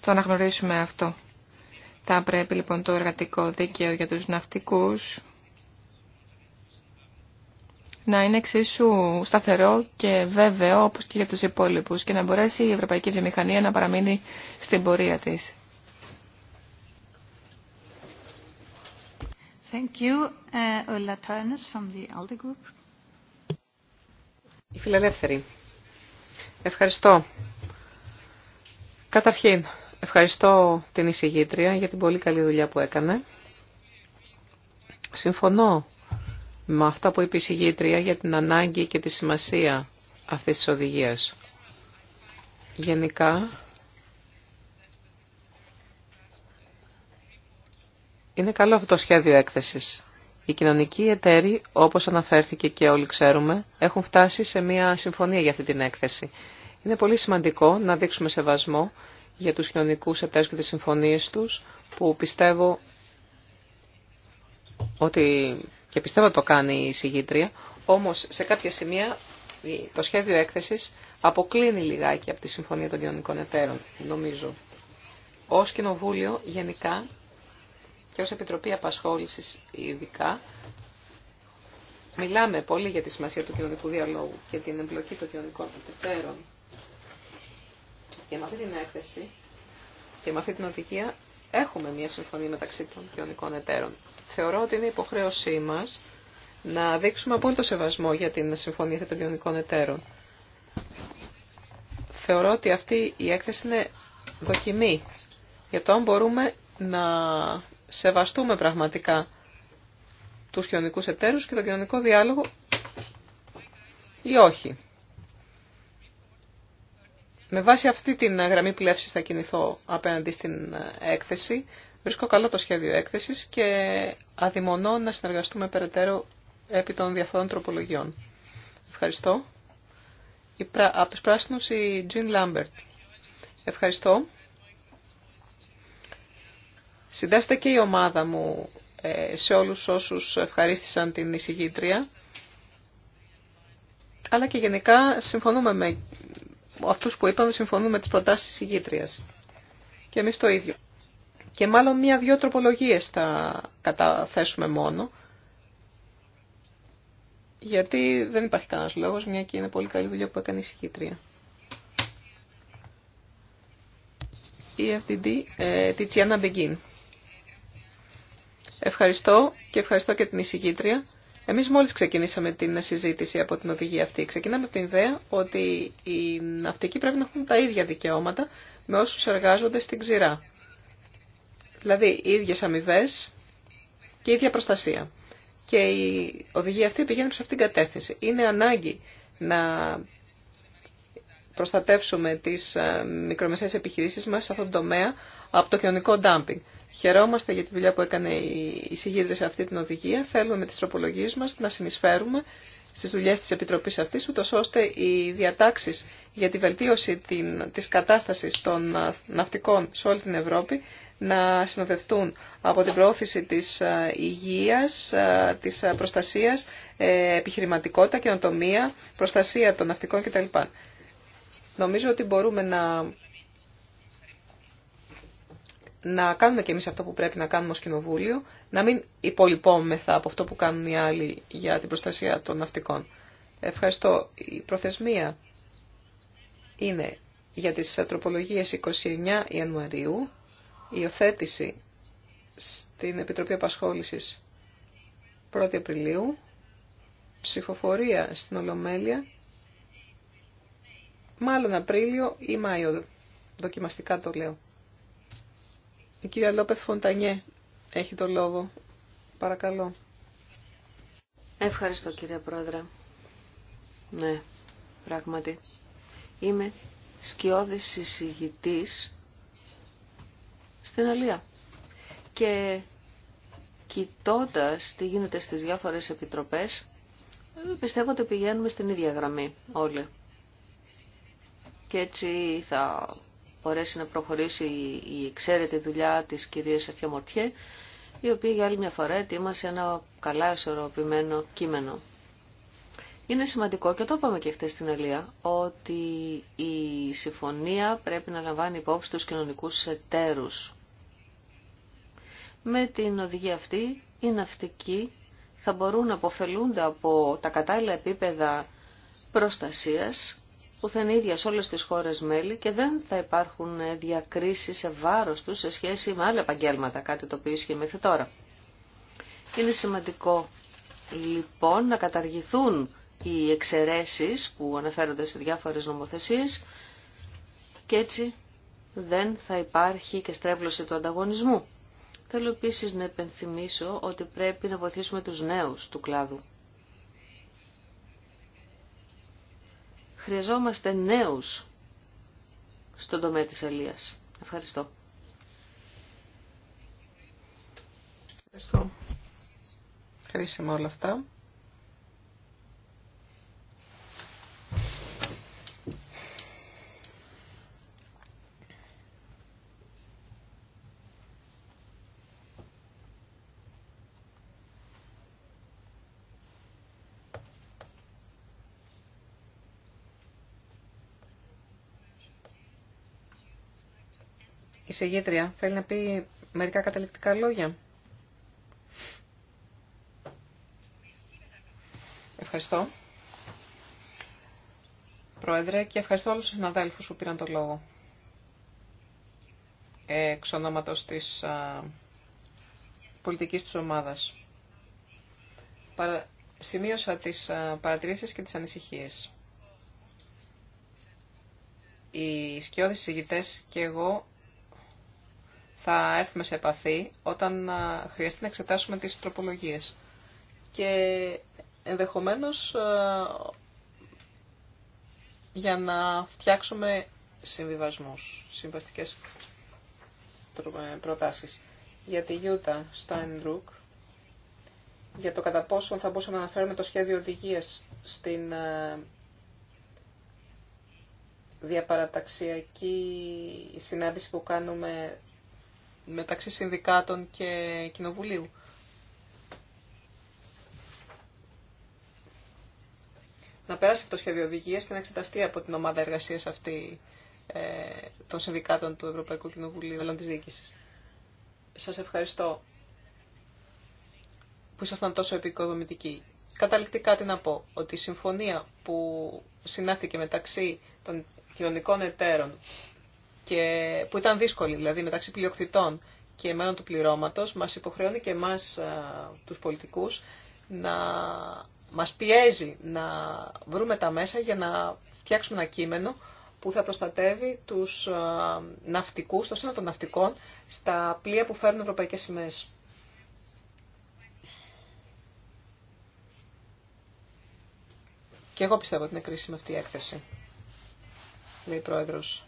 [SPEAKER 2] το αναγνωρίσουμε αυτό. Θα πρέπει λοιπόν το εργατικό δίκαιο για τους ναυτικούς να είναι εξίσου σταθερό και βέβαιο όπως και για τους υπόλοιπους και να μπορέσει η ευρωπαϊκή βιομηχανία να παραμείνει στην πορεία της.
[SPEAKER 1] Thank uh, from the
[SPEAKER 4] Group. Ευχαριστώ. Καταρχήν, ευχαριστώ την εισηγήτρια για την πολύ καλή δουλειά που έκανε. Συμφωνώ με αυτά που είπε η εισηγήτρια για την ανάγκη και τη σημασία αυτής της οδηγίας. Γενικά, είναι καλό αυτό το σχέδιο έκθεσης. Οι κοινωνικοί εταίροι, όπως αναφέρθηκε και όλοι ξέρουμε, έχουν φτάσει σε μια συμφωνία για αυτή την έκθεση. Είναι πολύ σημαντικό να δείξουμε σεβασμό για τους κοινωνικούς εταίρους και τις συμφωνίες τους, που πιστεύω ότι, και πιστεύω το κάνει η συγγήτρια, όμως σε κάποια σημεία το σχέδιο έκθεσης αποκλίνει λιγάκι από τη Συμφωνία των Κοινωνικών Εταίρων, νομίζω. Ως Κοινοβούλιο γενικά και ως Επιτροπή Απασχόλησης ειδικά, μιλάμε πολύ για τη σημασία του κοινωνικού διαλόγου και την εμπλοκή των κοινωνικών εταίρων και με αυτή την έκθεση και με αυτή την οδηγία έχουμε μια συμφωνία μεταξύ των κοινωνικών εταίρων. Θεωρώ ότι είναι υποχρέωσή μας να δείξουμε απόλυτο σεβασμό για την συμφωνία των κοινωνικών εταίρων. Θεωρώ ότι αυτή η έκθεση είναι δοκιμή για το αν μπορούμε να σεβαστούμε πραγματικά τους κοινωνικούς εταίρους και τον κοινωνικό διάλογο ή όχι. Με βάση αυτή την γραμμή πλεύση θα κινηθώ απέναντι στην έκθεση. Βρίσκω καλό το σχέδιο έκθεσης και αδειμονώ να συνεργαστούμε περαιτέρω επί των διαφορών τροπολογιών. Ευχαριστώ. Από τους πράσινους η Τζιν Λάμπερτ. Ευχαριστώ. Συντάσσεται και η ομάδα μου ε, σε όλους όσους ευχαρίστησαν την εισηγήτρια. Αλλά και γενικά συμφωνούμε με αυτούς που είπαμε συμφωνούν με τις προτάσεις της ηγήτριας. Και εμείς το ίδιο. Και μάλλον μία-δυο τροπολογίες θα καταθέσουμε μόνο. Γιατί δεν υπάρχει κανένας λόγος, μια και είναι πολύ καλή δουλειά που έκανε η συγκήτρια. Η ε, Ευχαριστώ και ευχαριστώ και την εισηγήτρια. Εμείς μόλις ξεκινήσαμε την συζήτηση από την οδηγία αυτή. Ξεκινάμε από την ιδέα ότι οι ναυτικοί πρέπει να έχουν τα ίδια δικαιώματα με όσους εργάζονται στην ξηρά. Δηλαδή, οι ίδιες αμοιβέ και η ίδια προστασία. Και η οδηγία αυτή πηγαίνει προς αυτήν την κατεύθυνση. Είναι ανάγκη να προστατεύσουμε τις ε, μικρομεσαίες επιχειρήσεις μας σε αυτόν τον τομέα από το κοινωνικό ντάμπινγκ. Χαιρόμαστε για τη δουλειά που έκανε η συγγύτρια σε αυτή την οδηγία. Θέλουμε με τις τροπολογίες μας να συνεισφέρουμε στις δουλειές της Επιτροπής αυτής, ούτως ώστε οι διατάξεις για τη βελτίωση της κατάστασης των ε, ναυτικών σε όλη την Ευρώπη να συνοδευτούν από την προώθηση της ε, υγείας, ε, της προστασίας, επιχειρηματικότητα, καινοτομία, προστασία των ναυτικών κτλ. Νομίζω ότι μπορούμε να να κάνουμε και εμείς αυτό που πρέπει να κάνουμε ως Κοινοβούλιο, να μην υπολοιπόμεθα από αυτό που κάνουν οι άλλοι για την προστασία των ναυτικών. Ευχαριστώ. Η προθεσμία είναι για τις ατροπολογίες 29 Ιανουαρίου, η υιοθέτηση στην Επιτροπή Απασχόλησης 1η Απριλίου, ψηφοφορία στην Ολομέλεια, μάλλον Απρίλιο ή Μάιο, δοκιμαστικά το λέω. Η κυρία Λόπεθ Φοντανιέ έχει το λόγο. Παρακαλώ. Ευχαριστώ κύριε Πρόεδρε.
[SPEAKER 1] Ναι, πράγματι. Είμαι σκιώδης συζητητής στην Αλία. Και κοιτώντα τι γίνεται στις διάφορες επιτροπές, πιστεύω ότι πηγαίνουμε στην ίδια γραμμή όλοι. Και έτσι θα μπορέσει να προχωρήσει η εξαίρετη δουλειά της κυρίας Αρχιαμορτιέ, η οποία για άλλη μια φορά ετοίμασε ένα καλά ισορροπημένο κείμενο. Είναι σημαντικό και το είπαμε και χθε στην Αλία ότι η συμφωνία πρέπει να λαμβάνει υπόψη τους κοινωνικούς εταίρους. Με την οδηγία αυτή οι ναυτικοί θα μπορούν να αποφελούνται από τα κατάλληλα επίπεδα προστασίας που θα είναι ίδια σε όλες τις χώρες μέλη και δεν θα υπάρχουν διακρίσεις σε βάρος τους σε σχέση με άλλα επαγγέλματα, κάτι το οποίο ισχύει μέχρι τώρα. Είναι σημαντικό λοιπόν να καταργηθούν οι εξαιρέσεις που αναφέρονται σε διάφορες νομοθεσίες και έτσι δεν θα υπάρχει και στρέβλωση του ανταγωνισμού. Θέλω επίσης να επενθυμίσω ότι πρέπει να βοηθήσουμε τους νέους του κλάδου. Χρειαζόμαστε νέους στον τομέα της ελίας. Ευχαριστώ.
[SPEAKER 3] Ευχαριστώ.
[SPEAKER 4] Χρήσιμο όλα αυτά. Η θέλει να πει μερικά καταληκτικά λόγια. Ευχαριστώ. Πρόεδρε, και ευχαριστώ όλους τους συναδέλφους που πήραν το λόγο. Εξ ονόματος της α, πολιτικής τους ομάδας. Παρα, σημείωσα τις α, παρατηρήσεις και τις ανησυχίες. Οι σκιώδεις συγητές και εγώ θα έρθουμε σε επαφή όταν χρειαστεί να εξετάσουμε τις τροπολογίες. Και ενδεχομένως για να φτιάξουμε συμβιβασμούς, συμβαστικές ε, προτάσεις. Για τη Γιούτα Στάινρουκ, για το κατά πόσο θα μπορούσαμε να αναφέρουμε το σχέδιο οδηγίας στην ε, διαπαραταξιακή συνάντηση που κάνουμε μεταξύ συνδικάτων και κοινοβουλίου. Να περάσει το σχέδιο οδηγία και να εξεταστεί από την ομάδα εργασία αυτή ε, των συνδικάτων του Ευρωπαϊκού Κοινοβουλίου μελών τη διοίκηση. Σα ευχαριστώ που ήσασταν τόσο επικοδομητικοί. Καταληκτικά τι να πω, ότι η συμφωνία που συνάθηκε μεταξύ των κοινωνικών εταίρων που ήταν δύσκολη, δηλαδή μεταξύ πλειοκτητών και εμένων του πληρώματος, μας υποχρεώνει και εμάς τους πολιτικούς να μας πιέζει να βρούμε τα μέσα για να φτιάξουμε ένα κείμενο που θα προστατεύει τους ναυτικούς, το σύνολο των ναυτικών, στα πλοία που φέρνουν ευρωπαϊκές σημαίες. Και εγώ πιστεύω ότι είναι κρίσιμη αυτή η έκθεση, λέει η Πρόεδρος.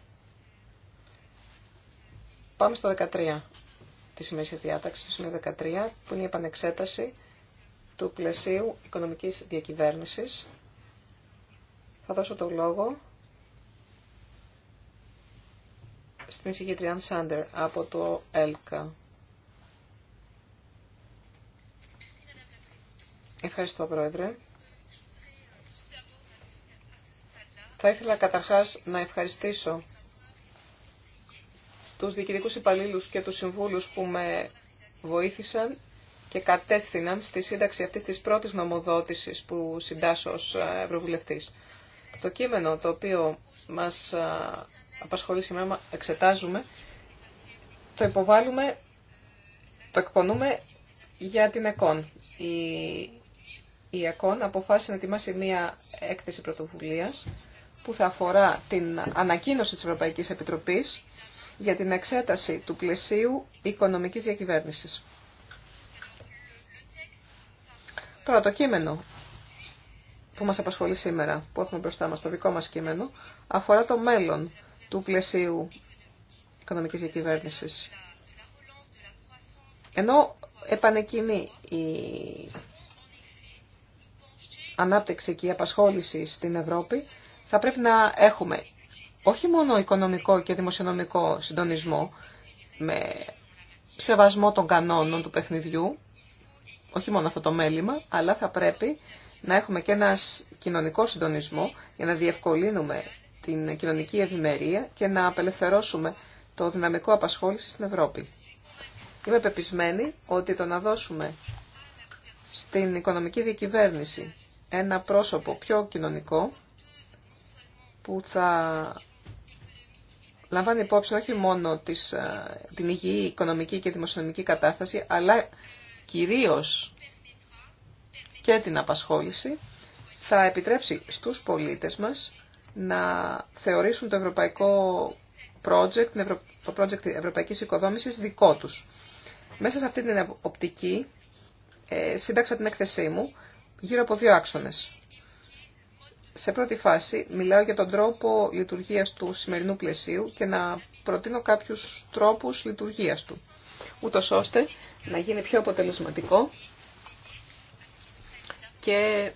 [SPEAKER 4] Πάμε στο 13 της ημέρησιας διάταξης, το σημείο 13, που είναι η επανεξέταση του πλαισίου οικονομικής διακυβέρνησης. Θα δώσω το λόγο στην Αν Σάντερ από το ΕΛΚΑ. Ευχαριστώ, Πρόεδρε. Θα ήθελα καταρχάς να ευχαριστήσω τους διοικητικούς υπαλλήλους και τους συμβούλους που με βοήθησαν και κατεύθυναν στη σύνταξη αυτής της πρώτης νομοδότησης που συντάσσω ως ε, Ευρωβουλευτής. Το κείμενο το οποίο μας ε, απασχολεί σήμερα, εξετάζουμε, το υποβάλλουμε, το εκπονούμε για την ΕΚΟΝ. Η, η ΕΚΟΝ αποφάσισε να ετοιμάσει μία έκθεση πρωτοβουλίας που θα αφορά την ανακοίνωση της Ευρωπαϊκής Επιτροπής για την εξέταση του πλαισίου οικονομικής διακυβέρνησης. Τώρα το κείμενο που μας απασχολεί σήμερα, που έχουμε μπροστά μας, το δικό μας κείμενο, αφορά το μέλλον του πλαισίου οικονομικής διακυβέρνησης. Ενώ επανεκκινεί η ανάπτυξη και η απασχόληση στην Ευρώπη, θα πρέπει να έχουμε όχι μόνο οικονομικό και δημοσιονομικό συντονισμό με σεβασμό των κανόνων του παιχνιδιού, όχι μόνο αυτό το μέλημα, αλλά θα πρέπει να έχουμε και ένα κοινωνικό συντονισμό για να διευκολύνουμε την κοινωνική ευημερία και να απελευθερώσουμε το δυναμικό απασχόληση στην Ευρώπη. Είμαι πεπισμένη ότι το να δώσουμε στην οικονομική διακυβέρνηση ένα πρόσωπο πιο κοινωνικό που θα λαμβάνει υπόψη όχι μόνο τις, ε, την υγιή οικονομική και δημοσιονομική κατάσταση, αλλά κυρίως και την απασχόληση, θα επιτρέψει στους πολίτες μας να θεωρήσουν το ευρωπαϊκό project, το project ευρωπαϊκής οικοδόμησης δικό τους. Μέσα σε αυτή την οπτική ε, σύνταξα την έκθεσή μου γύρω από δύο άξονες σε πρώτη φάση μιλάω για τον τρόπο λειτουργίας του σημερινού πλαισίου και να προτείνω κάποιους τρόπους λειτουργίας του, ούτω ώστε να γίνει πιο αποτελεσματικό και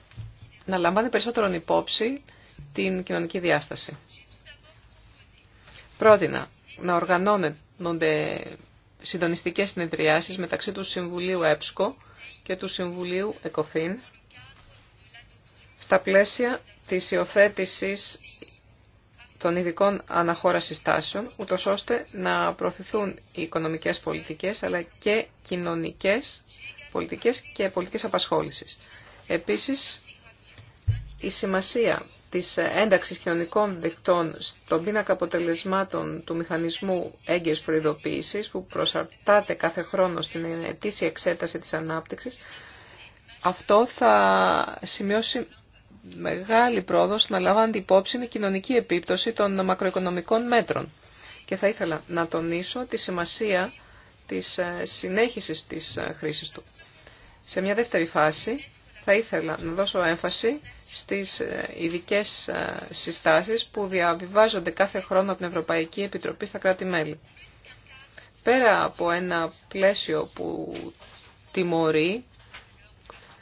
[SPEAKER 4] να λαμβάνει περισσότερον υπόψη την κοινωνική διάσταση. Πρότεινα να οργανώνονται συντονιστικές συνεδριάσεις μεταξύ του Συμβουλίου ΕΠΣΚΟ και του Συμβουλίου ΕΚΟΦΗΝ στα πλαίσια της υιοθέτηση των ειδικών αναχώρας συστάσεων, ούτως ώστε να προωθηθούν οι οικονομικές πολιτικές, αλλά και κοινωνικές πολιτικές και πολιτικές απασχόλησης. Επίσης, η σημασία της ένταξης κοινωνικών δικτών στον πίνακα αποτελεσμάτων του μηχανισμού έγκαιρης προειδοποίησης που προσαρτάται κάθε χρόνο στην ετήσια εξέταση της ανάπτυξης, αυτό θα σημειώσει μεγάλη πρόοδος να την υπόψη είναι η κοινωνική επίπτωση των μακροοικονομικών μέτρων. Και θα ήθελα να τονίσω τη σημασία της ε, συνέχισης της ε, χρήσης του. Σε μια δεύτερη φάση θα ήθελα να δώσω έμφαση στις ε, ειδικέ συστάσεις που διαβιβάζονται κάθε χρόνο από την Ευρωπαϊκή Επιτροπή στα κράτη-μέλη. Πέρα από ένα πλαίσιο που τιμωρεί,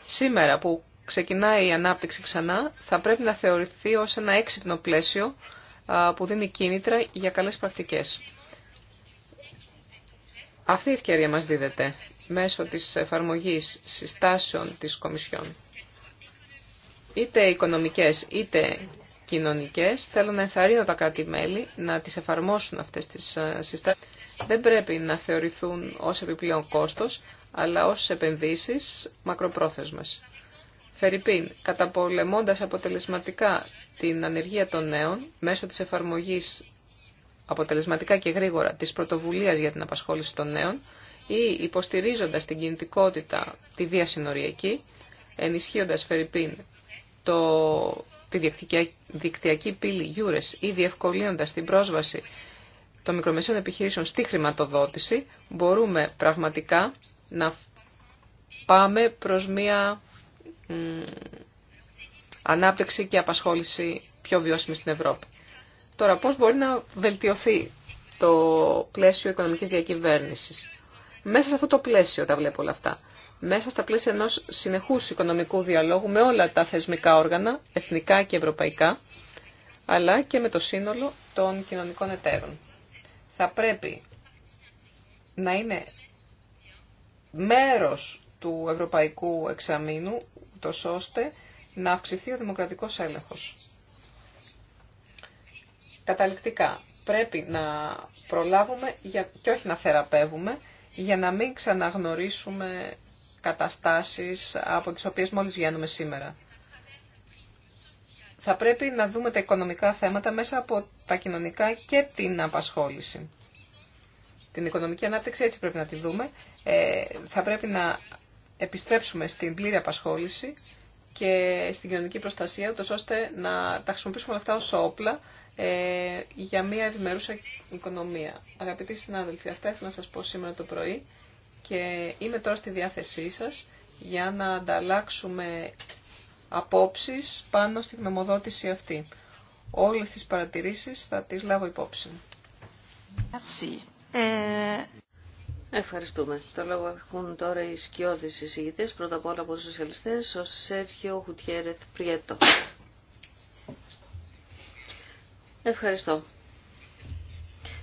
[SPEAKER 4] σήμερα που ξεκινάει η ανάπτυξη ξανά, θα πρέπει να θεωρηθεί ως ένα έξυπνο πλαίσιο που δίνει κίνητρα για καλές πρακτικές. Αυτή η ευκαιρία μας δίδεται μέσω της εφαρμογής συστάσεων της Κομισιόν. Είτε οικονομικές είτε κοινωνικές, θέλω να ενθαρρύνω τα κράτη-μέλη να τις εφαρμόσουν αυτές τις συστάσεις. Δεν πρέπει να θεωρηθούν ως επιπλέον κόστος, αλλά ως επενδύσεις μακροπρόθεσμες. Φερρυπίν, καταπολεμώντας αποτελεσματικά την ανεργία των νέων μέσω της εφαρμογής αποτελεσματικά και γρήγορα της πρωτοβουλίας για την απασχόληση των νέων ή υποστηρίζοντας την κινητικότητα τη διασυνοριακή, ενισχύοντας Φερρυπίν το, τη δικτυακή πύλη Eures ή διευκολύνοντας την πρόσβαση των μικρομεσαίων επιχειρήσεων στη χρηματοδότηση, μπορούμε πραγματικά να πάμε προς μια ανάπτυξη και απασχόληση πιο βιώσιμη στην Ευρώπη. Τώρα, πώς μπορεί να βελτιωθεί το πλαίσιο οικονομικής διακυβέρνησης. Μέσα σε αυτό το πλαίσιο τα βλέπω όλα αυτά. Μέσα στα πλαίσια ενός συνεχούς οικονομικού διαλόγου με όλα τα θεσμικά όργανα, εθνικά και ευρωπαϊκά, αλλά και με το σύνολο των κοινωνικών εταίρων. Θα πρέπει να είναι μέρος του Ευρωπαϊκού Εξαμήνου, τόσο ώστε να αυξηθεί ο δημοκρατικός έλεγχος. Καταληκτικά, πρέπει να προλάβουμε για, και όχι να θεραπεύουμε, για να μην ξαναγνωρίσουμε καταστάσεις από τις οποίες μόλις βγαίνουμε σήμερα. Θα πρέπει να δούμε τα οικονομικά θέματα μέσα από τα κοινωνικά και την απασχόληση. Την οικονομική ανάπτυξη έτσι πρέπει να τη δούμε. Ε, θα πρέπει να επιστρέψουμε στην πλήρη απασχόληση και στην κοινωνική προστασία, ούτως ώστε να τα χρησιμοποιήσουμε αυτά ως όπλα ε, για μια ευημερούσα οικονομία. Αγαπητοί συνάδελφοι, αυτά ήθελα να σας πω σήμερα το πρωί και είμαι τώρα στη διάθεσή σας για να ανταλλάξουμε απόψεις πάνω στη γνωμοδότηση αυτή. Όλες τις παρατηρήσεις θα τις λάβω υπόψη. Merci. Ε, Ευχαριστούμε. Το λόγο έχουν τώρα οι σκιώδει
[SPEAKER 1] εισηγητέ, πρώτα απ' όλα από του σοσιαλιστέ, ο Σέρχιο Γουτιέρεθ Πριέτο. Ευχαριστώ.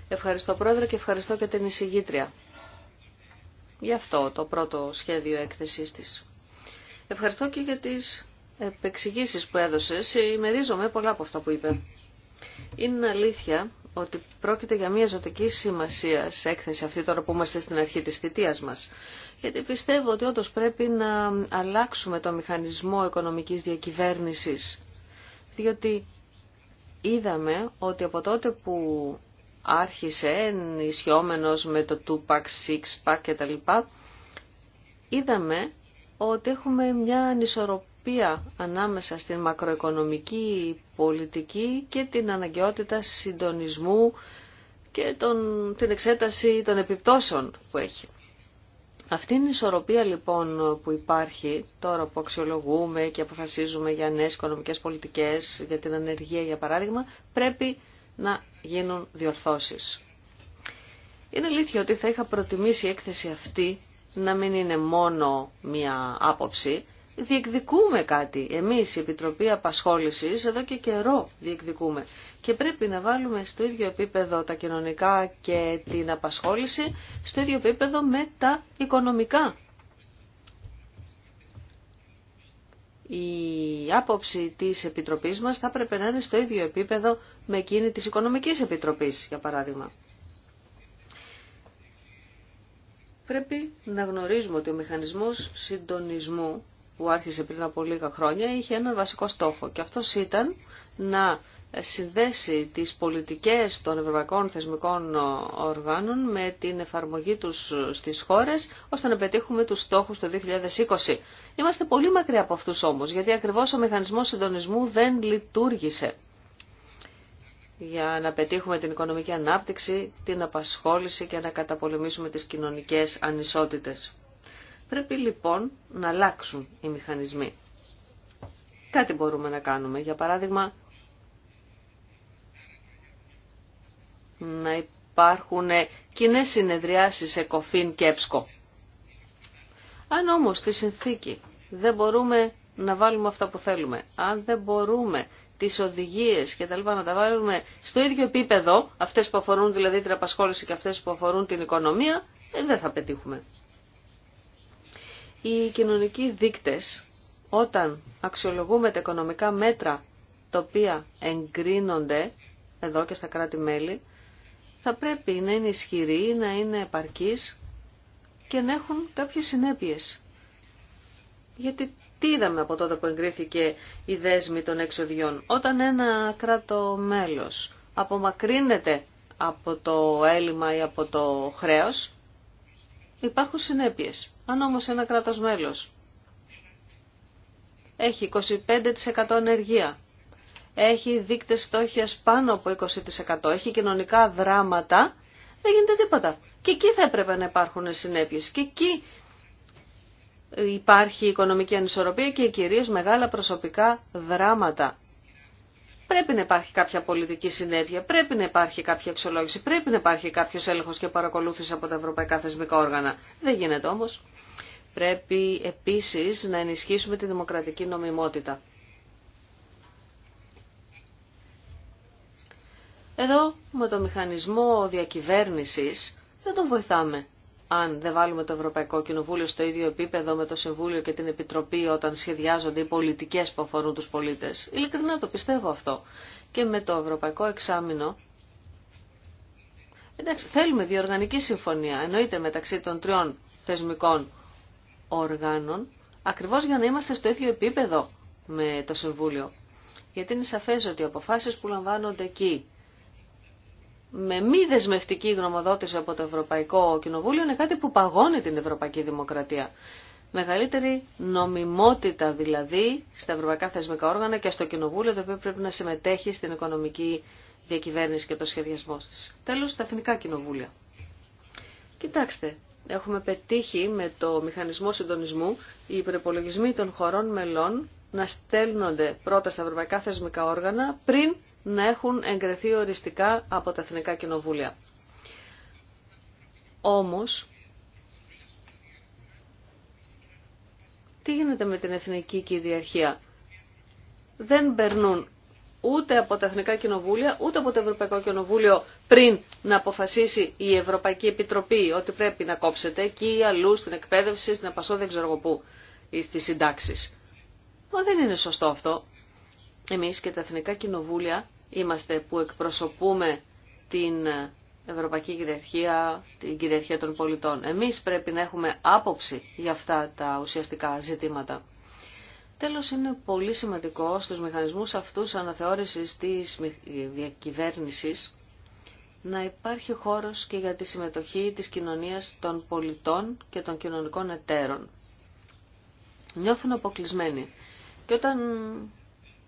[SPEAKER 1] Ευχαριστώ πρόεδρε και ευχαριστώ και την εισηγήτρια. Γι' αυτό το πρώτο σχέδιο έκθεσής της. Ευχαριστώ και για τις επεξηγήσεις που έδωσες. Ημερίζομαι πολλά από αυτά που είπε. Είναι αλήθεια ότι πρόκειται για μια ζωτική σημασία σε έκθεση αυτή τώρα που είμαστε στην αρχή της θητείας μας. Γιατί πιστεύω ότι όντως πρέπει να αλλάξουμε το μηχανισμό οικονομικής διακυβέρνησης. Διότι είδαμε ότι από τότε που άρχισε ενισχυόμενος με το 2-pack, 6-pack κτλ. Είδαμε ότι έχουμε μια ανισορροπία ισορροπία ανάμεσα στην μακροοικονομική πολιτική και την αναγκαιότητα συντονισμού και τον, την εξέταση των επιπτώσεων που έχει. Αυτή η ισορροπία λοιπόν που υπάρχει τώρα που αξιολογούμε και αποφασίζουμε για νέες οικονομικές πολιτικές, για την ανεργία για παράδειγμα, πρέπει να γίνουν διορθώσεις. Είναι αλήθεια ότι θα είχα προτιμήσει η έκθεση αυτή να μην είναι μόνο μία άποψη, διεκδικούμε κάτι. Εμείς η Επιτροπή Απασχόλησης εδώ και καιρό διεκδικούμε. Και πρέπει να βάλουμε στο ίδιο επίπεδο τα κοινωνικά και την απασχόληση, στο ίδιο επίπεδο με τα οικονομικά. η άποψη της Επιτροπής μας θα πρέπει να είναι στο ίδιο επίπεδο με εκείνη της Οικονομικής Επιτροπής, για παράδειγμα. Πρέπει να γνωρίζουμε ότι ο μηχανισμός συντονισμού που άρχισε πριν από λίγα χρόνια είχε έναν βασικό στόχο και αυτός ήταν να συνδέσει τις πολιτικές των ευρωπαϊκών θεσμικών ε, οργάνων με την εφαρμογή τους στις χώρες ώστε να πετύχουμε τους στόχους το 2020. Είμαστε πολύ μακριά από αυτούς όμως γιατί ακριβώς ο μηχανισμός συντονισμού δεν λειτουργήσε για να πετύχουμε την οικονομική ανάπτυξη, την απασχόληση και να καταπολεμήσουμε τις κοινωνικές ανισότητες. Πρέπει λοιπόν να αλλάξουν οι μηχανισμοί. Κάτι μπορούμε να κάνουμε. Για παράδειγμα, να υπάρχουν κοινέ συνεδριάσεις κοφίν και έψκο. Αν όμως στη συνθήκη δεν μπορούμε να βάλουμε αυτά που θέλουμε, αν δεν μπορούμε τις οδηγίες και τα λοιπά να τα βάλουμε στο ίδιο επίπεδο, αυτές που αφορούν δηλαδή την απασχόληση και αυτές που αφορούν την οικονομία, ε, δεν θα πετύχουμε. Οι κοινωνικοί δείκτες, όταν αξιολογούμε τα οικονομικά μέτρα τα οποία εγκρίνονται εδώ και στα κράτη-μέλη, θα πρέπει να είναι ισχυροί, να είναι επαρκείς και να έχουν κάποιες συνέπειες. Γιατί τι είδαμε από τότε που εγκρίθηκε η δέσμη των εξοδιών. Όταν ένα κράτο μέλος απομακρύνεται από το έλλειμμα ή από το χρέος, υπάρχουν συνέπειες. Αν όμως ένα κράτος μέλος έχει 25% ενεργεία, έχει δείκτες φτώχειας πάνω από 20%, έχει κοινωνικά δράματα, δεν γίνεται τίποτα. Και εκεί θα έπρεπε να υπάρχουν συνέπειες. Και εκεί υπάρχει οικονομική ανισορροπία και κυρίως μεγάλα προσωπικά δράματα πρέπει να υπάρχει κάποια πολιτική συνέπεια, πρέπει να υπάρχει κάποια αξιολόγηση, πρέπει να υπάρχει κάποιο έλεγχο και παρακολούθηση από τα ευρωπαϊκά θεσμικά όργανα. Δεν γίνεται όμω. Πρέπει επίση να ενισχύσουμε τη δημοκρατική νομιμότητα. Εδώ με το μηχανισμό διακυβέρνησης δεν τον βοηθάμε αν δεν βάλουμε το Ευρωπαϊκό Κοινοβούλιο στο ίδιο επίπεδο με το Συμβούλιο και την Επιτροπή όταν σχεδιάζονται οι πολιτικές που αφορούν τους πολίτες. Ειλικρινά «Ναι, το πιστεύω αυτό. Και με το Ευρωπαϊκό Εξάμεινο Εντάξει, θέλουμε διοργανική συμφωνία, εννοείται μεταξύ των τριών θεσμικών οργάνων, ακριβώς για να είμαστε στο ίδιο επίπεδο με το Συμβούλιο. Γιατί είναι σαφές ότι οι αποφάσεις που λαμβάνονται εκεί με μη δεσμευτική γνωμοδότηση από το Ευρωπαϊκό Κοινοβούλιο είναι κάτι που παγώνει την Ευρωπαϊκή Δημοκρατία. Μεγαλύτερη νομιμότητα δηλαδή στα ευρωπαϊκά θεσμικά όργανα και στο Κοινοβούλιο το οποίο πρέπει να συμμετέχει στην οικονομική διακυβέρνηση και το σχεδιασμό τη. Τέλο τα εθνικά κοινοβούλια. Κοιτάξτε, έχουμε πετύχει με το μηχανισμό συντονισμού οι υπερπολογισμοί των χωρών μελών να στέλνονται πρώτα στα ευρωπαϊκά θεσμικά όργανα πριν να έχουν εγκρεθεί οριστικά από τα Εθνικά Κοινοβούλια. Όμως, τι γίνεται με την Εθνική Κυριαρχία. Δεν περνούν ούτε από τα Εθνικά Κοινοβούλια, ούτε από το Ευρωπαϊκό Κοινοβούλιο πριν να αποφασίσει η Ευρωπαϊκή Επιτροπή ότι πρέπει να κόψετε εκεί ή αλλού στην εκπαίδευση, στην απασό, δεν ξέρω πού, ή στις συντάξεις. Μα δεν είναι σωστό αυτό. Εμείς και τα Εθνικά Κοινοβούλια είμαστε που εκπροσωπούμε την Ευρωπαϊκή Κυριαρχία, την κυριαρχία των πολιτών. Εμείς πρέπει να έχουμε άποψη για αυτά τα ουσιαστικά ζητήματα. Τέλος είναι πολύ σημαντικό στους μηχανισμούς αυτούς αναθεώρησης της διακυβέρνησης να υπάρχει χώρος και για τη συμμετοχή της κοινωνίας των πολιτών και των κοινωνικών εταίρων. Νιώθουν αποκλεισμένοι. Και όταν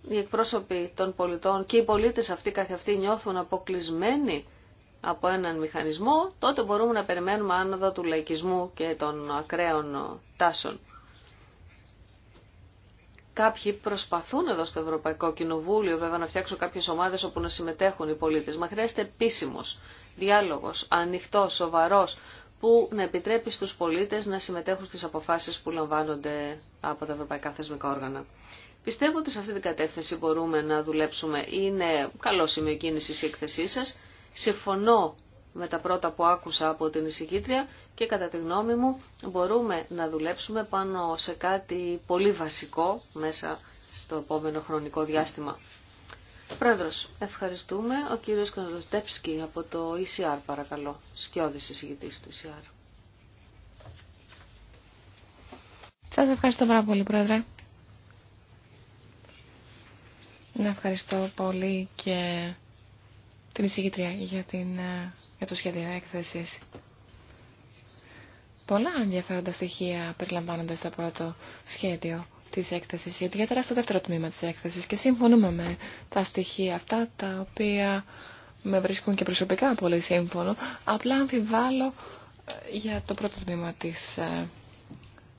[SPEAKER 1] οι εκπρόσωποι των πολιτών και οι πολίτες αυτοί καθ' αυτοί νιώθουν αποκλεισμένοι από έναν μηχανισμό, τότε μπορούμε να περιμένουμε άνοδο του λαϊκισμού και των ακραίων τάσεων. Κάποιοι προσπαθούν εδώ στο Ευρωπαϊκό Κοινοβούλιο βέβαια να φτιάξουν κάποιες ομάδες όπου να συμμετέχουν οι πολίτες. Μα χρειάζεται επίσημο διάλογος, ανοιχτός, σοβαρός, που να επιτρέπει στους πολίτες να συμμετέχουν στις αποφάσεις που λαμβάνονται από τα ευρωπαϊκά θεσμικά όργανα. Πιστεύω ότι σε αυτή την κατεύθυνση μπορούμε να δουλέψουμε. Είναι καλό σημείο κίνηση η έκθεσή σα. Συμφωνώ με τα πρώτα που άκουσα από την εισηγήτρια και κατά τη γνώμη μου μπορούμε να δουλέψουμε πάνω σε κάτι πολύ βασικό μέσα στο επόμενο χρονικό διάστημα. Πρόεδρος, ευχαριστούμε. Ο κύριος Κωνσταντέψκη από το ECR, παρακαλώ. Σκιώδης εισηγητής του ECR.
[SPEAKER 2] Σας ευχαριστώ πάρα πολύ, Πρόεδρε. Να ευχαριστώ πολύ και την εισηγήτρια για, την, ε, για το σχέδιο έκθεση. Πολλά ενδιαφέροντα στοιχεία περιλαμβάνονται στο πρώτο σχέδιο της έκθεσης, ιδιαίτερα στο δεύτερο τμήμα τη έκθεση και συμφωνούμε με τα στοιχεία αυτά τα οποία με βρίσκουν και προσωπικά πολύ σύμφωνο, απλά αμφιβάλλω ε, για το πρώτο τμήμα της ε,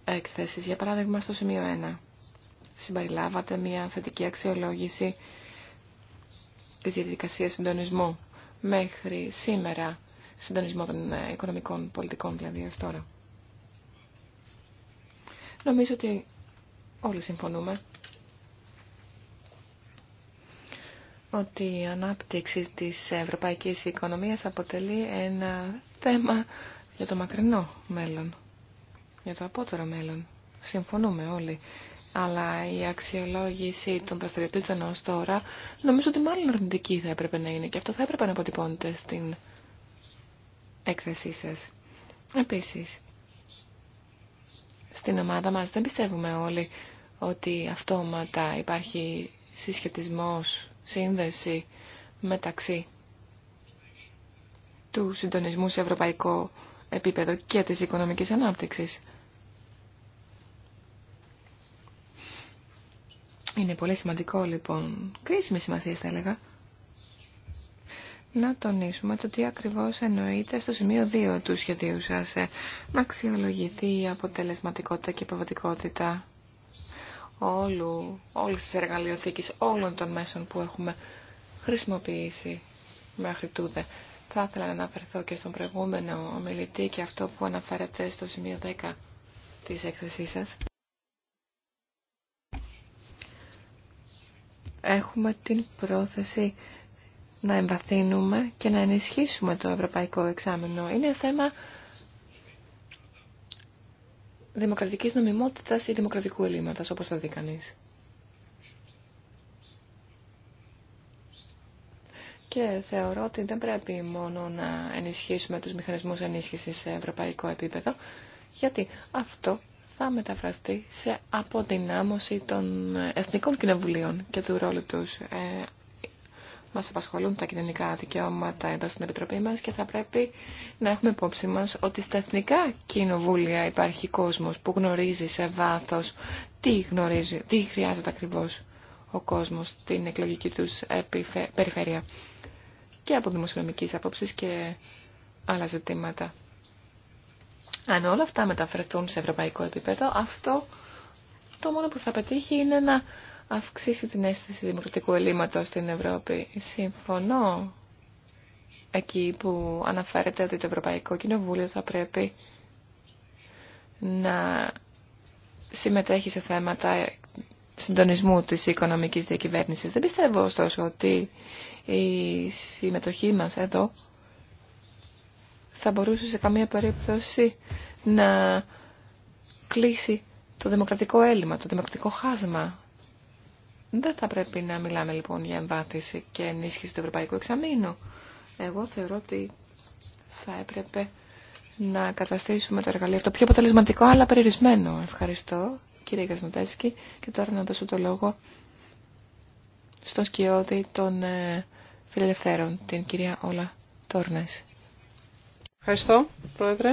[SPEAKER 2] έκθεσης, για παράδειγμα στο σημείο 1 συμπαριλάβατε μια θετική αξιολόγηση της διαδικασίας συντονισμού μέχρι σήμερα, συντονισμό των ε, οικονομικών πολιτικών δηλαδή ως τώρα. Νομίζω ότι όλοι συμφωνούμε ότι η ανάπτυξη της ευρωπαϊκής οικονομίας αποτελεί ένα θέμα για το μακρινό μέλλον, για το απότερο μέλλον συμφωνούμε όλοι. Αλλά η αξιολόγηση των δραστηριοτήτων ω τώρα νομίζω ότι μάλλον αρνητική θα έπρεπε να είναι και αυτό θα έπρεπε να αποτυπώνεται στην έκθεσή σα. Επίση, στην ομάδα μα δεν πιστεύουμε όλοι ότι αυτόματα υπάρχει συσχετισμός, σύνδεση μεταξύ του συντονισμού σε ευρωπαϊκό επίπεδο και της οικονομικής ανάπτυξης. Είναι πολύ σημαντικό λοιπόν, κρίσιμη σημασία θα έλεγα, να τονίσουμε το τι ακριβώς εννοείται στο σημείο 2 του σχεδίου σας, ε, να αξιολογηθεί η αποτελεσματικότητα και η υποβατικότητα όλου, όλης της εργαλειοθήκης, όλων των μέσων που έχουμε χρησιμοποιήσει μέχρι τούδε. Θα ήθελα να αναφερθώ και στον προηγούμενο ομιλητή και αυτό που αναφέρεται στο σημείο 10 της έκθεσής σας. έχουμε την πρόθεση να εμβαθύνουμε και να ενισχύσουμε το ευρωπαϊκό εξάμεινο. Είναι θέμα δημοκρατικής νομιμότητας ή δημοκρατικού ελλείμματος, όπως το δει κανείς. Και θεωρώ ότι δεν πρέπει μόνο να ενισχύσουμε τους μηχανισμούς ενίσχυσης σε ευρωπαϊκό επίπεδο, γιατί αυτό θα μεταφραστεί σε αποδυνάμωση των εθνικών κοινοβουλίων και του ρόλου τους. Ε, μας απασχολούν τα κοινωνικά δικαιώματα εδώ στην Επιτροπή μας και θα πρέπει να έχουμε υπόψη μας ότι στα εθνικά κοινοβούλια υπάρχει κόσμος που γνωρίζει σε βάθος τι, γνωρίζει, τι χρειάζεται ακριβώς ο κόσμος στην εκλογική τους περιφέρεια και από δημοσιονομικής απόψης και άλλα ζητήματα. Αν όλα αυτά μεταφερθούν σε ευρωπαϊκό επίπεδο, αυτό το μόνο που θα πετύχει είναι να αυξήσει την αίσθηση δημοκρατικού ελλείμματος στην Ευρώπη. Συμφωνώ εκεί που αναφέρεται ότι το Ευρωπαϊκό Κοινοβούλιο θα πρέπει να συμμετέχει σε θέματα συντονισμού της οικονομικής διακυβέρνησης. Δεν πιστεύω ωστόσο ότι η συμμετοχή μας εδώ θα μπορούσε σε καμία περίπτωση να κλείσει το δημοκρατικό έλλειμμα, το δημοκρατικό χάσμα. Δεν θα πρέπει να μιλάμε λοιπόν για εμβάθυνση και ενίσχυση του Ευρωπαϊκού Εξαμήνου. Εγώ θεωρώ ότι θα έπρεπε να καταστήσουμε το εργαλείο αυτό πιο αποτελεσματικό αλλά περιορισμένο. Ευχαριστώ κύριε Γκασνοτεύσκη και τώρα να δώσω το λόγο στο σκιώδη των ε, φιλελευθέρων, την κυρία Όλα Τόρνες.
[SPEAKER 4] Ευχαριστώ, Πρόεδρε.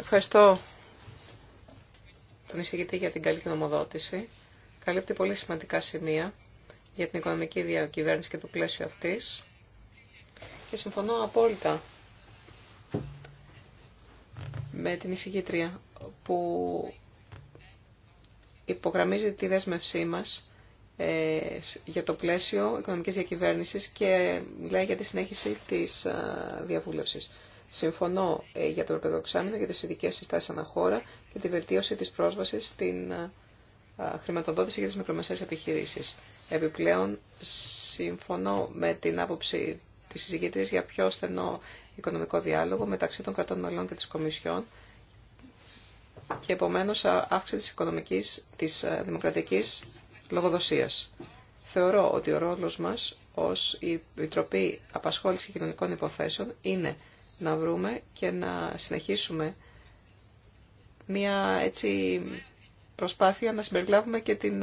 [SPEAKER 4] Ευχαριστώ τον εισηγητή για την καλή γνωμοδότηση. Καλύπτει πολύ σημαντικά σημεία για την οικονομική διακυβέρνηση και το πλαίσιο αυτής. Και συμφωνώ απόλυτα με την εισηγήτρια που υπογραμμίζει τη δέσμευσή μας ε, για το πλαίσιο οικονομικής διακυβέρνησης και μιλάει για τη συνέχιση της ε, διαβούλευσης. Συμφωνώ ε, για το Ευρωπαϊκό Εξάμεινο, για τις ειδικές συστάσεις αναχώρα και τη βελτίωση της πρόσβασης στην χρηματοδότηση για τις μικρομεσαίες επιχειρήσεις. Επιπλέον, συμφωνώ με την άποψη της συζητήτης για πιο στενό οικονομικό διάλογο μεταξύ των κρατών μελών και της Κομισιόν και επομένως αύξηση της, οικονομικής, της δημοκρατικής λογοδοσίας. Θεωρώ ότι ο ρόλος μας ως η Επιτροπή Απασχόλησης και Κοινωνικών Υποθέσεων είναι να βρούμε και να συνεχίσουμε μια έτσι προσπάθεια να συμπεριλάβουμε και την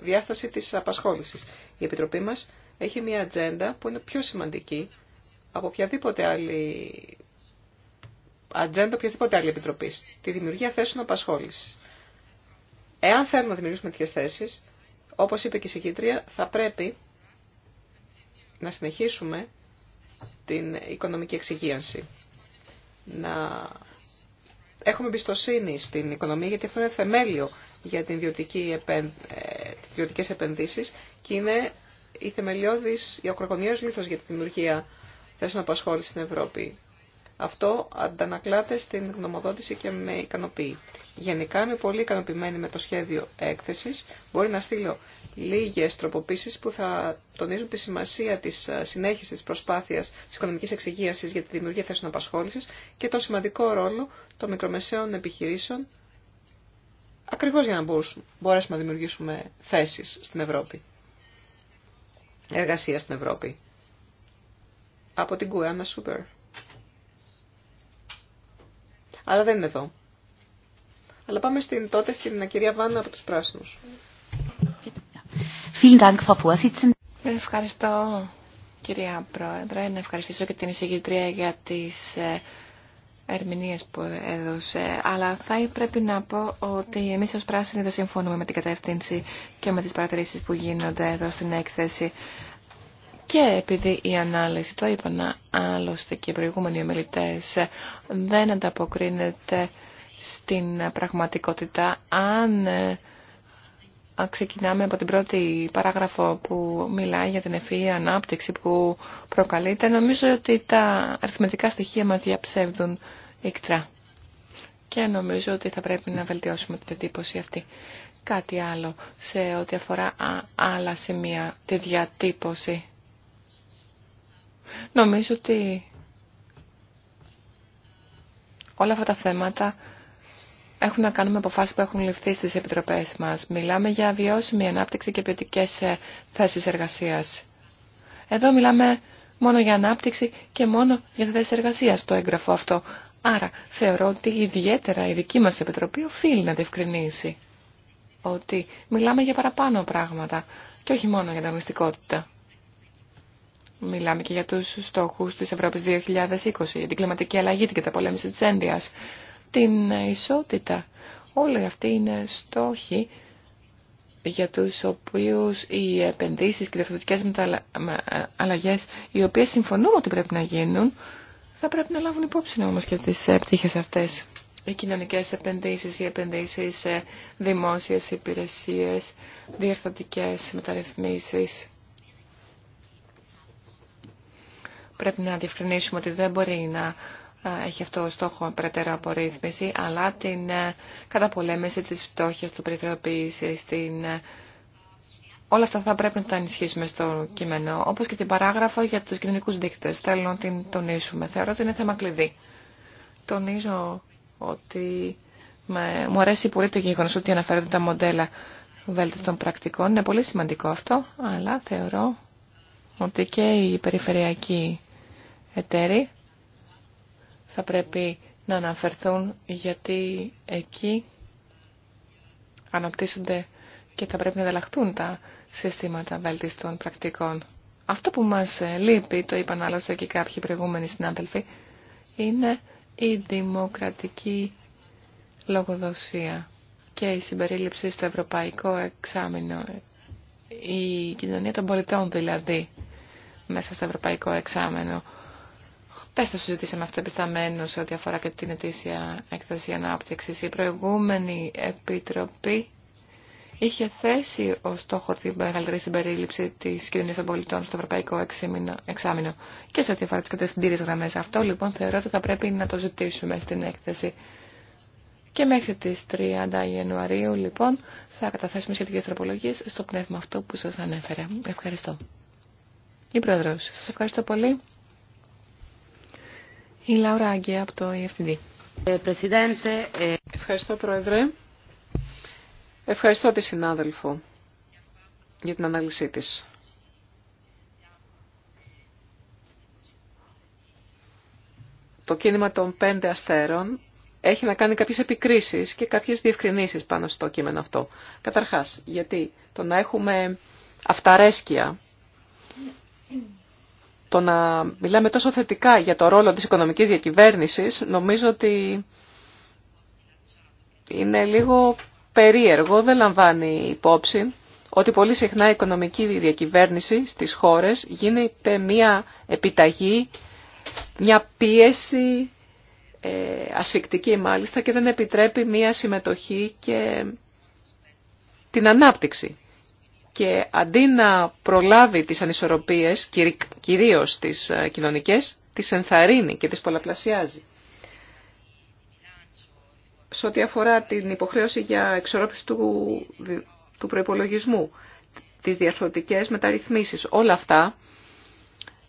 [SPEAKER 4] διάσταση της απασχόλησης. Η Επιτροπή μας έχει μια ατζέντα που είναι πιο σημαντική από οποιαδήποτε άλλη ατζέντα οποιασδήποτε άλλη επιτροπή. Τη δημιουργία θέσεων απασχόλησης. Εάν θέλουμε να δημιουργήσουμε τέτοιε θέσεις, όπως είπε και η συγκήτρια, θα πρέπει να συνεχίσουμε την οικονομική εξυγίανση. Να έχουμε εμπιστοσύνη στην οικονομία, γιατί αυτό είναι θεμέλιο για την ιδιωτική επεν... Ε, τις ιδιωτικές επενδύσεις και είναι η θεμελιώδης, η ακροκονιές λίθος για τη δημιουργία θέσεων απασχόληση στην Ευρώπη. Αυτό αντανακλάται στην γνωμοδότηση και με ικανοποιεί. Γενικά είμαι πολύ ικανοποιημένη με το σχέδιο έκθεση. Μπορεί να στείλω λίγε τροποποίησεις που θα τονίζουν τη σημασία τη ε, συνέχιση τη προσπάθεια τη οικονομική εξυγίαση για τη δημιουργία θέσεων απασχόληση και τον σημαντικό ρόλο των μικρομεσαίων επιχειρήσεων ακριβώ για να μπορέσουμε να δημιουργήσουμε θέσει στην Ευρώπη. Εργασία στην Ευρώπη. Από την Κουένα Σούπερ αλλά δεν είναι εδώ. Αλλά πάμε στην, τότε στην κυρία Βάνα από τους Πράσινους. Ευχαριστώ κυρία Πρόεδρε, να
[SPEAKER 2] ευχαριστήσω και την εισηγητρία για τις ε, ερμηνείες που έδωσε. Αλλά θα πρέπει να πω ότι εμείς ως πράσινοι δεν συμφωνούμε με την κατεύθυνση και με τις παρατηρήσεις που γίνονται εδώ στην έκθεση. Και επειδή η ανάλυση, το είπαν άλλωστε και οι προηγούμενοι ομιλητέ, δεν ανταποκρίνεται στην πραγματικότητα, ε, αν ξεκινάμε από την πρώτη παράγραφο που μιλάει για την ευφυή ανάπτυξη που προκαλείται, νομίζω ότι τα αριθμητικά στοιχεία μας διαψεύδουν ικτρά. Και νομίζω ότι θα πρέπει να βελτιώσουμε την εντύπωση αυτή. Κάτι άλλο σε ό,τι αφορά άλλα σημεία, τη διατύπωση. Νομίζω ότι όλα αυτά τα θέματα έχουν να κάνουν με αποφάσεις που έχουν ληφθεί στις επιτροπές μας. Μιλάμε για βιώσιμη ανάπτυξη και ποιοτικέ ε, θέσεις εργασίας. Εδώ μιλάμε μόνο για ανάπτυξη και μόνο για θέσεις εργασίας το έγγραφο αυτό. Άρα θεωρώ ότι ιδιαίτερα η δική μας επιτροπή οφείλει να διευκρινίσει ότι μιλάμε για παραπάνω πράγματα και όχι μόνο για τα μυστικότητα. Μιλάμε και για του στόχου τη Ευρώπη 2020, για την κλιματική αλλαγή, την καταπολέμηση τη ένδυα, την ισότητα. Όλοι αυτοί είναι στόχοι για του οποίου οι επενδύσεις και οι διαφορετικέ ε, αλλαγές, οι οποίε συμφωνούμε ότι πρέπει να γίνουν, θα πρέπει να λάβουν υπόψη όμω και τι ε, πτυχέ αυτέ. Οι κοινωνικέ επενδύσει, οι επενδύσει σε δημόσιε υπηρεσίε, διαρθωτικές μεταρρυθμίσει. Πρέπει να διευκρινίσουμε ότι δεν μπορεί να ε, έχει αυτό ο στόχο περαιτέρω απορρίθμιση, αλλά την ε, καταπολέμηση της φτώχειας, του περιθωριοποίησης, την... Ε, όλα αυτά θα πρέπει να τα ενισχύσουμε στο κείμενο, όπως και την παράγραφο για τους κοινωνικούς δείκτες. Θέλω να την τονίσουμε. Θεωρώ ότι είναι θέμα κλειδί. Τονίζω ότι με... μου αρέσει πολύ το γεγονός ότι αναφέρονται τα μοντέλα βέλτιστων πρακτικών. Είναι πολύ σημαντικό αυτό, αλλά θεωρώ ότι και η περιφερειακή εταίροι θα πρέπει να αναφερθούν γιατί εκεί αναπτύσσονται και θα πρέπει να ανταλλαχθούν τα συστήματα βελτιστών πρακτικών. Αυτό που μας ε, λείπει, το είπαν άλλωστε και κάποιοι προηγούμενοι συνάδελφοι, είναι η δημοκρατική λογοδοσία και η συμπερίληψη στο ευρωπαϊκό εξάμεινο, η κοινωνία των πολιτών δηλαδή, μέσα στο ευρωπαϊκό εξάμεινο. Χθε το συζητήσαμε αυτό επισταμένο σε ό,τι αφορά και την ετήσια έκθεση ανάπτυξη. Η προηγούμενη επιτροπή είχε θέσει ω στόχο την μεγαλύτερη συμπερίληψη τη κοινωνία των πολιτών στο Ευρωπαϊκό Εξάμεινο και σε ό,τι αφορά τι κατευθυντήριε γραμμέ. Αυτό λοιπόν θεωρώ ότι θα πρέπει να το ζητήσουμε στην έκθεση. Και μέχρι τι 30 Ιανουαρίου λοιπόν θα καταθέσουμε σχετικές τροπολογίε στο πνεύμα αυτό που σα ανέφερα. Ευχαριστώ. Η Πρόεδρος, σας ευχαριστώ πολύ.
[SPEAKER 4] Η Λαούρα από το EFTD. Ε, ε, Ευχαριστώ, Πρόεδρε. Ευχαριστώ τη συνάδελφο για την ανάλυση της. Το κίνημα των πέντε αστέρων έχει να κάνει κάποιες επικρίσεις και κάποιες διευκρινήσεις πάνω στο κείμενο αυτό. Καταρχάς, γιατί το να έχουμε αυταρέσκεια το να μιλάμε τόσο θετικά για το ρόλο της οικονομικής διακυβέρνησης νομίζω ότι είναι λίγο περίεργο, δεν λαμβάνει υπόψη ότι πολύ συχνά η οικονομική διακυβέρνηση στις χώρες γίνεται μια επιταγή, μια πίεση ε, ασφικτική μάλιστα και δεν επιτρέπει μια συμμετοχή και την ανάπτυξη και αντί να προλάβει τις ανισορροπίες, κυρίως τις ε, κοινωνικές, τις ενθαρρύνει και τις πολλαπλασιάζει. Σε ό,τι αφορά την υποχρέωση για εξορρόπηση του, του προϋπολογισμού, τις διαρθρωτικές μεταρρυθμίσεις, όλα αυτά,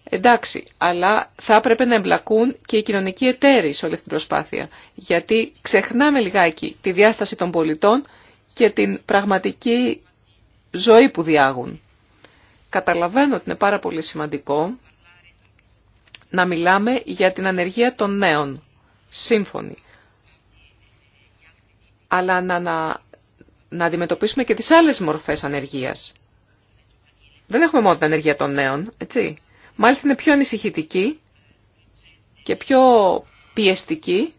[SPEAKER 4] εντάξει, αλλά θα έπρεπε να εμπλακούν και οι κοινωνικοί εταίροι σε όλη αυτή την προσπάθεια, γιατί ξεχνάμε λιγάκι τη διάσταση των πολιτών και την πραγματική ζωή που διάγουν. Καταλαβαίνω ότι είναι πάρα πολύ σημαντικό να μιλάμε για την ανεργία των νέων. Σύμφωνοι. Αλλά να, αντιμετωπίσουμε και τις άλλες μορφές ανεργίας. Δεν έχουμε μόνο την ανεργία των νέων, έτσι. Μάλιστα είναι πιο ανησυχητική και πιο πιεστική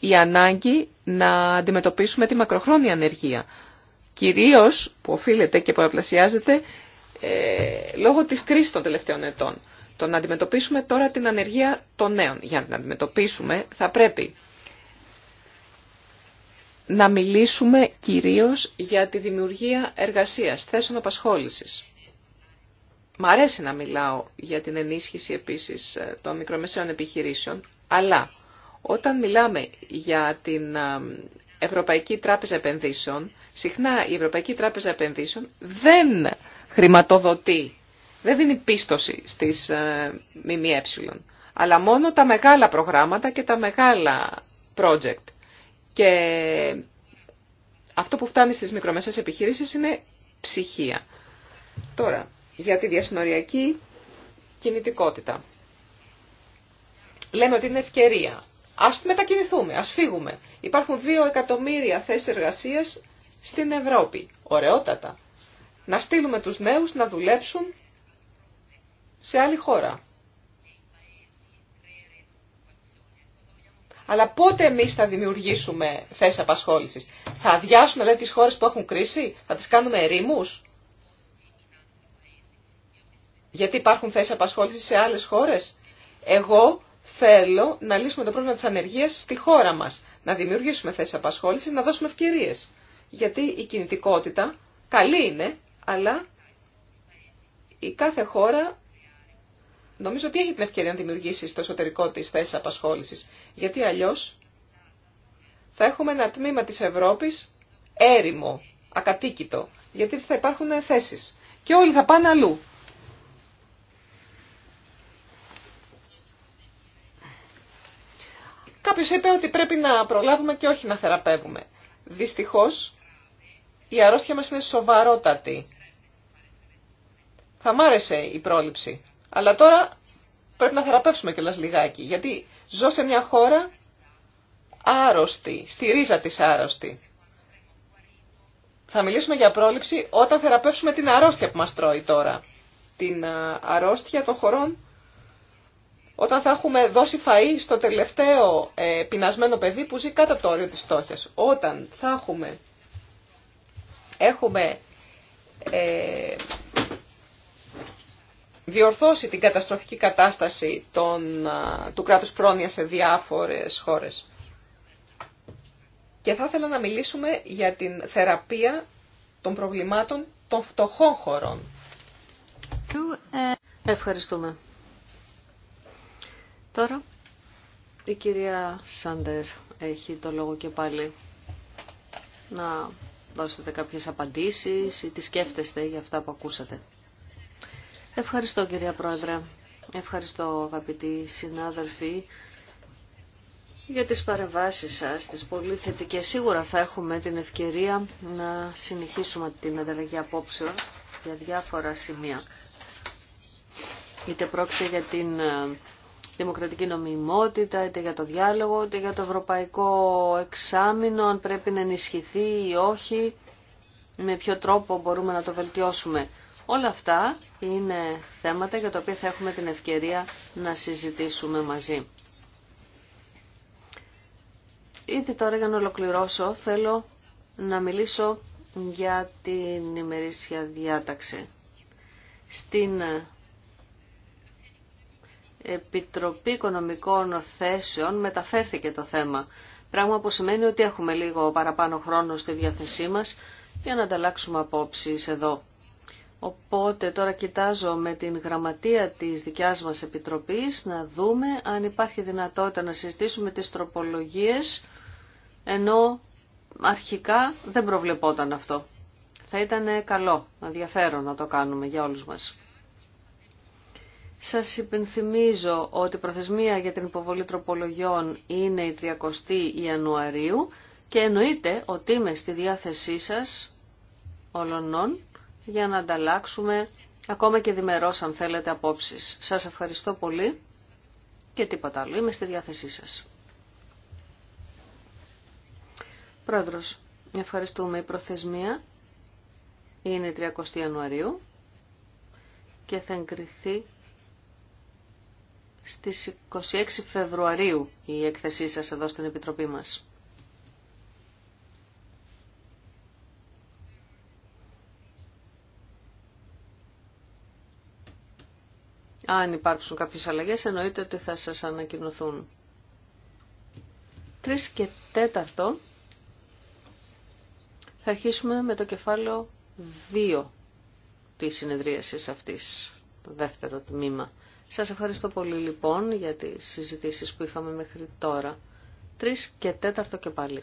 [SPEAKER 4] η ανάγκη να αντιμετωπίσουμε τη μακροχρόνια ανεργία, κυρίως που οφείλεται και που ε, λόγω της κρίσης των τελευταίων ετών. Το να αντιμετωπίσουμε τώρα την ανεργία των νέων. Για να την αντιμετωπίσουμε θα πρέπει να μιλήσουμε κυρίως για τη δημιουργία εργασίας, θέσεων απασχόλησης. Μ' αρέσει να μιλάω για την ενίσχυση επίσης ε, των μικρομεσαίων επιχειρήσεων, αλλά όταν μιλάμε για την Ευρωπαϊκή Τράπεζα Επενδύσεων, συχνά η Ευρωπαϊκή Τράπεζα Επενδύσεων δεν χρηματοδοτεί, δεν δίνει πίστοση στις ΜΜΕ, αλλά μόνο τα μεγάλα προγράμματα και τα μεγάλα project. Και αυτό που φτάνει στις μικρομεσαίες επιχειρήσεις είναι ψυχία. Τώρα, για τη διασυνοριακή κινητικότητα. Λέμε ότι είναι ευκαιρία ας μετακινηθούμε, ας φύγουμε. Υπάρχουν δύο εκατομμύρια θέσεις εργασίας στην Ευρώπη. Ωραιότατα. Να στείλουμε τους νέους να δουλέψουν σε άλλη χώρα. Αλλά πότε εμείς θα δημιουργήσουμε θέσεις απασχόλησης. Θα αδειάσουμε λέει, τις χώρες που έχουν κρίση, θα τις κάνουμε ερήμους. Γιατί υπάρχουν θέσεις απασχόλησης σε άλλες χώρες. Εγώ θέλω να λύσουμε το πρόβλημα της ανεργίας στη χώρα μας, να δημιουργήσουμε θέσεις απασχόλησης, να δώσουμε ευκαιρίες. Γιατί η κινητικότητα καλή είναι, αλλά η κάθε χώρα νομίζω ότι έχει την ευκαιρία να δημιουργήσει στο εσωτερικό της θέσεις απασχόλησης. Γιατί αλλιώς θα έχουμε ένα τμήμα της Ευρώπης έρημο, ακατοίκητο, γιατί θα υπάρχουν θέσεις. Και όλοι θα πάνε αλλού. Κάποιος είπε ότι πρέπει να προλάβουμε και όχι να θεραπεύουμε. Δυστυχώς, η αρρώστια μας είναι σοβαρότατη. Θα μ' άρεσε η πρόληψη. Αλλά τώρα πρέπει να θεραπεύσουμε κιόλας λιγάκι. Γιατί ζω σε μια χώρα άρρωστη, στη ρίζα της άρρωστη. Θα μιλήσουμε για πρόληψη όταν θεραπεύσουμε την αρρώστια που μας τρώει τώρα. Την αρρώστια των χωρών όταν θα έχουμε δώσει φαΐ στο τελευταίο ε, πεινασμένο παιδί που ζει κάτω από το όριο της φτώχειας. Όταν θα έχουμε, ε, διορθώσει την καταστροφική κατάσταση των, του κράτους πρόνοια σε διάφορες χώρες. Και θα ήθελα να μιλήσουμε για την θεραπεία των προβλημάτων των φτωχών χωρών. Ε, ευχαριστούμε.
[SPEAKER 1] Τώρα η κυρία Σάντερ έχει το λόγο και πάλι να δώσετε κάποιες απαντήσεις ή τι σκέφτεστε για αυτά που ακούσατε. Ευχαριστώ κυρία Πρόεδρε, ευχαριστώ αγαπητοί συνάδελφοι για τις παρεμβάσεις σας, τις πολύ θετικές. Σίγουρα θα έχουμε την ευκαιρία να συνεχίσουμε την ανταλλαγή απόψεων για διάφορα σημεία. Είτε πρόκειται για την ε, δημοκρατική νομιμότητα, είτε για το διάλογο, είτε για το ευρωπαϊκό εξάμεινο, αν πρέπει να ενισχυθεί ή όχι, με ποιο τρόπο μπορούμε να το βελτιώσουμε. Όλα αυτά είναι θέματα για τα οποία θα έχουμε την ευκαιρία να συζητήσουμε μαζί. Ήδη τώρα για να ολοκληρώσω θέλω να μιλήσω για την ημερήσια διάταξη. Στην Επιτροπή Οικονομικών Θέσεων μεταφέρθηκε το θέμα. Πράγμα που σημαίνει ότι έχουμε λίγο παραπάνω χρόνο στη διάθεσή μας για να ανταλλάξουμε απόψεις εδώ. Οπότε τώρα κοιτάζω με την γραμματεία της δικιάς μας Επιτροπής να δούμε αν υπάρχει δυνατότητα να συζητήσουμε τις τροπολογίες ενώ αρχικά δεν προβλεπόταν αυτό. Θα ήταν καλό, ενδιαφέρον να το κάνουμε για όλους μας. Σας υπενθυμίζω ότι η προθεσμία για την υποβολή τροπολογιών είναι η 30η Ιανουαρίου και εννοείται ότι είμαι στη διάθεσή σας ολονών για να ανταλλάξουμε ακόμα και διμερώς αν θέλετε απόψεις. Σας ευχαριστώ πολύ και τίποτα άλλο. Είμαι στη διάθεσή σας. Πρόεδρος, ευχαριστούμε. Η προθεσμία είναι η 30 Ιανουαρίου και θα εγκριθεί στις 26 Φεβρουαρίου η έκθεσή σας εδώ στην Επιτροπή μας. Αν υπάρξουν κάποιες αλλαγές εννοείται ότι θα σας ανακοινωθούν. Τρεις και τέταρτο θα αρχίσουμε με το κεφάλαιο 2 της συνεδρίασης αυτής το δεύτερο τμήμα. Σας ευχαριστώ πολύ λοιπόν για τις συζητήσεις που είχαμε μέχρι τώρα. Τρεις και τέταρτο και πάλι.